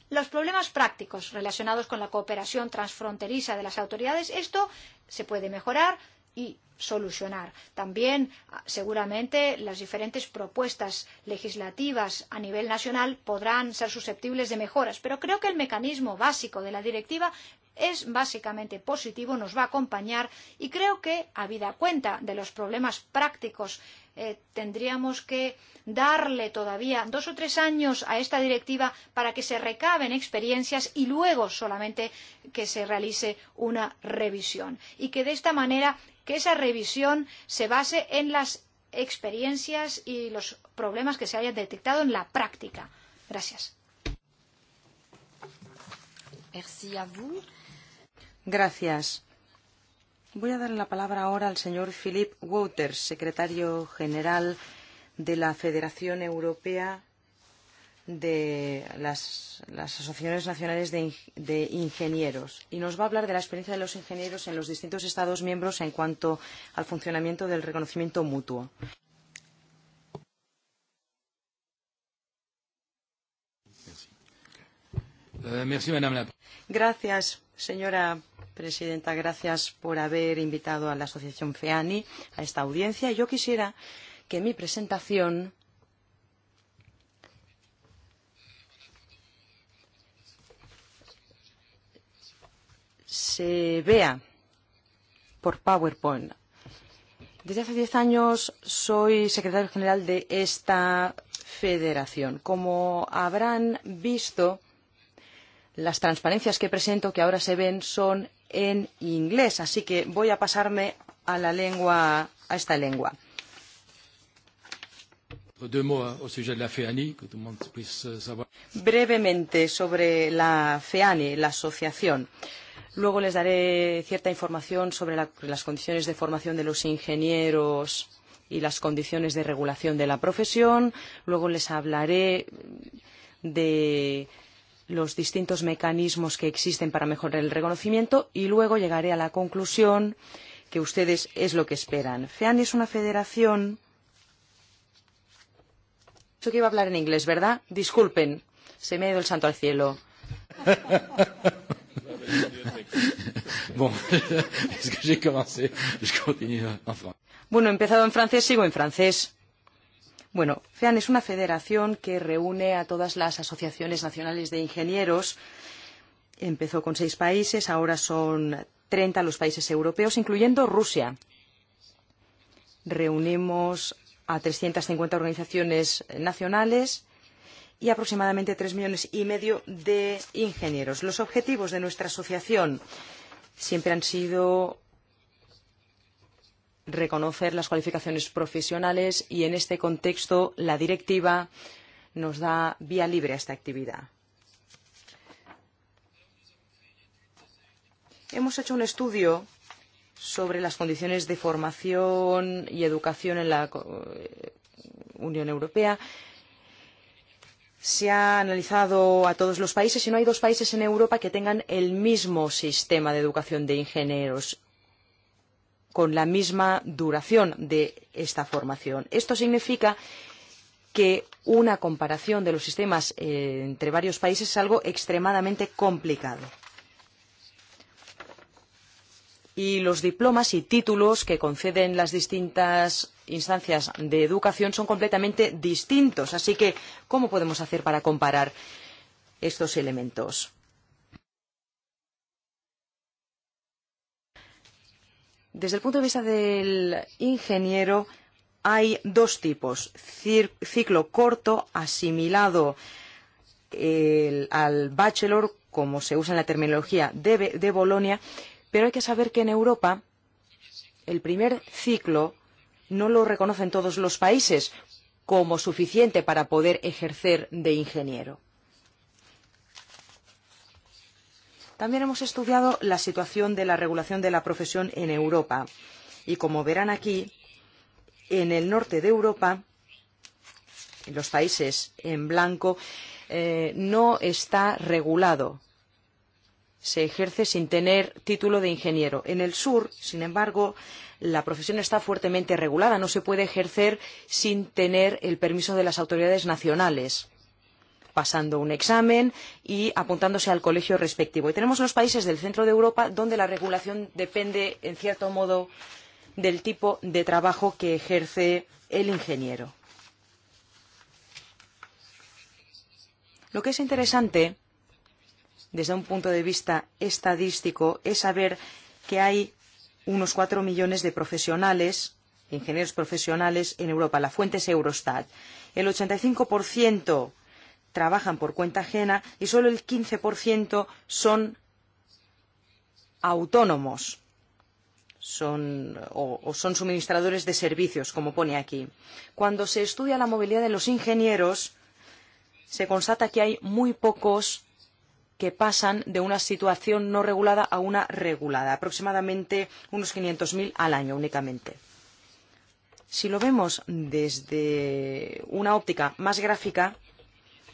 Los problemas prácticos relacionados con la cooperación transfronteriza de las autoridades, esto se puede mejorar, y solucionar. También, seguramente, las diferentes propuestas legislativas a nivel nacional podrán ser susceptibles de mejoras, pero creo que el mecanismo básico de la directiva es básicamente positivo, nos va a acompañar y creo que, habida cuenta de los problemas prácticos eh, tendríamos que darle todavía dos o tres años a esta directiva para que se recaben experiencias y luego solamente que se realice una revisión. Y que de esta manera que esa revisión se base en las experiencias y los problemas que se hayan detectado en la práctica. Gracias. Gracias. Voy a dar la palabra ahora al señor Philip Wouters, secretario general de la Federación Europea de las, las Asociaciones Nacionales de, de Ingenieros y nos va a hablar de la experiencia de los ingenieros en los distintos Estados miembros en cuanto al funcionamiento del reconocimiento mutuo. Euh, Gracias, Señora presidenta, gracias por haber invitado a la Asociación FEANI a esta audiencia. Yo quisiera que mi presentación se vea por PowerPoint. Desde hace diez años soy secretario general de esta federación. Como habrán visto, Las transparencias que presento que ahora se ven son en inglés, así que voy a pasarme a la lengua, a esta lengua. E euh, Brevemente sobre la FEANI, la asociación. Luego les daré cierta información sobre la, las condiciones de formación de los ingenieros y las condiciones de regulación de la profesión. Luego les hablaré de los distintos mecanismos que existen para mejorar el reconocimiento y luego llegaré a la conclusión que ustedes es lo que esperan. FEAN es una federación. Yo que iba a hablar en inglés, ¿verdad? Disculpen, se me ha ido el santo al cielo. Bueno, he empezado en francés, sigo en francés. Bueno, FEAN es una federación que reúne a todas las asociaciones nacionales de ingenieros. Empezó con seis países, ahora son 30 los países europeos, incluyendo Rusia. Reunimos a 350 organizaciones nacionales y aproximadamente 3 millones y medio de ingenieros. Los objetivos de nuestra asociación siempre han sido reconocer las cualificaciones profesionales y en este contexto la directiva nos da vía libre a esta actividad. Hemos hecho un estudio sobre las condiciones de formación y educación en la eh, Unión Europea. Se ha analizado a todos los países y no hay dos países en Europa que tengan el mismo sistema de educación de ingenieros con la misma duración de esta formación. Esto significa que una comparación de los sistemas eh, entre varios países es algo extremadamente complicado. Y los diplomas y títulos que conceden las distintas instancias de educación son completamente distintos. Así que, ¿cómo podemos hacer para comparar estos elementos? Desde el punto de vista del ingeniero, hay dos tipos. Ciclo corto asimilado el, al bachelor, como se usa en la terminología de, de Bolonia, pero hay que saber que en Europa el primer ciclo no lo reconocen todos los países como suficiente para poder ejercer de ingeniero. También hemos estudiado la situación de la regulación de la profesión en Europa. Y como verán aquí, en el norte de Europa, en los países en blanco, eh, no está regulado. Se ejerce sin tener título de ingeniero. En el sur, sin embargo, la profesión está fuertemente regulada. No se puede ejercer sin tener el permiso de las autoridades nacionales pasando un examen y apuntándose al colegio respectivo. Y tenemos los países del centro de Europa donde la regulación depende, en cierto modo, del tipo de trabajo que ejerce el ingeniero. Lo que es interesante desde un punto de vista estadístico es saber que hay unos cuatro millones de profesionales, ingenieros profesionales en Europa. La fuente es Eurostat. El 85% trabajan por cuenta ajena y solo el 15% son autónomos son, o, o son suministradores de servicios, como pone aquí. Cuando se estudia la movilidad de los ingenieros, se constata que hay muy pocos que pasan de una situación no regulada a una regulada, aproximadamente unos 500.000 al año únicamente. Si lo vemos desde una óptica más gráfica,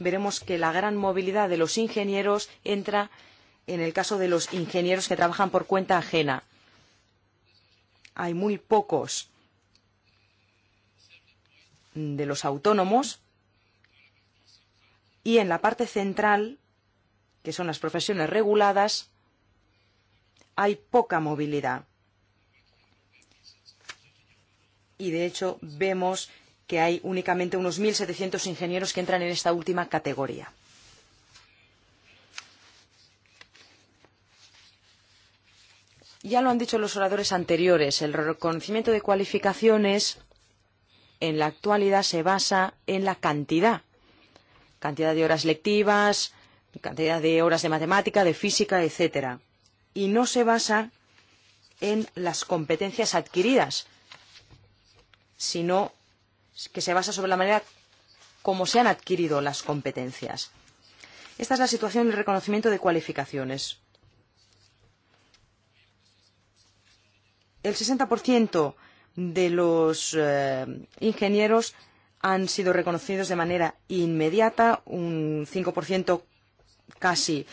veremos que la gran movilidad de los ingenieros entra en el caso de los ingenieros que trabajan por cuenta ajena. Hay muy pocos de los autónomos y en la parte central, que son las profesiones reguladas, hay poca movilidad. Y de hecho vemos que hay únicamente unos 1.700 ingenieros que entran en esta última categoría. Ya lo han dicho los oradores anteriores, el reconocimiento de cualificaciones en la actualidad se basa en la cantidad. Cantidad de horas lectivas, cantidad de horas de matemática, de física, etc. Y no se basa en las competencias adquiridas, sino que se basa sobre la manera como se han adquirido las competencias. Esta es la situación del reconocimiento de cualificaciones. El 60% de los eh, ingenieros han sido reconocidos de manera inmediata, un 5% casi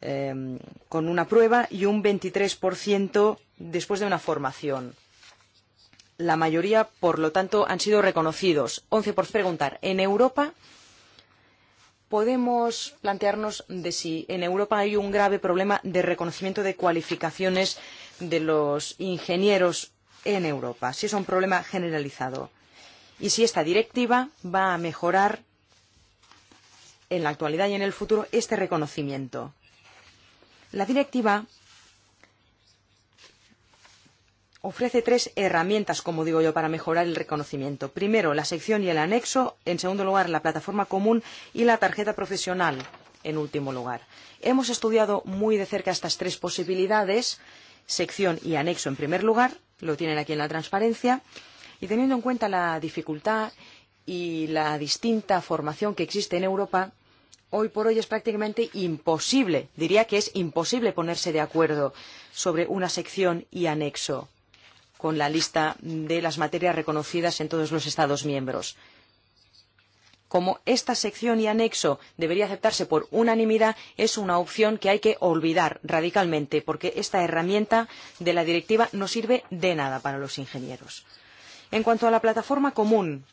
eh, con una prueba y un 23% después de una formación. La mayoría, por lo tanto, han sido reconocidos. Once por preguntar. En Europa podemos plantearnos de si en Europa hay un grave problema de reconocimiento de cualificaciones de los ingenieros en Europa, si es un problema generalizado y si esta directiva va a mejorar en la actualidad y en el futuro este reconocimiento. La directiva ofrece tres herramientas, como digo yo, para mejorar el reconocimiento. Primero, la sección y el anexo. En segundo lugar, la plataforma común y la tarjeta profesional, en último lugar. Hemos estudiado muy de cerca estas tres posibilidades, sección y anexo en primer lugar, lo tienen aquí en la transparencia, y teniendo en cuenta la dificultad y la distinta formación que existe en Europa, hoy por hoy es prácticamente imposible, diría que es imposible ponerse de acuerdo sobre una sección y anexo con la lista de las materias reconocidas en todos los Estados miembros. Como esta sección y anexo debería aceptarse por unanimidad, es una opción que hay que olvidar radicalmente, porque esta herramienta de la directiva no sirve de nada para los ingenieros. En cuanto a la plataforma común,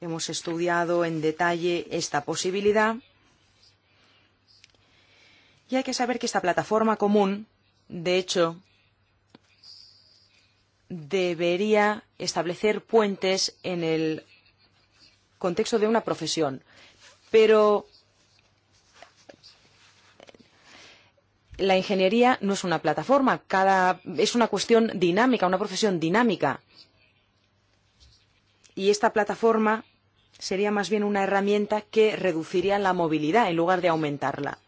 hemos estudiado en detalle esta posibilidad y hay que saber que esta plataforma común, de hecho, debería establecer puentes en el contexto de una profesión. Pero la ingeniería no es una plataforma, cada, es una cuestión dinámica, una profesión dinámica. Y esta plataforma sería más bien una herramienta que reduciría la movilidad en lugar de aumentarla.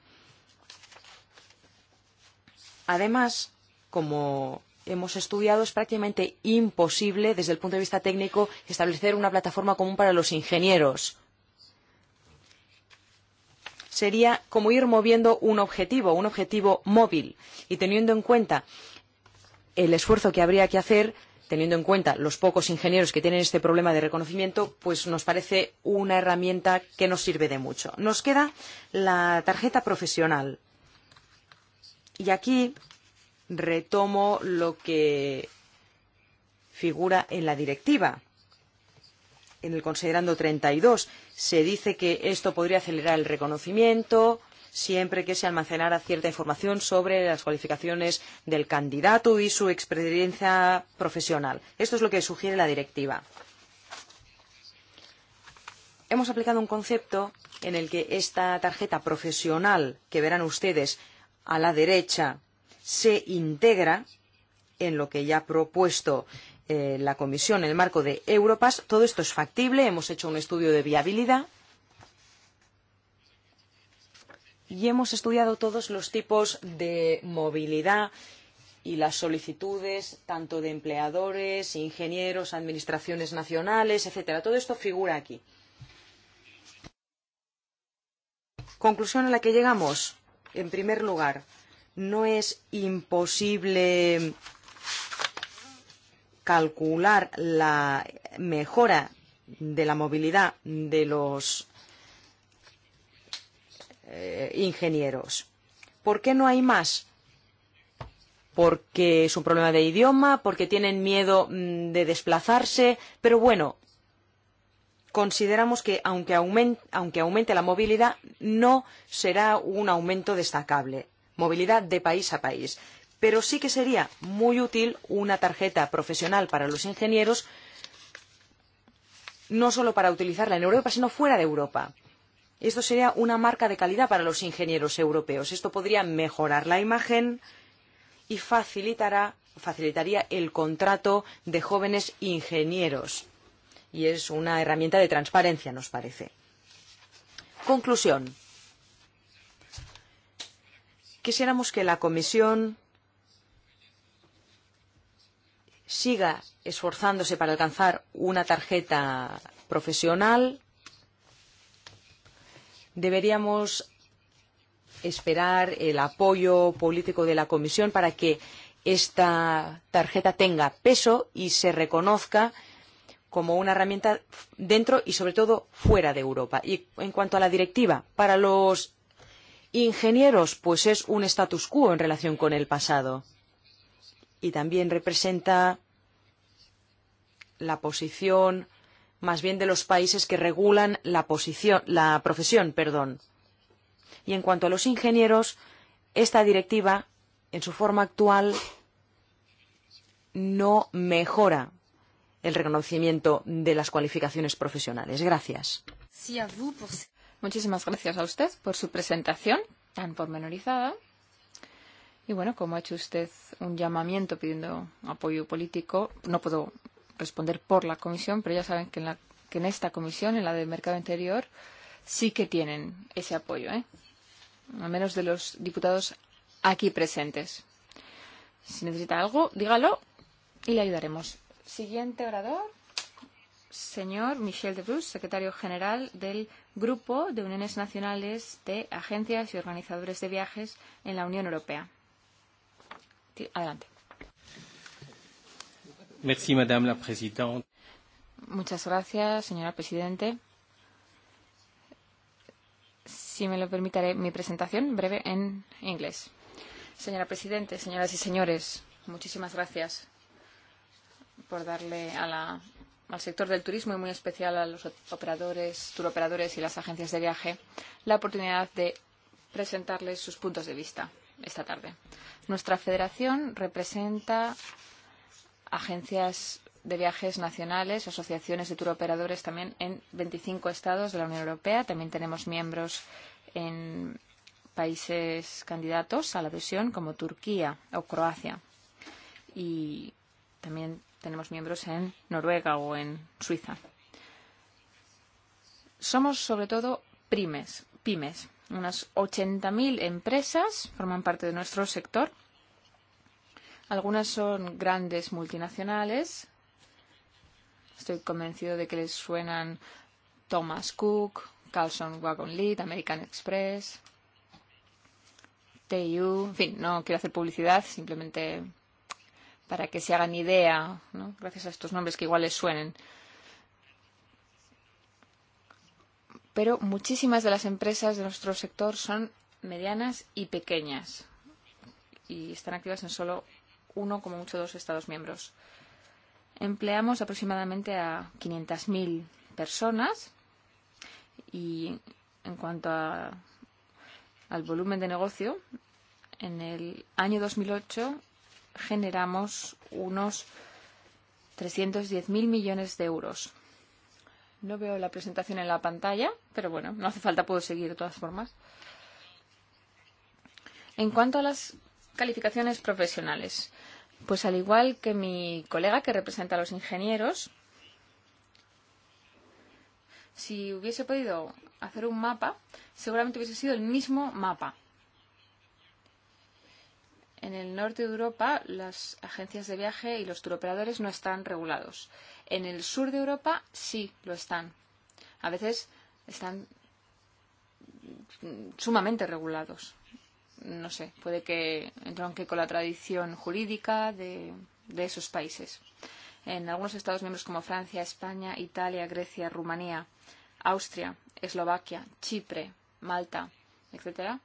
Además, como hemos estudiado, es prácticamente imposible desde el punto de vista técnico establecer una plataforma común para los ingenieros. Sería como ir moviendo un objetivo, un objetivo móvil, y teniendo en cuenta el esfuerzo que habría que hacer, teniendo en cuenta los pocos ingenieros que tienen este problema de reconocimiento, pues nos parece una herramienta que nos sirve de mucho. Nos queda la tarjeta profesional. Y aquí retomo lo que figura en la directiva. En el considerando 32 se dice que esto podría acelerar el reconocimiento siempre que se almacenara cierta información sobre las cualificaciones del candidato y su experiencia profesional. Esto es lo que sugiere la directiva. Hemos aplicado un concepto en el que esta tarjeta profesional que verán ustedes a la derecha se integra en lo que ya ha propuesto eh, la Comisión en el marco de Europass. Todo esto es factible. Hemos hecho un estudio de viabilidad y hemos estudiado todos los tipos de movilidad y las solicitudes tanto de empleadores, ingenieros, administraciones nacionales, etcétera. Todo esto figura aquí. Conclusión a la que llegamos. En primer lugar, no es imposible calcular la mejora de la movilidad de los eh, ingenieros. ¿Por qué no hay más? Porque es un problema de idioma, porque tienen miedo mm, de desplazarse, pero bueno, consideramos que aunque aumente, aunque aumente la movilidad, no será un aumento destacable movilidad de país a país. Pero sí que sería muy útil una tarjeta profesional para los ingenieros, no solo para utilizarla en Europa, sino fuera de Europa. Esto sería una marca de calidad para los ingenieros europeos. Esto podría mejorar la imagen y facilitará, facilitaría el contrato de jóvenes ingenieros. Y es una herramienta de transparencia, nos parece. Conclusión. Quisiéramos que la Comisión siga esforzándose para alcanzar una tarjeta profesional. Deberíamos esperar el apoyo político de la Comisión para que esta tarjeta tenga peso y se reconozca como una herramienta dentro y sobre todo fuera de Europa. Y en cuanto a la directiva, para los Ingenieros, pues es un status quo en relación con el pasado. Y también representa la posición más bien de los países que regulan la, posición, la profesión. Perdón. Y en cuanto a los ingenieros, esta directiva, en su forma actual, no mejora el reconocimiento de las cualificaciones profesionales. Gracias. Sí, a vous por... Muchísimas gracias a usted por su presentación tan pormenorizada. Y bueno, como ha hecho usted un llamamiento pidiendo apoyo político, no puedo responder por la comisión, pero ya saben que en, la, que en esta comisión, en la de Mercado Interior, sí que tienen ese apoyo, ¿eh? al menos de los diputados aquí presentes. Si necesita algo, dígalo y le ayudaremos. Siguiente orador, señor Michel de Bruce, secretario general del Grupo de Uniones Nacionales de Agencias y Organizadores de Viajes en la Unión Europea. Adelante. Merci, Madame la Muchas gracias, señora Presidente. Si me lo permitiré, mi presentación breve en inglés. Señora Presidente, señoras y señores, muchísimas gracias por darle a la al sector del turismo y muy especial a los operadores, turoperadores y las agencias de viaje la oportunidad de presentarles sus puntos de vista esta tarde. Nuestra federación representa agencias de viajes nacionales, asociaciones de turoperadores también en 25 estados de la Unión Europea. También tenemos miembros en países candidatos a la adhesión como Turquía o Croacia. Y también Tenemos miembros en Noruega o en Suiza. Somos sobre todo primes, pymes. Unas 80.000 empresas forman parte de nuestro sector. Algunas son grandes multinacionales. Estoy convencido de que les suenan Thomas Cook, Carlson Wagon Lead, American Express, TU. En fin, no quiero hacer publicidad, simplemente para que se hagan idea, ¿no? gracias a estos nombres que igual les suenen. Pero muchísimas de las empresas de nuestro sector son medianas y pequeñas y están activas en solo uno, como mucho, dos Estados miembros. Empleamos aproximadamente a 500.000 personas y en cuanto a, al volumen de negocio, en el año 2008 generamos unos 310.000 millones de euros. No veo la presentación en la pantalla, pero bueno, no hace falta, puedo seguir de todas formas. En cuanto a las calificaciones profesionales, pues al igual que mi colega que representa a los ingenieros, si hubiese podido hacer un mapa, seguramente hubiese sido el mismo mapa, En el norte de Europa, las agencias de viaje y los turoperadores no están regulados. En el sur de Europa, sí lo están. A veces están mm, sumamente regulados. No sé, puede que entronque con la tradición jurídica de, de esos países. En algunos Estados miembros como Francia, España, Italia, Grecia, Rumanía, Austria, Eslovaquia, Chipre, Malta, etcétera,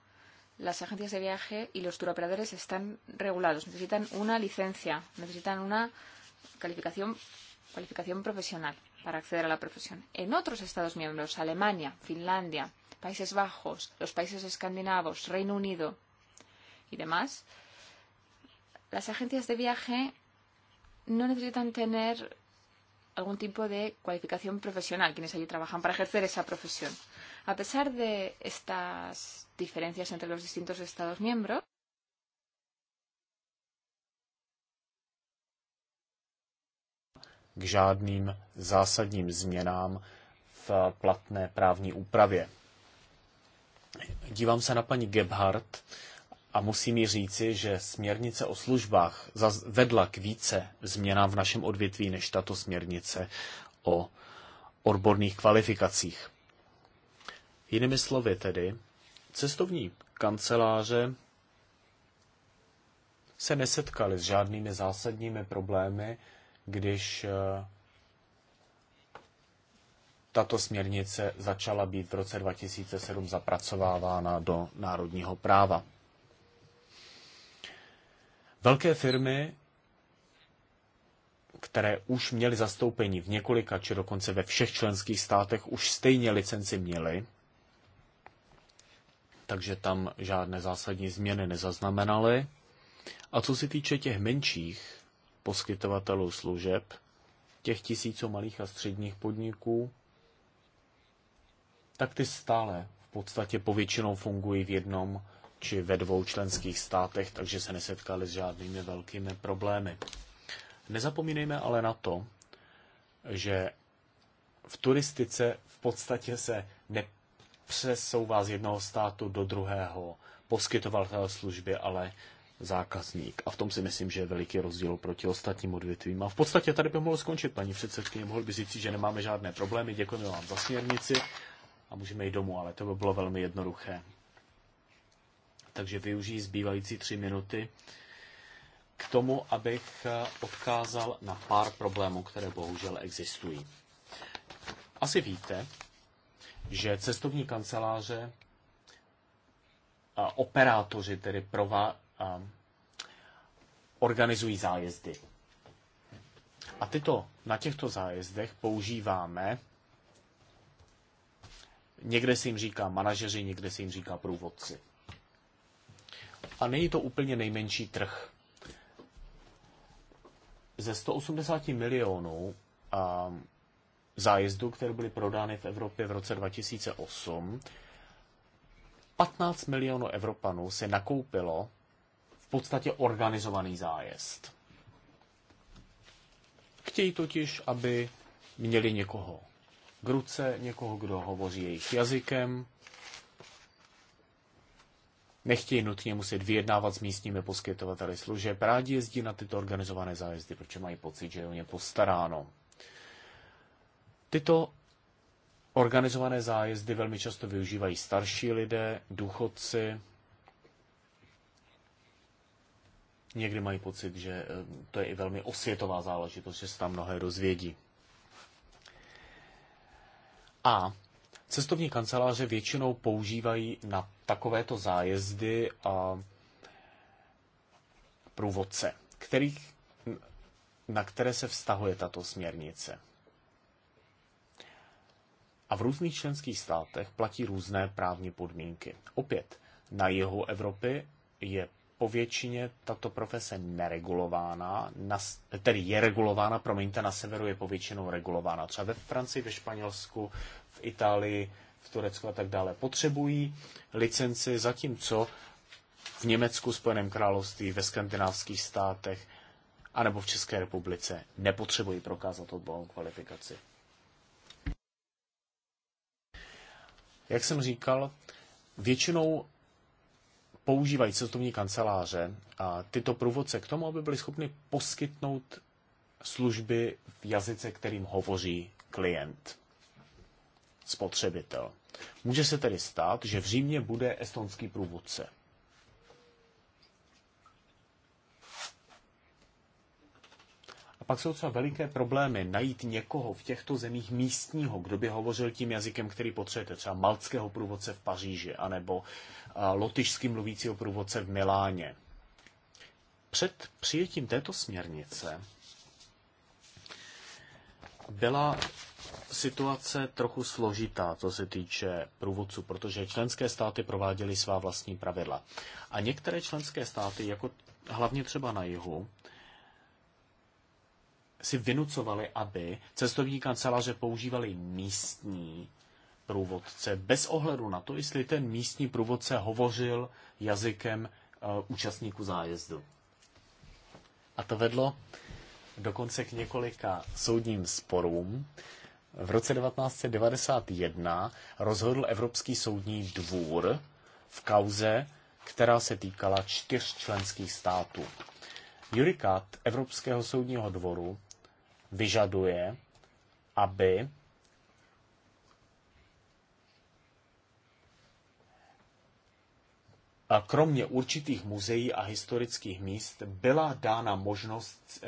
las agencias de viaje y los turoperadores están regulados, necesitan una licencia, necesitan una calificación, cualificación profesional para acceder a la profesión. En otros Estados miembros, Alemania, Finlandia, Países Bajos, los países escandinavos, Reino Unido y demás, las agencias de viaje no necesitan tener algún tipo de cualificación profesional quienes allí trabajan para ejercer esa profesión. A pesar de estas diferencias entre los distintos Estados miembros, k žádným zásadním změnám v platné právní úpravě. Dívám se na paní Gebhardt a musím jí říci, že směrnice o službách vedla k více změnám v našem odvětví než tato směrnice o odborných kvalifikacích. Jinými slovy tedy, cestovní kanceláře se nesetkali s žádnými zásadními problémy, když eh, tato směrnice začala být v roce 2007 zapracovávána do národního práva. Velké firmy, které už měly zastoupení v několika či dokonce ve všech členských státech, už stejně licenci měly takže tam žádné zásadní změny nezaznamenaly. A co se týče těch menších poskytovatelů služeb, těch tisíců malých a středních podniků, tak ty stále v podstatě povětšinou fungují v jednom či ve dvou členských státech, takže se nesetkali s žádnými velkými problémy. Nezapomínejme ale na to, že v turistice v podstatě se ne, přesouvá z jednoho státu do druhého poskytovatel služby, ale zákazník. A v tom si myslím, že je veliký rozdíl proti ostatním odvětvím. A v podstatě tady by mohlo skončit, paní předsedkyně. Mohl by říct, že nemáme žádné problémy, děkujeme vám za směrnici a můžeme jít domů, ale to by bylo velmi jednoduché. Takže využij zbývající tři minuty k tomu, abych odkázal na pár problémů, které bohužel existují. Asi víte, že cestovní kanceláře a operátoři tedy prová, a, organizují zájezdy. A tyto, na těchto zájezdech používáme, někde se jim říká manažeři, někde se jim říká průvodci. A není to úplně nejmenší trh. Ze 180 milionů zájezdů, které byly prodány v Evropě v roce 2008, 15 milionů Evropanů se nakoupilo v podstatě organizovaný zájezd. Chtějí totiž, aby měli někoho k ruce, někoho, kdo hovoří jejich jazykem. Nechtějí nutně muset vyjednávat s místními poskytovateli služeb. Rádi jezdí na tyto organizované zájezdy, protože mají pocit, že je o ně postaráno. Tyto organizované zájezdy velmi často využívají starší lidé, důchodci. Někdy mají pocit, že eh, to je i velmi osvětová záležitost, že se tam mnohé rozvědí. A cestovní kanceláře většinou používají na takovéto zájezdy a eh, průvodce, kterých, na které se vztahuje tato směrnice. A v různých členských státech platí různé právní podmínky. Opět, na jihu Evropy je povětšině tato profese neregulována, na, tedy je regulována, promiňte, na severu je povětšinou regulována. Třeba ve Francii, ve Španělsku, v Itálii, v Turecku a tak dále. Potřebují licenci, zatímco v Německu, Spojeném království, ve skandinávských státech anebo v České republice nepotřebují prokázat odbornou kvalifikaci. Jak jsem říkal, většinou používají cestovní kanceláře a tyto průvodce k tomu, aby byli schopni poskytnout služby v jazyce, kterým hovoří klient, spotřebitel. Může se tedy stát, že v Římě bude estonský průvodce. pak jsou třeba veliké problémy najít někoho v těchto zemích místního, kdo by hovořil tím jazykem, který potřebujete, třeba malckého průvodce v Paříži, anebo lotyšský mluvícího průvodce v Miláně. Před přijetím této směrnice byla situace trochu složitá, co se týče průvodců, protože členské státy prováděly svá vlastní pravidla. A některé členské státy, jako hlavně třeba na jihu, si vynucovali, aby cestovní kanceláře používali místní průvodce, bez ohledu na to, jestli ten místní průvodce hovořil jazykem eh, účastníků zájezdu. A to vedlo dokonce k několika soudním sporům. V roce 1991 rozhodl Evropský soudní dvůr v kauze, která se týkala čtyř členských států. Jurikát Evropského soudního dvoru vyžaduje, aby kromě určitých muzeí a historických míst byla dána možnost eh,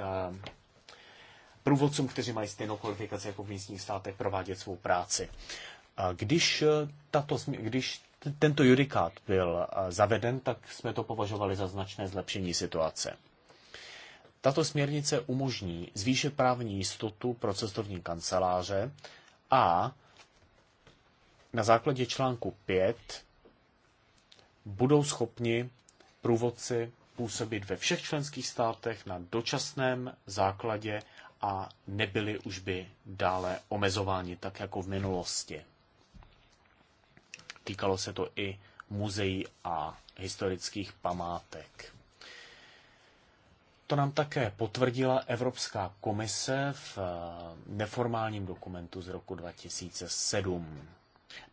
průvodcům, kteří mají stejnou kvalifikaci jako v místních státech, provádět svou práci. Když, eh, tato, když tento judikát byl eh, zaveden, tak jsme to považovali za značné zlepšení situace. Tato směrnice umožní zvýšit právní jistotu pro cestovní kanceláře a na základě článku 5 budou schopni průvodci působit ve všech členských státech na dočasném základě a nebyli už by dále omezováni tak jako v minulosti. Týkalo se to i muzeí a historických památek. To nám také potvrdila Evropská komise v eh, neformálním dokumentu z roku 2007.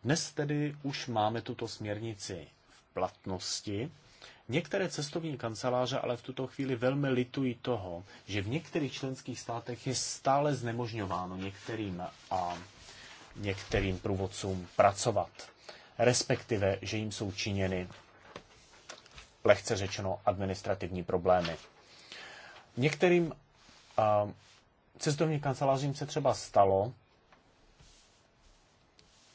Dnes tedy už máme tuto směrnici v platnosti. Některé cestovní kanceláře ale v tuto chvíli velmi litují toho, že v některých členských státech je stále znemožňováno některým, a, některým průvodcům pracovat, respektive, že jim jsou činěny lehce řečeno administrativní problémy. Některým uh, cestovním kancelářím se třeba stalo,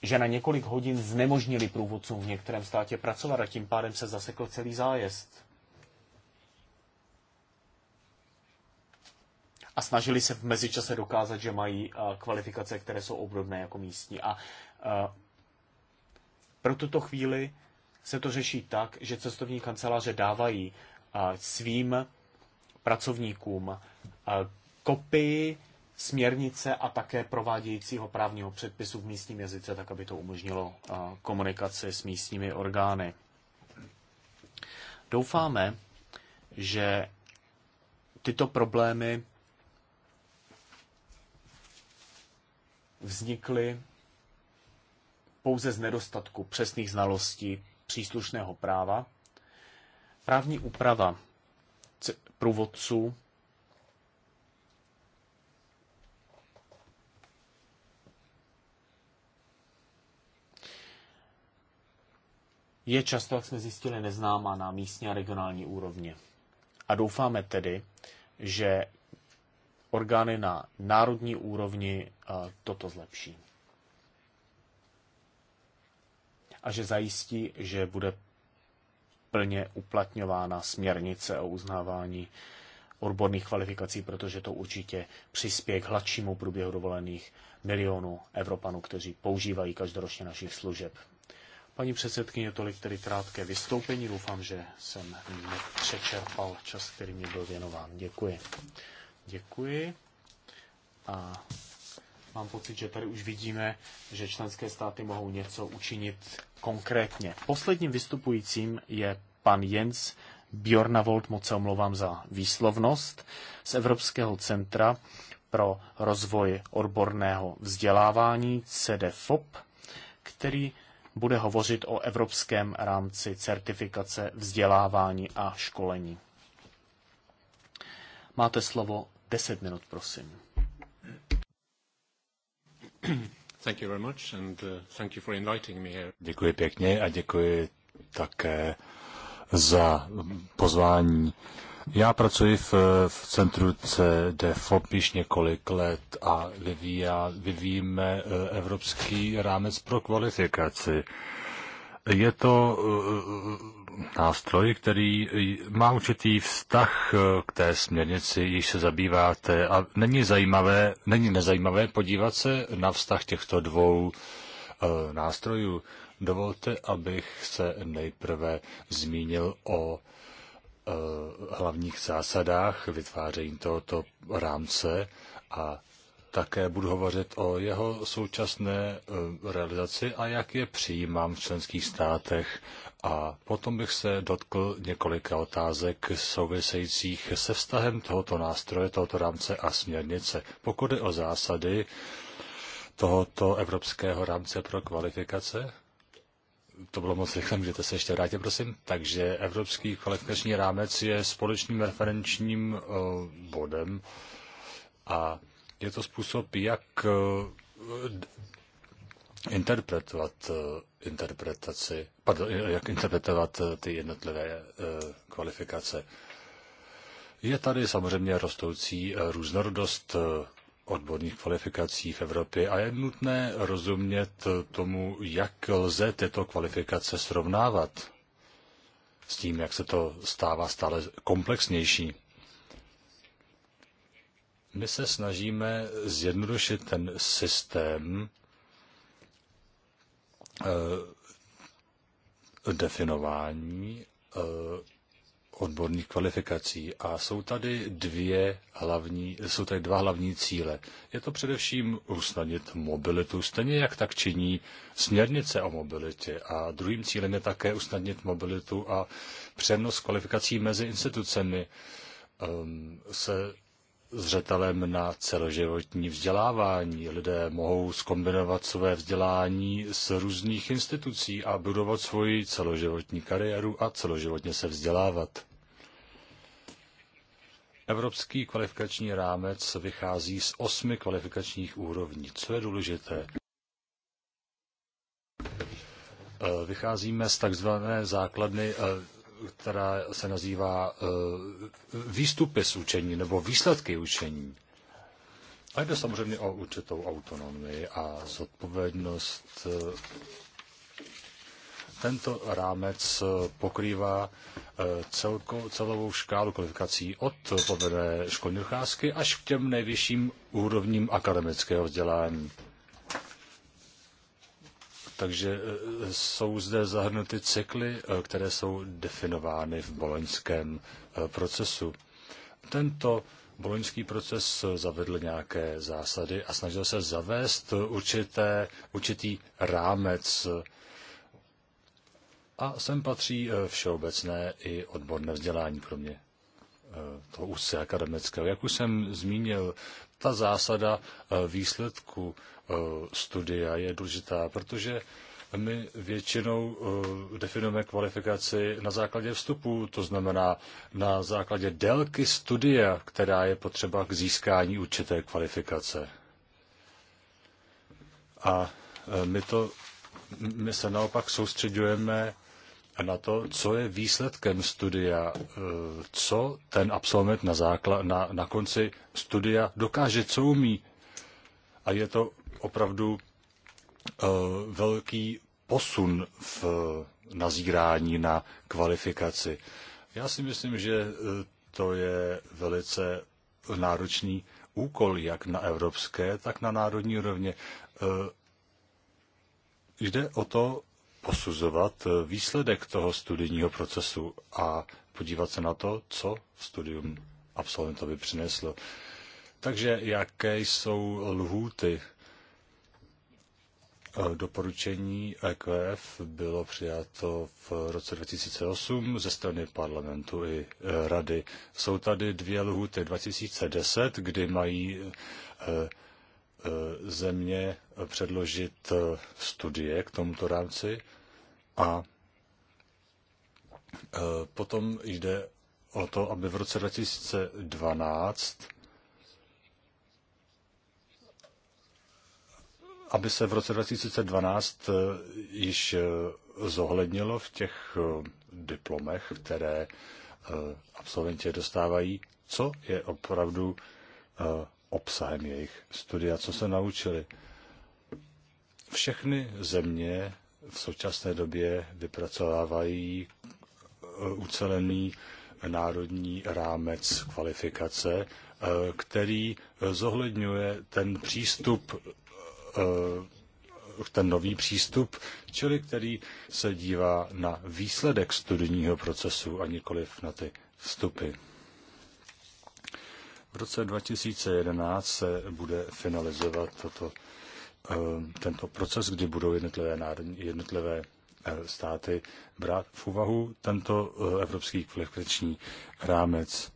že na několik hodin znemožnili průvodcům v některém státě pracovat a tím pádem se zasekl celý zájezd. A snažili se v mezičase dokázat, že mají kvalifikace, které jsou obdobné jako místní. A pro tuto chvíli se to řeší tak, že cestovní kanceláře dávají svým pracovníkům eh, kopii směrnice a také provádějícího právního předpisu v místním jazyce, tak aby to umožnilo eh, komunikaci s místními orgány. Doufáme, že tyto problémy vznikly pouze z nedostatku přesných znalostí příslušného práva. Právní úprava průvodců. Je často, jak jsme zjistili, neznámá na místní a regionální úrovni. A doufáme tedy, že orgány na národní úrovni eh, toto zlepší. A že zajistí, že bude plně uplatňována směrnice o uznávání odborných kvalifikací, protože to určitě přispěje k hladšímu průběhu dovolených milionů Evropanů, kteří používají každoročně našich služeb. Paní předsedkyně, tolik tedy krátké vystoupení. Doufám, že jsem nepřečerpal čas, který mi byl věnován. Děkuji. Děkuji. A Mám pocit, že tady už vidíme, že členské státy mohou něco učinit konkrétně. Posledním vystupujícím je pan Jens Bjornavold, moc se omlouvám za výslovnost, z Evropského centra pro rozvoj odborného vzdělávání CDFOP, který bude hovořit o evropském rámci certifikace vzdělávání a školení. Máte slovo 10 minut, prosím. Děkuji pěkně a děkuji také za pozvání. Já pracuji v, v centru CDFOP již několik let a vyvíjá, vyvíjíme e, evropský rámec pro kvalifikaci. Je to e, e, nástroj, který má určitý vztah eh, k té směrnici, již se zabýváte. A není zajímavé, není nezajímavé podívat se na vztah těchto dvou eh, nástrojů. Dovolte, abych se nejprve zmínil o eh, hlavních zásadách vytváření tohoto rámce a také budu hovořit o jeho současné eh, realizaci a jak je přijímám v členských státech. A potom bych se dotkl několika otázek souvisejících se vztahem tohoto nástroje, tohoto rámce a směrnice. Pokud je o zásady tohoto evropského rámce pro kvalifikace, to bylo moc rychle, můžete se ještě vrátit, prosím. Takže Evropský kvalifikační rámec je společným referenčním eh, bodem a je to způsob, jak eh, interpretovat eh, interpretaci, pardon, jak interpretovat eh, ty jednotlivé kvalifikace. Je tady samozřejmě rostoucí různorodost odborných kvalifikací v Evropě a je nutné rozumět tomu, jak lze tyto kvalifikace srovnávat s tím, jak se to stává stále komplexnější. My se snažíme zjednodušit ten systém, eh, definování eh, odborných kvalifikací a jsou tady dvě hlavní, jsou tady dva hlavní cíle. Je to především usnadnit mobilitu, stejně jak tak činí směrnice o mobilitě a druhým cílem je také usnadnit mobilitu a přenos kvalifikací mezi institucemi ehm, se zřetelem na celoživotní vzdělávání. Lidé mohou skombinovat své vzdělání z různých institucí a budovat svoji celoživotní kariéru a celoživotně se vzdělávat. Evropský kvalifikační rámec vychází z osmi kvalifikačních úrovní. Co je důležité? Vycházíme z takzvané základny eh, která se nazývá eh, výstupy z učení nebo výsledky učení. A jde samozřejmě o určitou autonomii a zodpovědnost. Eh, tento rámec eh, pokrývá celko, celovou škálu kvalifikací od povedené školní docházky až k těm nejvyšším úrovním akademického vzdělání. Takže e, jsou zde zahrnuty cykly, e, které jsou definovány v boloňském e, procesu. Tento boloňský proces zavedl nějaké zásady a snažil se zavést určité, určitý rámec a sem patří všeobecné i odborné vzdělání, kromě toho úzce akademického. Jak už jsem zmínil, ta zásada výsledku Eh, studia je důležitá, protože my většinou eh, definujeme kvalifikaci na základě vstupu, to znamená na základě délky studia, která je potřeba k získání určité kvalifikace. A eh, my, to, my se naopak soustředujeme na to, co je výsledkem studia, co ten absolvent na, základ, na, na konci studia dokáže, co umí. A je to opravdu eh, velký posun v eh, nazírání na kvalifikaci. Já si myslím, že eh, to je velice náročný úkol, jak na evropské, tak na národní úrovně. Jde o to posuzovat výsledek toho studijního procesu a podívat se na to, co studium absolventovi přineslo. Takže jaké jsou lhůty Doporučení EQF bylo přijato v roce 2008 ze strany parlamentu i e, rady. Jsou tady dvě lhuty 2010, kdy mají e, e, země předložit studie k tomuto rámci a potom jde o to, aby v roce 2012 aby se v roce 2012 eh, již eh, zohlednilo v těch eh, diplomech, které absolventi dostávají, co je opravdu obsahem jejich studia, co se naučili. Všechny země v současné době vypracovávají ucelený národní rámec kvalifikace, který zohledňuje ten přístup Eh, ten nový přístup, čili který se dívá na výsledek studijního procesu a nikoliv na ty vstupy. V roce 2011 se bude finalizovat toto, eh, tento proces, kdy budou jednotlivé, národní, jednotlivé eh, státy brát v úvahu tento evropský kvalifikační rámec.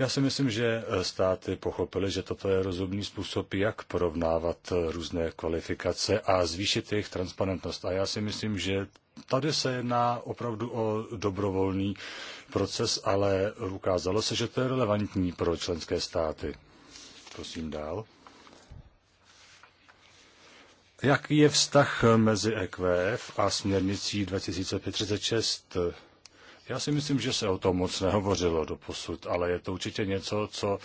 Já si myslím, že eh, státy pochopily, že toto je rozumný způsob, jak porovnávat eh, různé kvalifikace a zvýšit jejich transparentnost. A já si myslím, že tady se jedná opravdu o dobrovolný proces, ale ukázalo se, že to je relevantní pro členské státy. Prosím dál. Jaký je vztah eh, mezi EQF a směrnicí 2536? Já si myslím, že se o tom moc nehovořilo do posud, ale je to určitě něco, co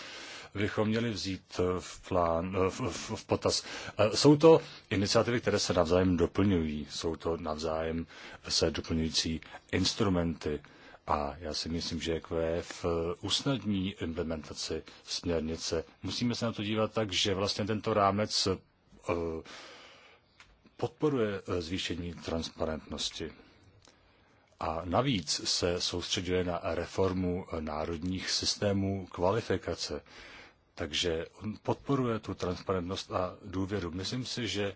bychom měli vzít v, plán, v, v, v potaz. E, jsou to iniciativy, které se navzájem doplňují, jsou to navzájem se doplňující instrumenty a já si myslím, že EQF usnadní implementaci směrnice. Musíme se na to dívat tak, že vlastně tento rámec e, podporuje e, zvýšení transparentnosti a navíc se soustředuje na reformu národních systémů kvalifikace. Takže on podporuje tu transparentnost a důvěru. Myslím si, že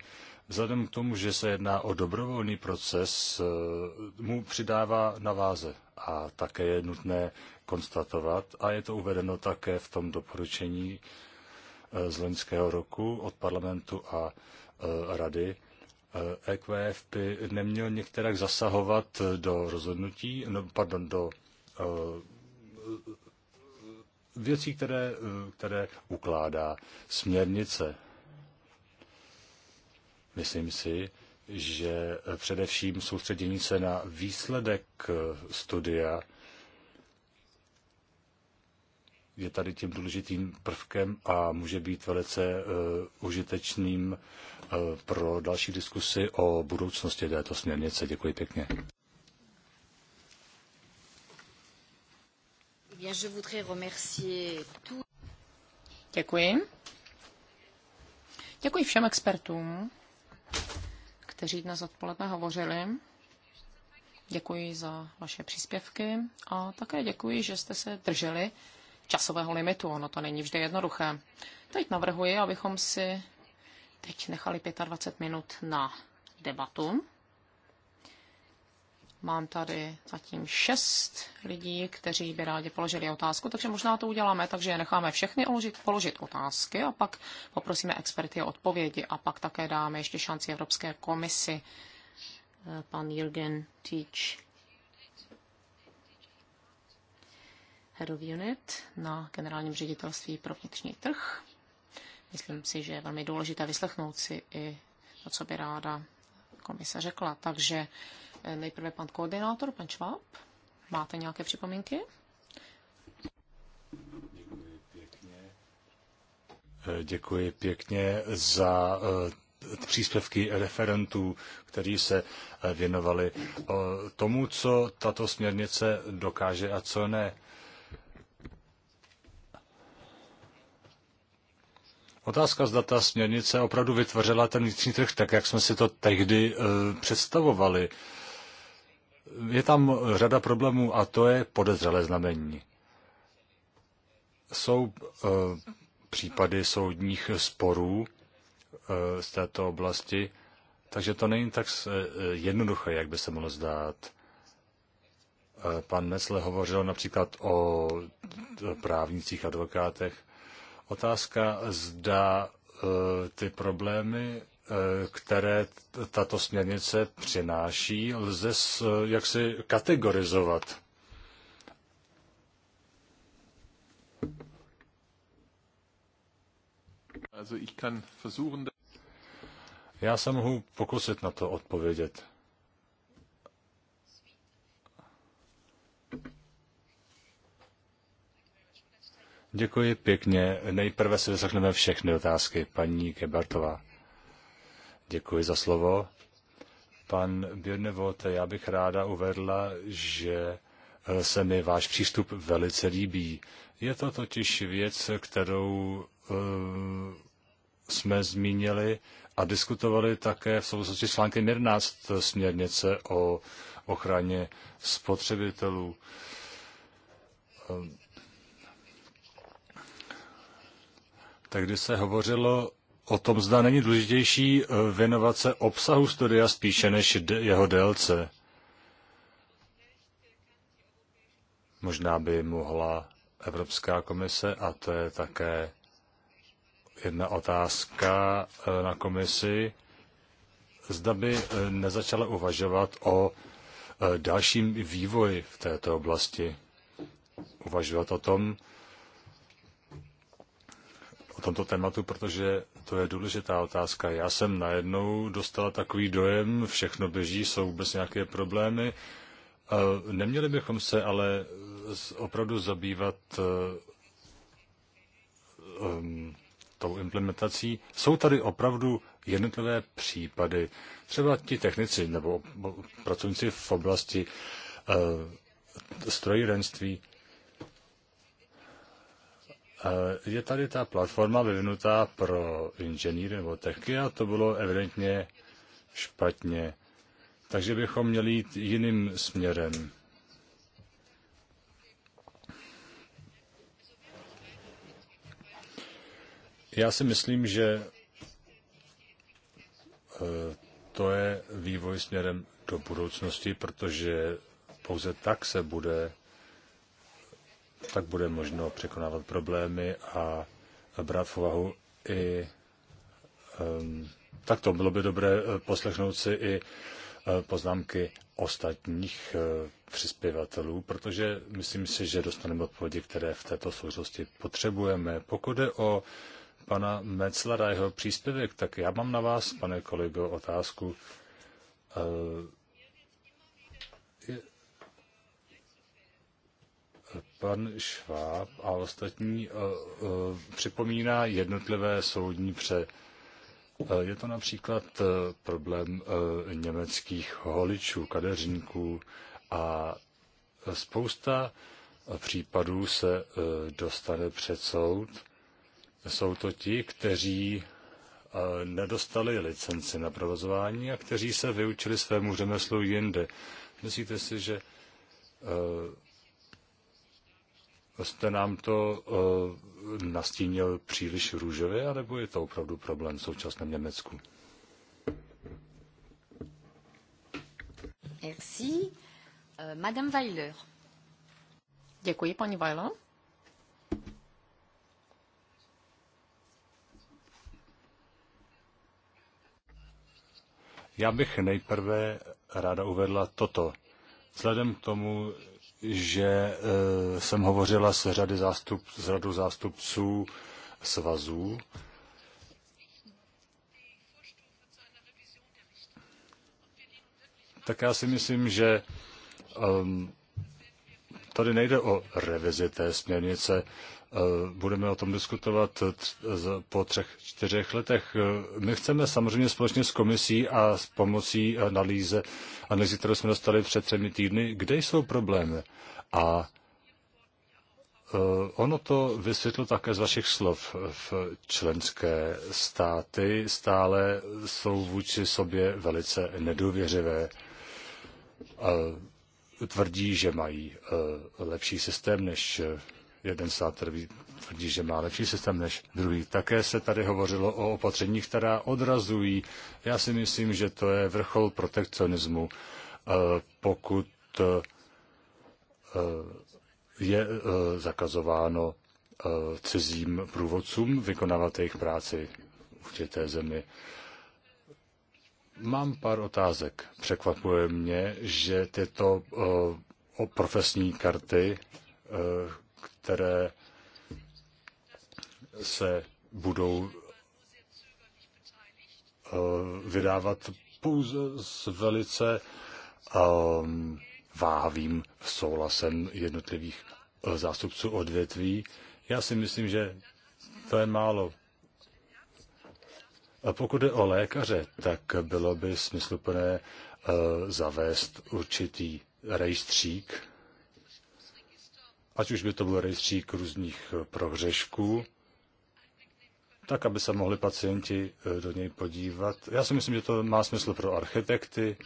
vzhledem k tomu, že se jedná o dobrovolný proces, eh, mu přidává na váze. A také je nutné konstatovat, a je to uvedeno také v tom doporučení eh, z loňského roku od parlamentu a eh, rady, EQF eh, e by neměl některak zasahovat do rozhodnutí, no, pardon, do eh, věcí, které, eh, které ukládá směrnice. Myslím si, že především soustředění se na výsledek studia je tady tím důležitým prvkem a může být velice uh, užitečným uh, pro další diskusy o budoucnosti této směrnice. Děkuji pěkně. Děkuji. Děkuji všem expertům, kteří dnes odpoledne hovořili. Děkuji za vaše příspěvky a také děkuji, že jste se drželi časového limitu. Ono to není vždy jednoduché. Teď navrhuji, abychom si teď nechali 25 minut na debatu. Mám tady zatím šest lidí, kteří by rádi položili otázku, takže možná to uděláme, takže necháme všechny uložit, položit otázky a pak poprosíme experty o odpovědi a pak také dáme ještě šanci Evropské komisi. Pan Jürgen Teach Head of Unit na generálním ředitelství pro vnitřní trh. Myslím si, že je velmi důležité vyslechnout si i to, co by ráda komise řekla. Takže eh, nejprve pan koordinátor, pan Čváb. Máte nějaké připomínky? Děkuji eh, pěkně. Děkuji pěkně za eh, příspěvky referentů, kteří se věnovali tomu, co tato směrnice dokáže a co ne. Otázka, zda ta směrnice opravdu vytvořila ten vnitřní trh tak, jak jsme si to tehdy e, představovali. Je tam řada problémů a to je podezřelé znamení. Jsou e, případy soudních sporů e, z této oblasti, takže to není tak jednoduché, jak by se mohlo zdát. Pan Mesle hovořil například o právnících, advokátech. Otázka, zda eh, ty problémy, eh, které tato směrnice přináší, lze eh, jaksi kategorizovat. Já se mohu pokusit na to odpovědět. Děkuji pěkně. Nejprve si vyslechneme všechny otázky. Paní Kebertová. Děkuji za slovo. Pan Birnevot, já bych ráda uvedla, že eh, se mi váš přístup velice líbí. Je to totiž věc, kterou uh, jsme zmínili a diskutovali také v souvislosti s článkem 11 směrnice o ochraně spotřebitelů. Uh, tehdy se hovořilo o tom, zda není důležitější eh, věnovat se obsahu studia spíše než jeho délce. Možná by mohla Evropská komise, a to je také jedna otázka eh, na komisi, zda by eh, nezačala uvažovat o dalším vývoji v této oblasti. Uvažovat o tom, o tomto tématu, protože to je důležitá otázka. Já jsem najednou dostala takový dojem, všechno běží, jsou vůbec nějaké problémy. E, neměli bychom se ale opravdu zabývat um, tou implementací. Jsou tady opravdu jednotlivé případy. Třeba ti technici nebo pracovníci v oblasti uh, strojírenství Eh, je tady ta platforma vyvinutá pro inženýry nebo techniky a to bylo evidentně špatně. Takže bychom měli jít jiným směrem. Já si myslím, že eh, to je vývoj směrem do budoucnosti, protože pouze tak se bude tak bude možno překonávat problémy a, brát v úvahu i um, tak to bylo by dobré eh, poslechnout si i eh, poznámky ostatních eh, přispěvatelů, protože myslím si, že dostaneme odpovědi, které v této souvislosti potřebujeme. Pokud je o pana Metzlera, jeho příspěvek, tak já mám na vás, pane kolego, otázku. pan Šváb a ostatní eh, eh, připomíná jednotlivé soudní pře. Eh, je to například problém německých holičů, kadeřníků a spousta případů se dostane před soud. Jsou to ti, kteří nedostali licenci na provozování a kteří se vyučili svému řemeslu jinde. Myslíte si, že jste nám to uh, nastínil příliš růžově, anebo je to opravdu problém v současném Německu? Merci. Euh, Madame Weiler. Děkuji, paní Weiler. Já bych nejprve ráda uvedla toto. Vzhledem k tomu, že e, jsem hovořila s, řady zástup, s řadu zástupců svazů. Tak já si myslím, že um, tady nejde o revizi té směrnice. Eh, budeme o tom diskutovat eh, eh, po třech, čtyřech letech. My chceme samozřejmě společně s komisí a s pomocí analýze, analýzy, kterou jsme dostali před třemi týdny, kde jsou problémy. A Ono to vysvětlo také z vašich slov. V členské státy stále jsou vůči sobě velice nedůvěřivé. Tvrdí, že mají lepší systém než jeden stát tvrdí, tvrdí, že má lepší systém než druhý. Také se tady hovořilo o opatřeních, která odrazují. Já si myslím, že to je vrchol protekcionismu, eh, pokud eh, eh, je zakazováno cizím průvodcům vykonávat jejich práci v určité zemi. Mám pár otázek. Překvapuje mě, že tyto profesní karty které se budou eh, vydávat pouze s velice ehm, váhavým souhlasem jednotlivých eh, zástupců odvětví. Já si myslím, že to je málo. A pokud je o lékaře, tak bylo by smysluplné eh, zavést určitý rejstřík ať už by to byl rejstřík různých eh, prohřešků, tak, aby se mohli pacienti eh, do něj podívat. Já si myslím, že to má smysl pro architekty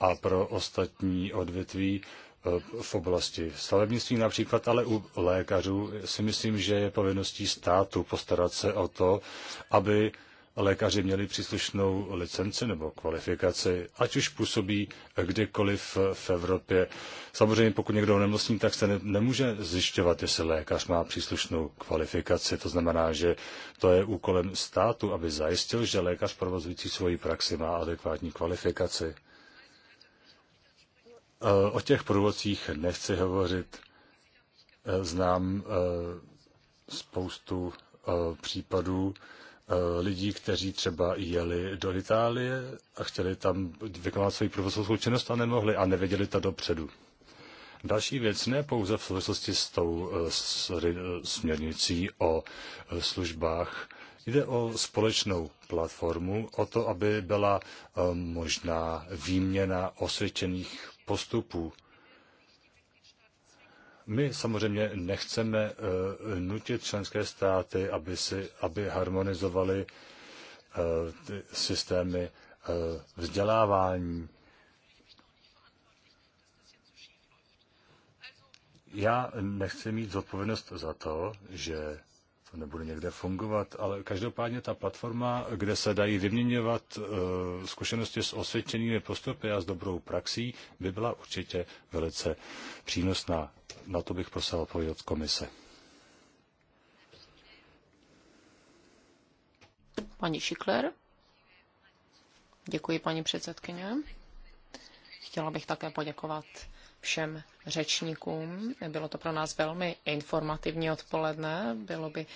a pro ostatní odvětví eh, v oblasti stavebnictví například, ale u lékařů si myslím, že je povinností státu postarat se o to, aby lékaři měli příslušnou licenci nebo kvalifikaci, ať už působí kdekoliv v Evropě. Samozřejmě, pokud někdo onemocní, tak se ne, nemůže zjišťovat, jestli lékař má příslušnou kvalifikaci. To znamená, že to je úkolem státu, aby zajistil, že lékař provozující svoji praxi má adekvátní kvalifikaci. Eh, o těch průvodcích nechci hovořit. Eh, znám eh, spoustu případů, Eh, lidí, kteří třeba jeli do Itálie a chtěli tam vykonat svoji profesorskou činnost a nemohli a nevěděli to dopředu. Další věc ne pouze v souvislosti s tou eh, s, směrnicí o eh, službách. Jde o společnou platformu, o to, aby byla možná výměna osvědčených postupů. My samozřejmě nechceme eh, nutit členské státy, aby, si, aby harmonizovali eh, ty systémy eh, vzdělávání. Já nechci mít zodpovědnost za to, že to nebude někde fungovat, ale každopádně ta platforma, kde se dají vyměňovat eh, zkušenosti s osvědčenými postupy a s dobrou praxí, by byla určitě velice přínosná. Na to bych prosil odpověď od komise. Paní Šikler. Děkuji, paní předsedkyně. Chtěla bych také poděkovat všem řečníkům. Bylo to pro nás velmi informativní odpoledne. Bylo by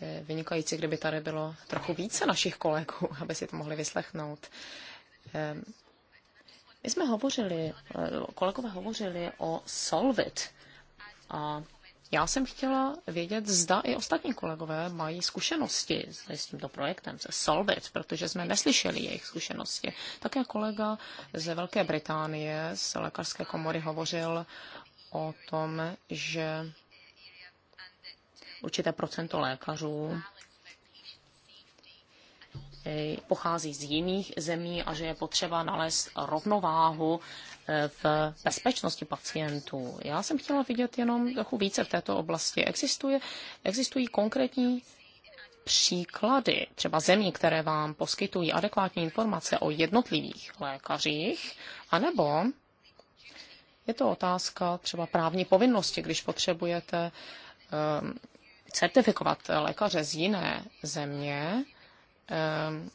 eh, vynikající, kdyby tady bylo trochu více našich kolegů, aby si to mohli vyslechnout. Ehm, my jsme hovořili, eh, kolegové hovořili o Solvit a já jsem chtěla vědět, zda i ostatní kolegové mají zkušenosti s tímto projektem, se Solvit, protože jsme neslyšeli jejich zkušenosti. Také kolega ze Velké Británie z lékařské komory hovořil o tom, že určité procento lékařů Eh, pochází z jiných zemí a že je potřeba nalézt rovnováhu eh, v bezpečnosti pacientů. Já jsem chtěla vidět jenom trochu více v této oblasti. Existuje, existují konkrétní příklady, třeba zemí, které vám poskytují adekvátní informace o jednotlivých lékařích, anebo je to otázka třeba právní povinnosti, když potřebujete um, certifikovat lékaře z jiné země, Ehm,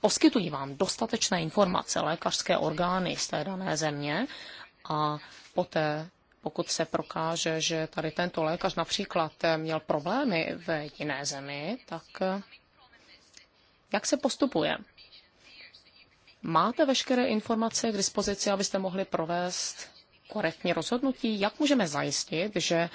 poskytují vám dostatečné informace lékařské orgány z té dané země a poté pokud se prokáže, že tady tento lékař například eh, měl problémy v jiné zemi, tak eh, jak se postupuje? Máte veškeré informace k dispozici, abyste mohli provést korektní rozhodnutí? Jak můžeme zajistit, že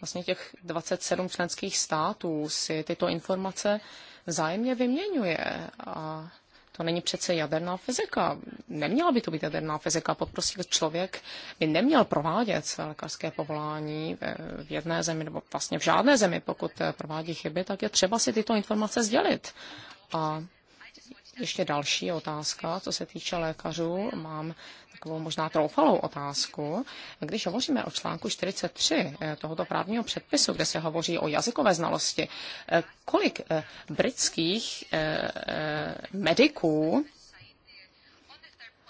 vlastně těch 27 členských států si tyto informace vzájemně vyměňuje. A to není přece jaderná fyzika. Neměla by to být jaderná fyzika. Podprostil člověk by neměl provádět své lékařské povolání v jedné zemi nebo vlastně v žádné zemi. Pokud provádí chyby, tak je třeba si tyto informace sdělit. A ještě další otázka, co se týče lékařů. Mám takovou možná troufalou otázku. Když hovoříme o článku 43 eh, tohoto právního předpisu, kde se hovoří o jazykové znalosti, eh, kolik eh, britských mediků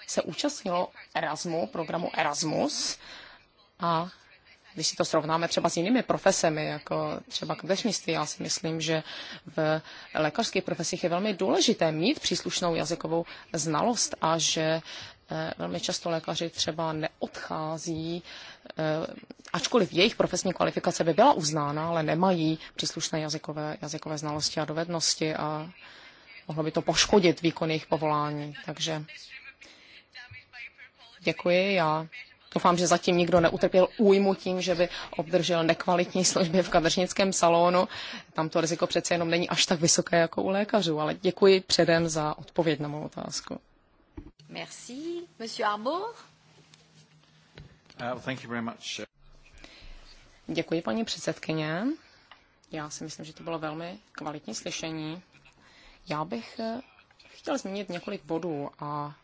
se účastnilo Erasmu, programu Erasmus a když si to srovnáme třeba s jinými profesemi, jako třeba kadeřnictví, já si myslím, že v lékařských profesích je velmi důležité mít příslušnou jazykovou znalost a že eh, velmi často lékaři třeba neodchází, eh, ačkoliv jejich profesní kvalifikace by byla uznána, ale nemají příslušné jazykové, jazykové znalosti a dovednosti a mohlo by to poškodit výkon jejich povolání. Takže děkuji, já Doufám, že zatím nikdo neutrpěl újmu tím, že by obdržel nekvalitní služby v kadeřnickém salonu. Tam to riziko přece jenom není až tak vysoké jako u lékařů, ale děkuji předem za odpověď na mou otázku. Merci. Monsieur Arbour? Uh, thank you very much. Uh, děkuji, paní předsedkyně. Já si myslím, že to bylo velmi kvalitní slyšení. Já bych eh, chtěl zmínit několik bodů a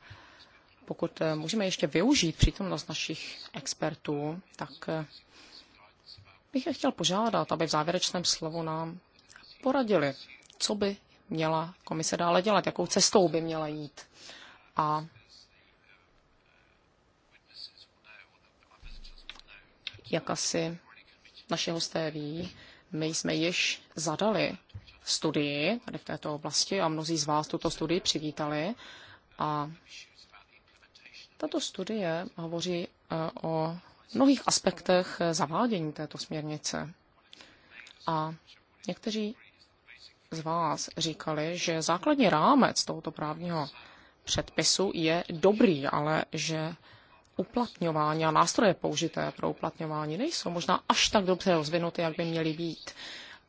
pokud eh, můžeme ještě využít přítomnost našich expertů, tak eh, bych je chtěl požádat, aby v závěrečném slovu nám poradili, co by měla komise dále dělat, jakou cestou by měla jít. A jak asi naši hosté ví, my jsme již zadali studii tady v této oblasti a mnozí z vás tuto studii přivítali a tato studie hovoří e, o mnohých aspektech zavádění této směrnice. A někteří z vás říkali, že základní rámec tohoto právního předpisu je dobrý, ale že uplatňování a nástroje použité pro uplatňování nejsou možná až tak dobře rozvinuty, jak by měly být.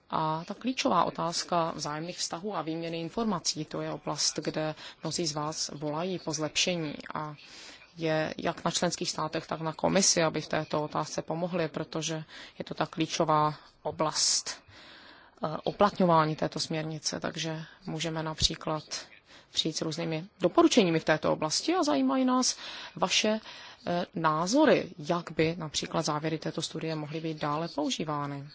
A ta klíčová otázka vzájemných vztahů a výměny informací, to je oblast, kde mnozí z vás volají po zlepšení. A je jak na členských státech, tak na komisi, aby v této otázce pomohli, protože je to ta klíčová oblast oplatňování eh, této směrnice, takže můžeme například přijít s různými doporučeními v této oblasti a zajímají nás vaše eh, názory, jak by například závěry této studie mohly být dále používány.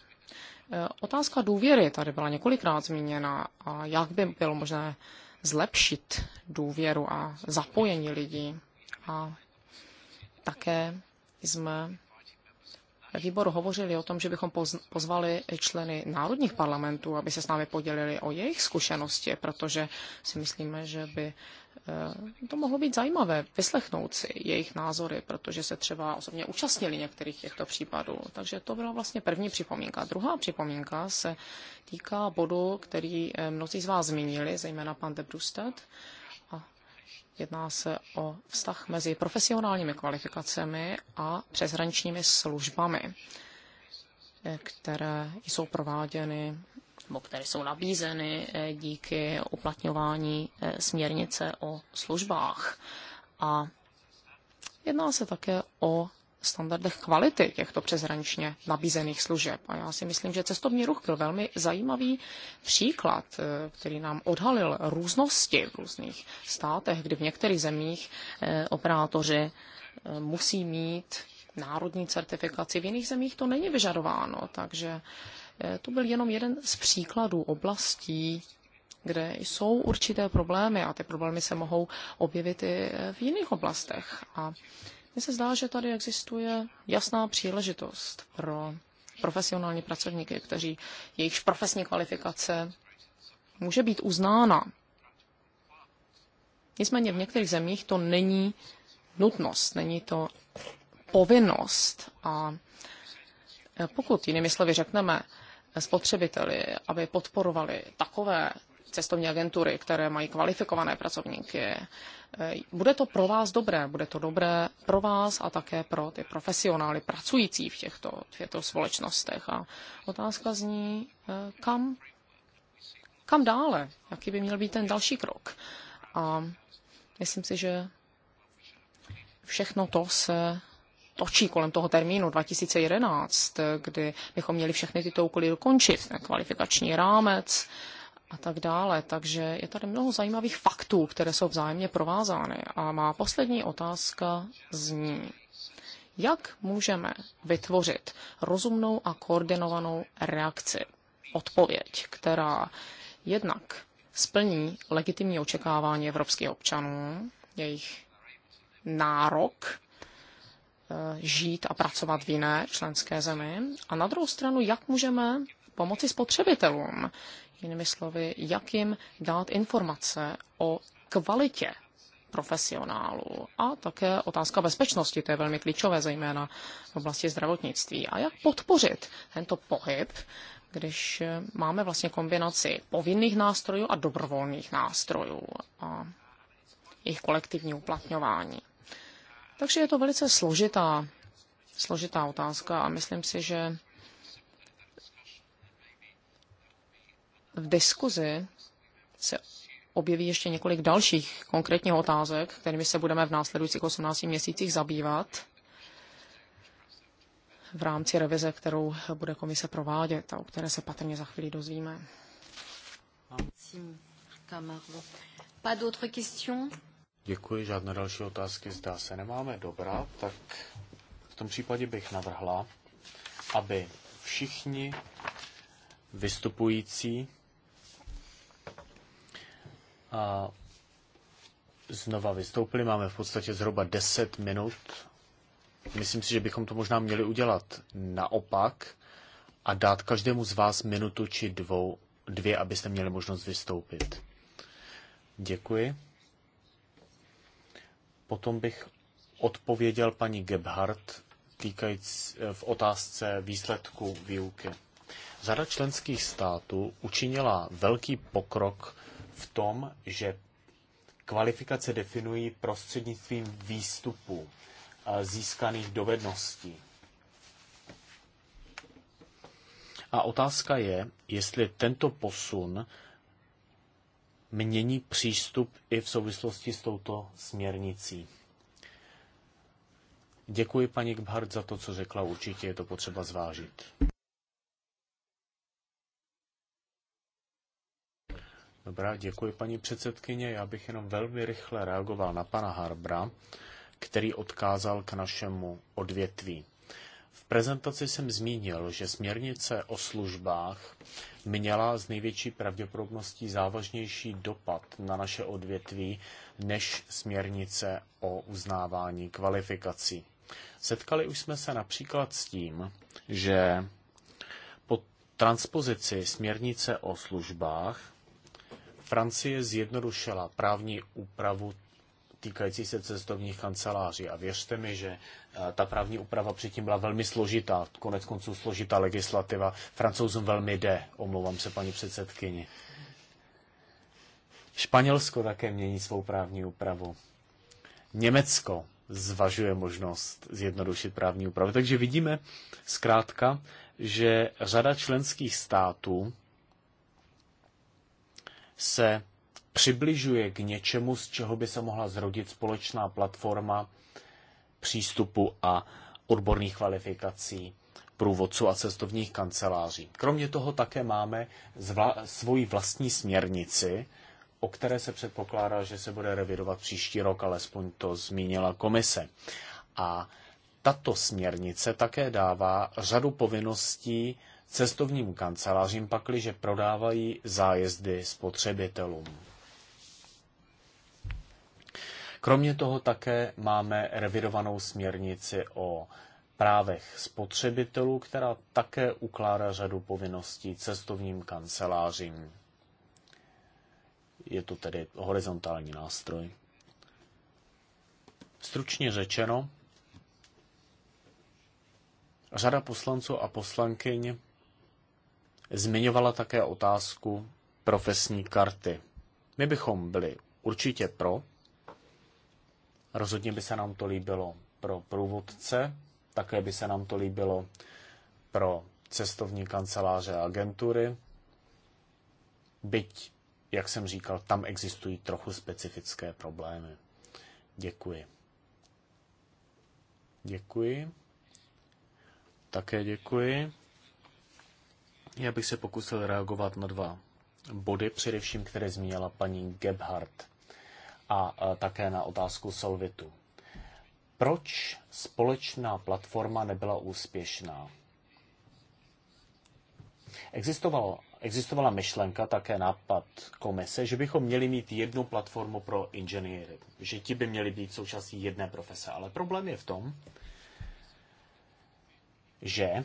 Eh, otázka důvěry tady byla několikrát zmíněna a jak by bylo možné zlepšit důvěru a zapojení lidí a také jsme výboru hovořili o tom, že bychom pozvali členy národních parlamentů, aby se s námi podělili o jejich zkušenosti, protože si myslíme, že by eh, to mohlo být zajímavé vyslechnout si jejich názory, protože se třeba osobně účastnili některých těchto případů. Takže to byla vlastně první připomínka. Druhá připomínka se týká bodu, který eh, mnozí z vás zmínili, zejména pan de Brustad. Jedná se o vztah mezi profesionálními kvalifikacemi a přeshraničními službami, které jsou prováděny nebo které jsou nabízeny eh, díky uplatňování eh, směrnice o službách. A jedná se také o standardech kvality těchto přeshraničně nabízených služeb. A já si myslím, že cestovní ruch byl velmi zajímavý příklad, eh, který nám odhalil různosti v různých státech, kdy v některých zemích eh, operátoři eh, musí mít národní certifikaci, v jiných zemích to není vyžadováno, takže to byl jenom jeden z příkladů oblastí, kde jsou určité problémy a ty problémy se mohou objevit i v jiných oblastech. A mně se zdá, že tady existuje jasná příležitost pro profesionální pracovníky, kteří jejichž profesní kvalifikace může být uznána. Nicméně v některých zemích to není nutnost, není to povinnost. A pokud jinými slovy řekneme spotřebiteli, aby podporovali takové cestovní agentury, které mají kvalifikované pracovníky. E, bude to pro vás dobré, bude to dobré pro vás a také pro ty profesionály pracující v těchto, v těchto společnostech. A otázka zní, e, kam, kam dále, jaký by měl být ten další krok. A myslím si, že všechno to se točí kolem toho termínu 2011, kdy bychom měli všechny tyto úkoly dokončit, ten kvalifikační rámec a tak dále. Takže je tady mnoho zajímavých faktů, které jsou vzájemně provázány. A má poslední otázka zní, jak můžeme vytvořit rozumnou a koordinovanou reakci, odpověď, která jednak splní legitimní očekávání evropských občanů, jejich nárok eh, žít a pracovat v jiné členské zemi. A na druhou stranu, jak můžeme pomoci spotřebitelům, Jinými slovy, jak jim dát informace o kvalitě profesionálů. A také otázka bezpečnosti, to je velmi klíčové, zejména v oblasti zdravotnictví. A jak podpořit tento pohyb, když máme vlastně kombinaci povinných nástrojů a dobrovolných nástrojů a jejich kolektivní uplatňování. Takže je to velice složitá, složitá otázka a myslím si, že v diskuzi se objeví ještě několik dalších konkrétních otázek, kterými se budeme v následujících 18 měsících zabývat v rámci revize, kterou bude komise provádět a o které se patrně za chvíli dozvíme. Děkuji, žádné další otázky zdá se nemáme. Dobrá, tak v tom případě bych navrhla, aby všichni vystupující a znova vystoupili. Máme v podstatě zhruba 10 minut. Myslím si, že bychom to možná měli udělat naopak a dát každému z vás minutu či dvou, dvě, abyste měli možnost vystoupit. Děkuji. Potom bych odpověděl paní Gebhardt týkajíc eh, v otázce výsledku výuky. Zada členských států učinila velký pokrok v tom, že kvalifikace definují prostřednictvím výstupu eh, získaných dovedností. A otázka je, jestli tento posun mění přístup i v souvislosti s touto směrnicí. Děkuji paní Gbhard za to, co řekla. Určitě je to potřeba zvážit. Dobrá, děkuji paní předsedkyně. Já bych jenom velmi rychle reagoval na pana Harbra, který odkázal k našemu odvětví. V prezentaci jsem zmínil, že směrnice o službách měla z největší pravděpodobností závažnější dopad na naše odvětví než směrnice o uznávání kvalifikací. Setkali už jsme se například s tím, že po transpozici směrnice o službách Francie zjednodušila právní úpravu týkající se cestovních kanceláří. A věřte mi, že eh, ta právní úprava předtím byla velmi složitá, konec konců složitá legislativa. Francouzům velmi jde, omlouvám se paní předsedkyni. Španělsko také mění svou právní úpravu. Německo zvažuje možnost zjednodušit právní úpravu. Takže vidíme zkrátka, že řada členských států se přibližuje k něčemu, z čeho by se mohla zrodit společná platforma přístupu a odborných kvalifikací průvodců a cestovních kanceláří. Kromě toho také máme zvla- svoji vlastní směrnici, o které se předpokládá, že se bude revidovat příští rok, alespoň to zmínila komise. A tato směrnice také dává řadu povinností cestovním kancelářím pakliže prodávají zájezdy spotřebitelům. Kromě toho také máme revidovanou směrnici o právech spotřebitelů, která také ukládá řadu povinností cestovním kancelářím. Je to tedy horizontální nástroj. Stručně řečeno, řada poslanců a poslankyň zmiňovala také otázku profesní karty. My bychom byli určitě pro, rozhodně by se nám to líbilo pro průvodce, také by se nám to líbilo pro cestovní kanceláře a agentury, byť, jak jsem říkal, tam existují trochu specifické problémy. Děkuji. Děkuji. Také děkuji. Já bych se pokusil reagovat na dva body, především které zmínila paní Gebhardt a e, také na otázku Solvitu. Proč společná platforma nebyla úspěšná? Existoval, existovala myšlenka, také nápad komise, že bychom měli mít jednu platformu pro inženýry, že ti by měli být součástí jedné profese. Ale problém je v tom, že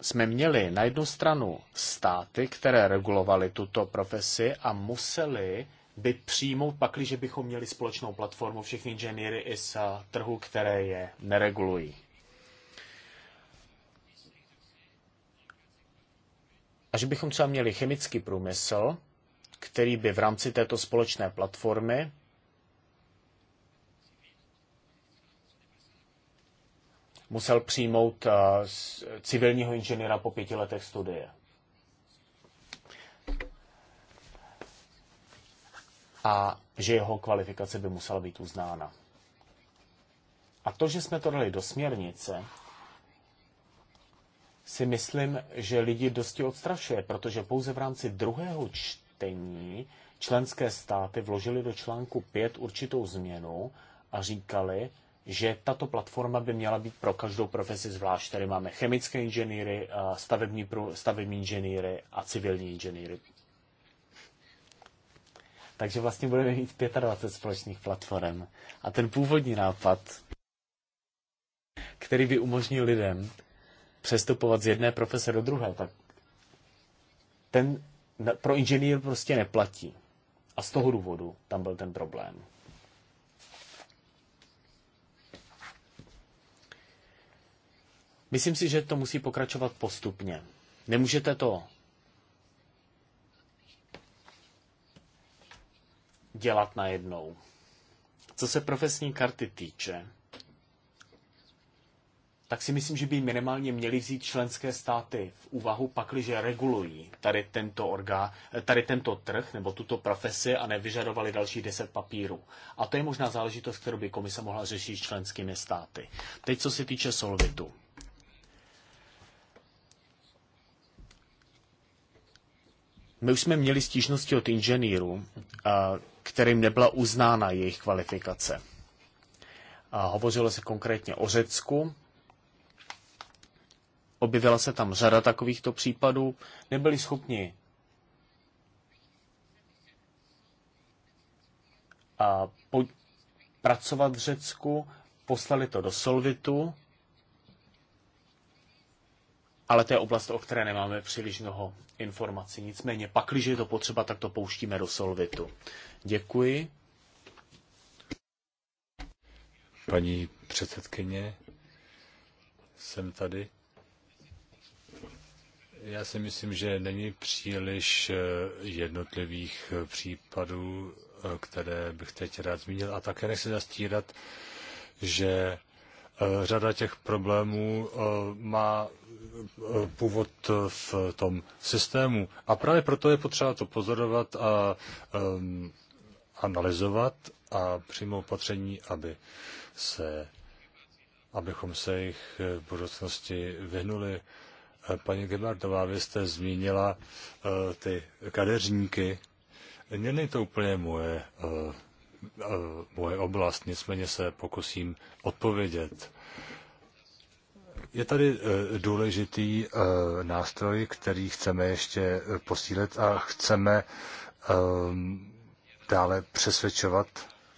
jsme měli na jednu stranu státy, které regulovaly tuto profesi a museli by přijmout, že bychom měli společnou platformu všech inženýry i z eh, trhu, které je neregulují. A že bychom třeba měli chemický průmysl, který by v rámci této společné platformy musel přijmout eh, civilního inženýra po pěti letech studie. A že jeho kvalifikace by musela být uznána. A to, že jsme to dali do směrnice, si myslím, že lidi dosti odstrašuje, protože pouze v rámci druhého čtení členské státy vložili do článku 5 určitou změnu a říkali, že tato platforma by měla být pro každou profesi zvlášť. Tady máme chemické inženýry, stavební, stavební inženýry a civilní inženýry. Takže vlastně budeme mít 25 společných platform. A ten původní nápad, který by umožnil lidem přestupovat z jedné profese do druhé, tak ten pro inženýr prostě neplatí. A z toho důvodu tam byl ten problém. Myslím si, že to musí pokračovat postupně. Nemůžete to dělat najednou. Co se profesní karty týče, tak si myslím, že by minimálně měly vzít členské státy v úvahu, pakliže regulují tady tento, orgá, tady tento trh nebo tuto profesi a nevyžadovali další deset papírů. A to je možná záležitost, kterou by komise mohla řešit s členskými státy. Teď, co se týče solvitu. My už jsme měli stížnosti od inženýrů, kterým nebyla uznána jejich kvalifikace. A hovořilo se konkrétně o Řecku. Objevila se tam řada takovýchto případů. Nebyli schopni a po, pracovat v Řecku, poslali to do Solvitu ale to je oblast, o které nemáme příliš mnoho informací. Nicméně, pakliže je to potřeba, tak to pouštíme do Solvitu. Děkuji. Paní předsedkyně, jsem tady. Já si myslím, že není příliš eh, jednotlivých eh, případů, eh, které bych teď rád zmínil. A také nechci zastírat, že Eh, řada těch problémů eh, má eh, původ v tom systému. A právě proto je potřeba to pozorovat a um, analyzovat a přijmout opatření, aby se, abychom se jich v budoucnosti vyhnuli. Paní Gebardová, vy jste zmínila uh, ty kadeřníky. není to úplně moje uh, Eh, moje oblast, nicméně se pokusím odpovědět. Je tady eh, důležitý eh, nástroj, který chceme ještě posílit a chceme dále přesvědčovat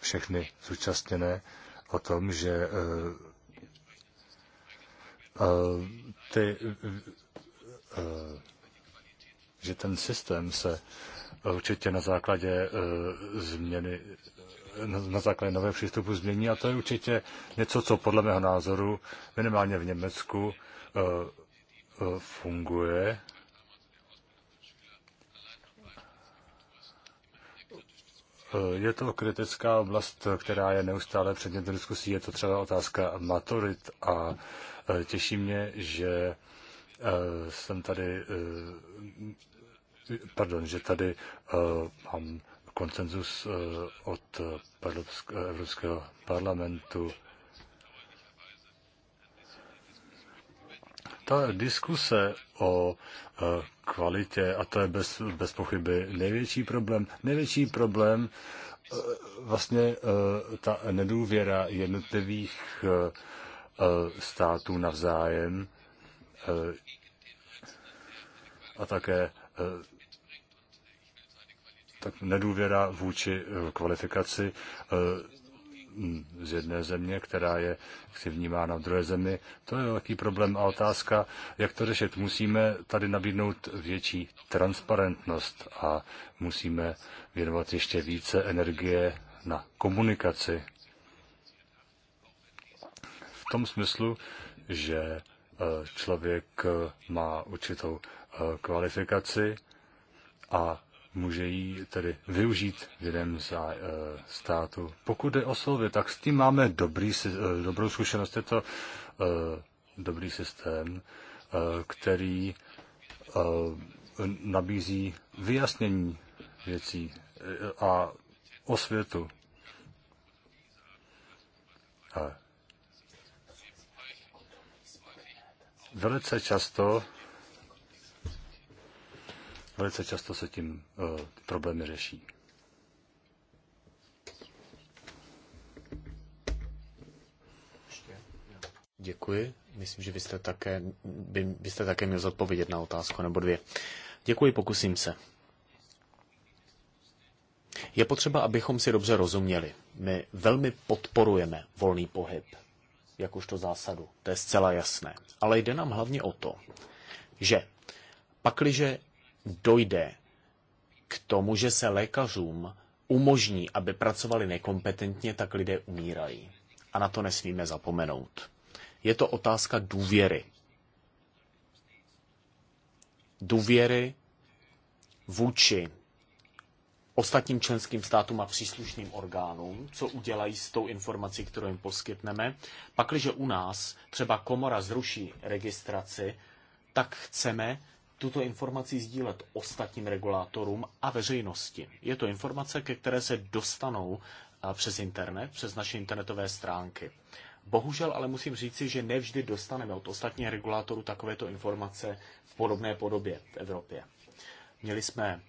všechny zúčastněné o tom, že ty, že ten systém se určitě na základě změny na, na základě nového přístupu změní a to je určitě něco, co podle mého názoru minimálně v Německu eh, eh, funguje. Eh, je to kritická oblast, která je neustále předmětem diskusí. Je to třeba otázka maturit a těší mě, že jsem tady, pardon, že tady mám koncenzus eh, od eh, Evropského parlamentu. Ta diskuse o eh, kvalitě, a to je bez, bez pochyby největší problém, největší problém vlastně ta nedůvěra jednotlivých států navzájem a také tak nedůvěra vůči eh, kvalifikaci eh, z jedné země, která je si vnímána v druhé zemi. To je velký problém a otázka, jak to řešit. Musíme tady nabídnout větší transparentnost a musíme věnovat ještě více energie na komunikaci. V tom smyslu, že eh, člověk má určitou kvalifikaci a může ji tedy využít v e, státu. Pokud jde o slovy, tak s tím máme dobrý, eh, dobrou zkušenost. Je to eh, dobrý systém, který nabízí vyjasnění věcí a osvětu. Velice často Velice často se tím uh, problémy řeší. Děkuji. Myslím, že byste také, by, byste také měl zodpovědět na otázku nebo dvě. Děkuji, pokusím se. Je potřeba, abychom si dobře rozuměli. My velmi podporujeme volný pohyb, jakožto zásadu, to je zcela jasné. Ale jde nám hlavně o to, že pakliže dojde k tomu, že se lékařům umožní, aby pracovali nekompetentně, tak lidé umírají. A na to nesmíme zapomenout. Je to otázka důvěry. Důvěry vůči ostatním členským státům a příslušným orgánům, co udělají s tou informací, kterou jim poskytneme. Pakliže u nás třeba komora zruší registraci, tak chceme, tuto informaci sdílet ostatním regulátorům a veřejnosti. Je to informace, ke které se dostanou eh, přes internet, přes naše internetové stránky. Bohužel ale musím říci, že nevždy dostaneme od ostatních regulátorů takovéto informace v podobné podobě v Evropě. Měli jsme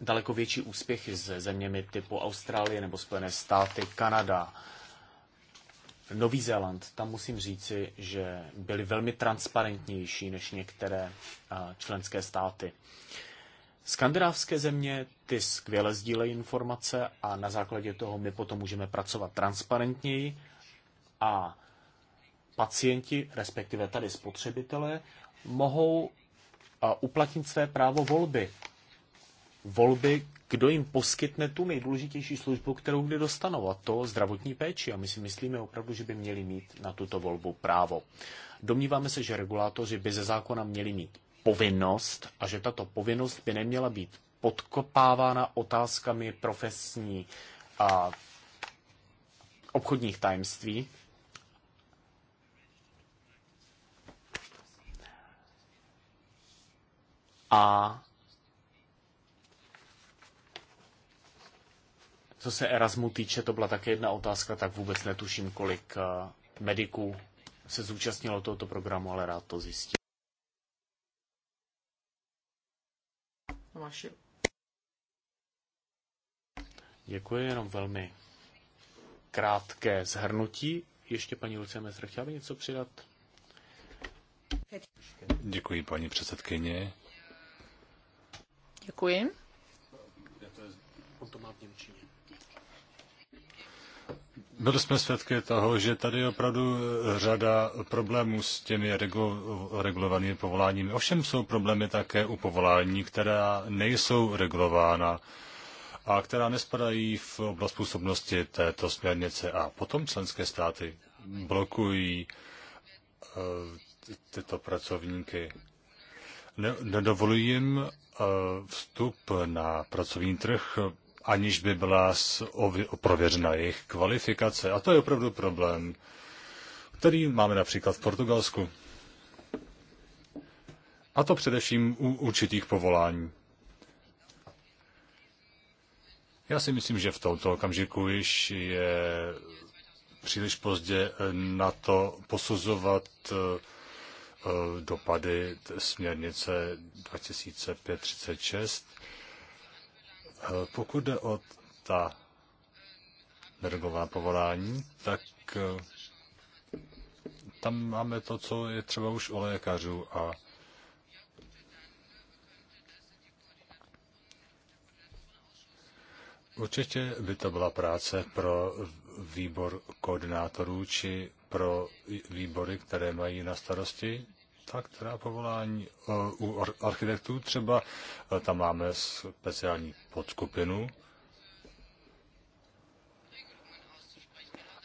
daleko větší úspěchy se zeměmi typu Austrálie nebo Spojené státy, Kanada, Nový Zéland, tam musím říci, že byli velmi transparentnější než některé členské státy. Skandinávské země ty skvěle sdílejí informace a na základě toho my potom můžeme pracovat transparentněji a pacienti, respektive tady spotřebitelé, mohou uplatnit své právo volby volby, kdo jim poskytne tu nejdůležitější službu, kterou kdy dostanou, a to zdravotní péči. A my si myslíme opravdu, že by měli mít na tuto volbu právo. Domníváme se, že regulátoři by ze zákona měli mít povinnost a že tato povinnost by neměla být podkopávána otázkami profesní a obchodních tajemství. A Co se Erasmu týče, to byla také jedna otázka, tak vůbec netuším, kolik eh, mediků se zúčastnilo tohoto programu, ale rád to zjistím. Děkuji, jenom velmi krátké zhrnutí. Ještě paní Lucie Mestr, chtěla by něco přidat? Děkuji, paní předsedkyně. Děkuji. On to má v Němčině byli jsme svědky toho, že tady je opravdu řada problémů s těmi regu, regulovanými povoláními. Ovšem jsou problémy také u povolání, která nejsou regulována a která nespadají v oblast působnosti této směrnice. A potom členské státy blokují eh, tyto pracovníky. Nedovolují jim eh, vstup na pracovní trh aniž by byla prověřena jejich kvalifikace. A to je opravdu problém, který máme například v Portugalsku. A to především u určitých povolání. Já si myslím, že v tomto okamžiku již je příliš pozdě na to posuzovat eh, dopady směrnice 2536 Eh, pokud jde o ta drogová povolání, tak eh, tam máme to, co je třeba už u lékařů a Určitě by to byla práce pro výbor koordinátorů či pro výbory, které mají na starosti tak, která povolání eh, u architektů třeba, eh, tam máme speciální podskupinu.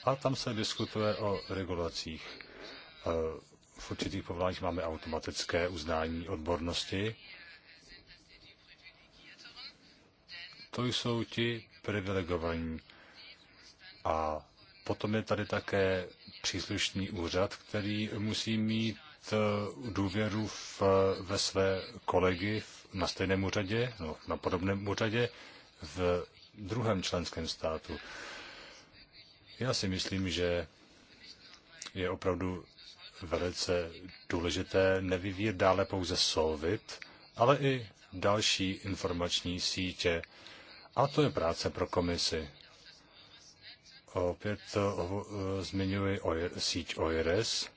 A tam se diskutuje o regulacích. Eh, v určitých povoláních máme automatické uznání odbornosti. To jsou ti privilegovaní. A potom je tady také příslušný úřad, který musí mít Eh, důvěru v, eh, ve své kolegy na stejném úřadě, no, na podobném úřadě v druhém členském státu. Já si myslím, že je opravdu velice důležité nevyvíjet dále pouze Solvit, ale i další informační sítě. A to je práce pro komisi. Opět eh, zmiňuji síť OIRES,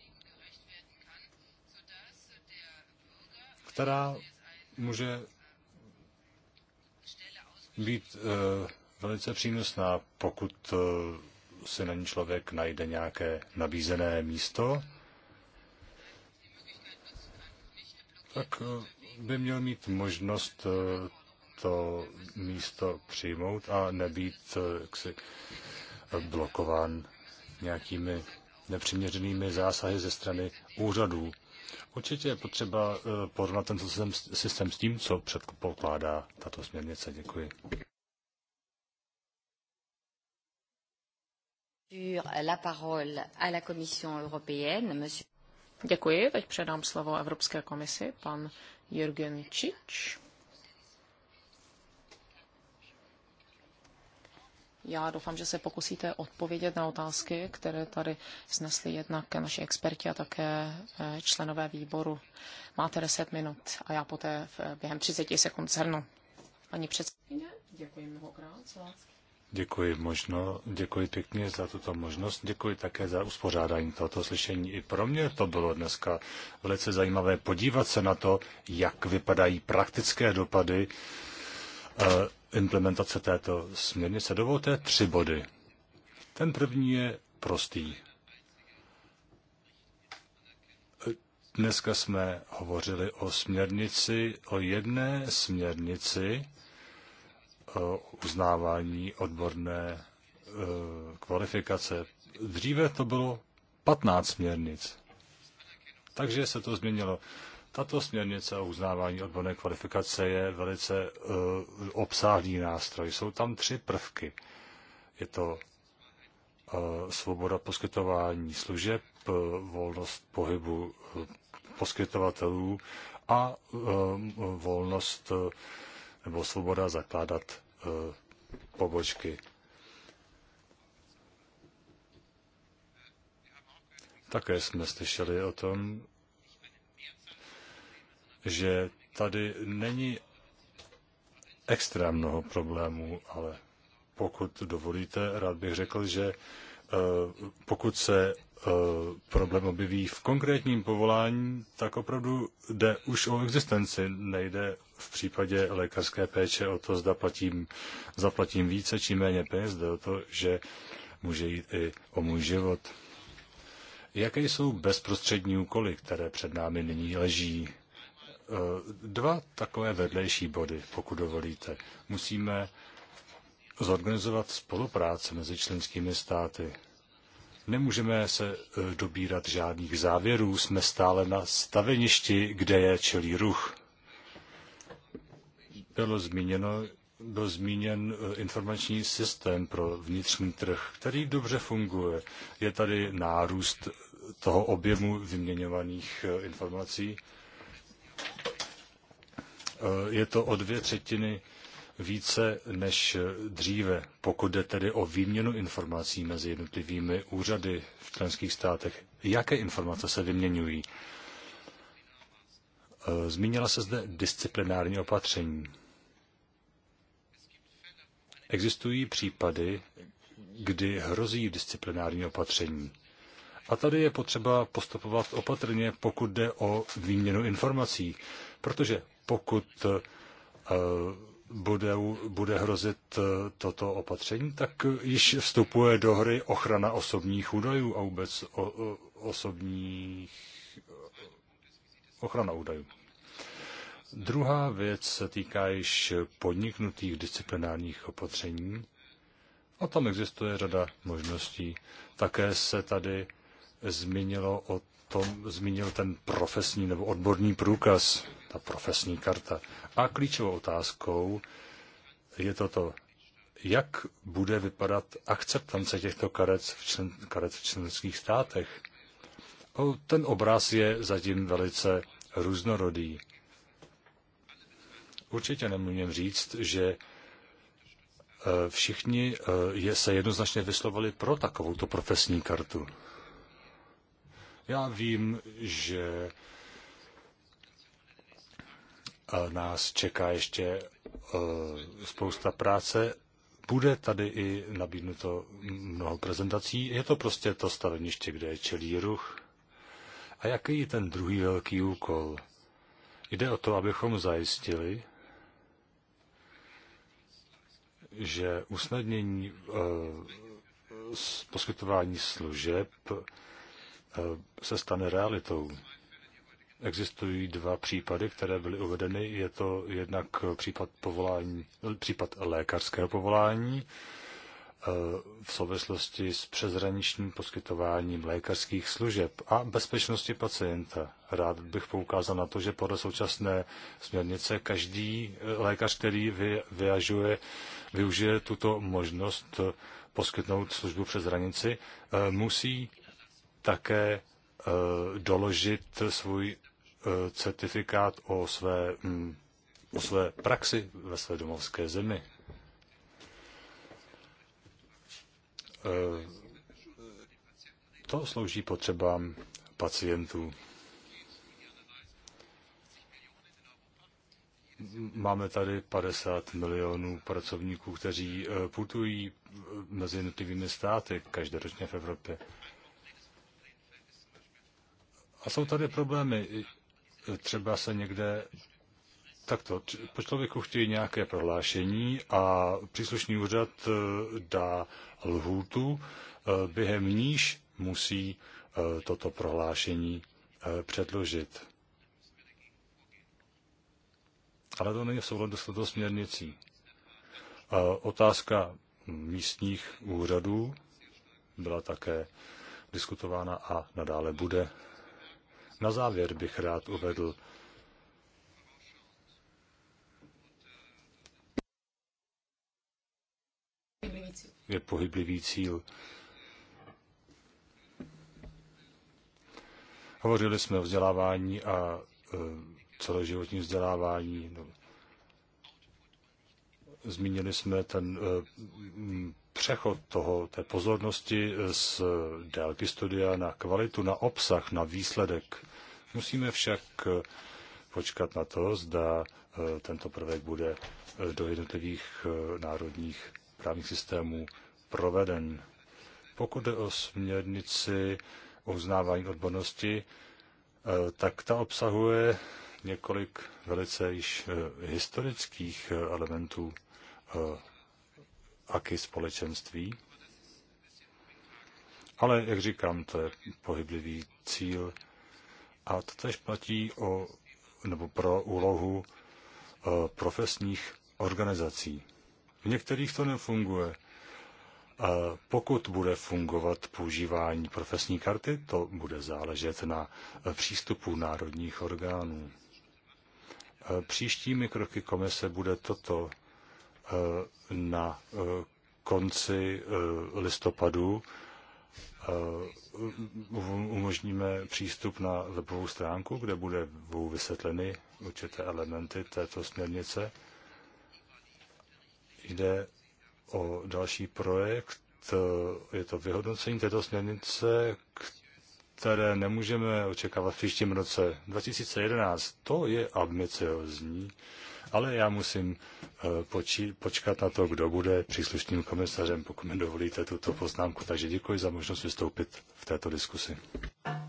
která může být eh, velice přínosná, pokud eh, si na ní člověk najde nějaké nabízené místo, tak eh, by měl mít možnost to místo přijmout a nebýt jaksi, blokován nějakými nepřiměřenými zásahy ze strany úřadů. Určitě je potřeba eh, porovnat tento systém, systém s tím, co předpokládá tato směrnice. Děkuji. Děkuji. Teď předám slovo Evropské komisi, pan Jürgen Čič. Já doufám, že se pokusíte odpovědět na otázky, které tady snesli jednak naši experti a také eh, členové výboru. Máte 10 minut a já poté eh, během 30 sekund zhrnu. Paní předsedkyně, děkuji mnohokrát. Děkuji možno, děkuji pěkně za tuto možnost, děkuji také za uspořádání tohoto slyšení. I pro mě to bylo dneska velice zajímavé podívat se na to, jak vypadají praktické dopady Eh, implementace této směrnice. Dovolte tři body. Ten první je prostý. Dneska jsme hovořili o směrnici, o jedné směrnici o uznávání odborné eh, kvalifikace. Dříve to bylo 15 směrnic. Takže se to změnilo. Tato směrnice o uznávání odborné kvalifikace je velice uh, obsáhlý nástroj. Jsou tam tři prvky. Je to uh, svoboda poskytování služeb, uh, volnost pohybu uh, poskytovatelů a uh, volnost uh, nebo svoboda zakládat uh, pobočky. Také jsme slyšeli o tom, že tady není extra mnoho problémů, ale pokud dovolíte, rád bych řekl, že eh, pokud se eh, problém objeví v konkrétním povolání, tak opravdu jde už o existenci. Nejde v případě lékařské péče o to, zda platím, zaplatím více či méně peněz, jde o to, že může jít i o můj život. Jaké jsou bezprostřední úkoly, které před námi nyní leží? Eh, dva takové vedlejší body, pokud dovolíte. Musíme zorganizovat spolupráci mezi členskými státy. Nemůžeme se eh, dobírat žádných závěrů, jsme stále na staveništi, kde je čelý ruch. Bylo zmíněno, byl zmíněn eh, informační systém pro vnitřní trh, který dobře funguje. Je tady nárůst toho objemu vyměňovaných informací je to o dvě třetiny více než dříve, pokud jde tedy o výměnu informací mezi jednotlivými úřady v členských státech. Jaké informace se vyměňují? Zmínila se zde disciplinární opatření. Existují případy, kdy hrozí disciplinární opatření. A tady je potřeba postupovat opatrně, pokud jde o výměnu informací. Protože pokud eh, bude, bude hrozit eh, toto opatření, tak již vstupuje do hry ochrana osobních údajů a vůbec o, o, osobních ochrana údajů. Druhá věc se týká již podniknutých disciplinárních opatření. A tam existuje řada možností. Také se tady zmínilo, o tom, zmínil ten profesní nebo odborný průkaz, ta profesní karta. A klíčovou otázkou je toto, jak bude vypadat akceptance těchto karet v, člen, karet v členských státech. Ten obraz je zatím velice různorodý. Určitě nemůžeme říct, že e, všichni e, se jednoznačně vyslovili pro takovouto profesní kartu. Já vím, že eh, nás čeká ještě eh, spousta práce. Bude tady i nabídnuto mnoho prezentací. Je to prostě to staveniště, kde je čelí ruch. A jaký je ten druhý velký úkol? Jde o to, abychom zajistili, že usnadnění eh, poskytování služeb se stane realitou. Existují dva případy, které byly uvedeny. Je to jednak případ, povolání, případ lékařského povolání eh, v souvislosti s přezraničním poskytováním lékařských služeb a bezpečnosti pacienta. Rád bych poukázal na to, že podle současné směrnice každý eh, lékař, který vyjažuje, využije tuto možnost eh, poskytnout službu přes hranici, musí také eh, doložit svůj eh, certifikát o své, mm, o své praxi ve své domovské zemi. Eh, to slouží potřebám pacientů. Máme tady 50 milionů pracovníků, kteří putují mezi jednotlivými státy každoročně v Evropě. A jsou tady problémy. Třeba se někde takto, po člověku chtějí nějaké prohlášení a příslušný úřad e, dá lhůtu, e, během níž musí e, toto prohlášení předložit. Ale to není v souladu s touto směrnicí. Otázka místních úřadů byla také diskutována a nadále bude na závěr bych rád uvedl, je pohyblivý cíl. Hovořili jsme o vzdělávání a e, celoživotní vzdělávání. No. Zmínili jsme ten e, přechod toho, té pozornosti z délky studia na kvalitu, na obsah, na výsledek. Musíme však eh, počkat na to, zda eh, tento prvek bude eh, do jednotlivých národních právních systémů proveden. Pokud jde o směrnici o uznávání odbornosti, tak ta obsahuje několik velice již historických elementů aky společenství. Ale, jak říkám, to je pohyblivý cíl. A to tež platí o, nebo pro úlohu e, profesních organizací. V některých to nefunguje. E, pokud bude fungovat používání profesní karty, to bude záležet na přístupu národních orgánů. E, příštími kroky komise bude toto na eh, konci eh, listopadu eh, um, umožníme přístup na webovou stránku, kde bude vysvětleny určité elementy této směrnice. Jde o další projekt, je to vyhodnocení této směrnice, které nemůžeme očekávat v příštím roce 2011. To je ambiciozní ale já musím eh, počí, počkat na to, kdo bude příslušným komisařem, pokud mi dovolíte tuto poznámku. Takže děkuji za možnost vystoupit v této diskusi. Eh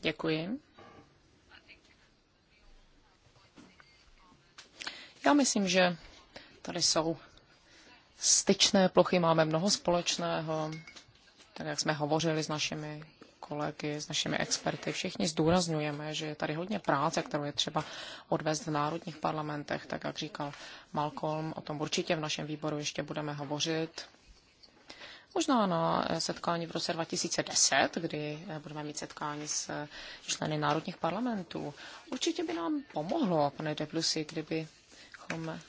děkuji. Já myslím, že tady jsou styčné plochy, máme mnoho společného, tak jak jsme hovořili s našimi kolegy, s našimi experty. Všichni zdůrazňujeme, že je tady hodně práce, kterou je třeba odvést v národních parlamentech, tak jak říkal Malcolm, o tom určitě v našem výboru ještě budeme hovořit. Možná na setkání v roce 2010, kdy budeme mít setkání s členy národních parlamentů. Určitě by nám pomohlo, pane Deblusi, kdybychom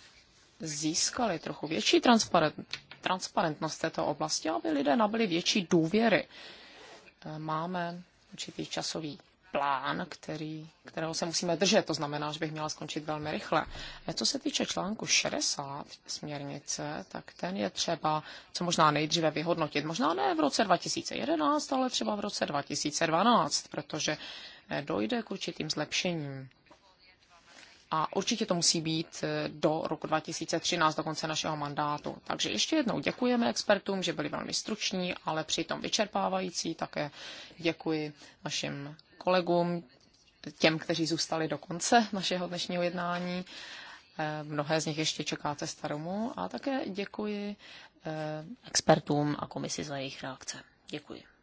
získali trochu větší transparentnost transparentnost této oblasti, aby lidé nabili větší důvěry Eh, máme určitý časový plán, který, kterého se musíme držet, to znamená, že bych měla skončit velmi rychle. Eh, co se týče článku 60 směrnice, tak ten je třeba co možná nejdříve vyhodnotit. Možná ne v roce 2011, ale třeba v roce 2012, protože eh, dojde k určitým zlepšením a určitě to musí být e, do roku 2013, do konce našeho mandátu. Takže ještě jednou děkujeme expertům, že byli velmi struční, ale přitom vyčerpávající. Také děkuji našim kolegům, těm, kteří zůstali do konce našeho dnešního jednání. E, mnohé z nich ještě čekáte staromu a také děkuji e, expertům a komisi za jejich reakce. Děkuji.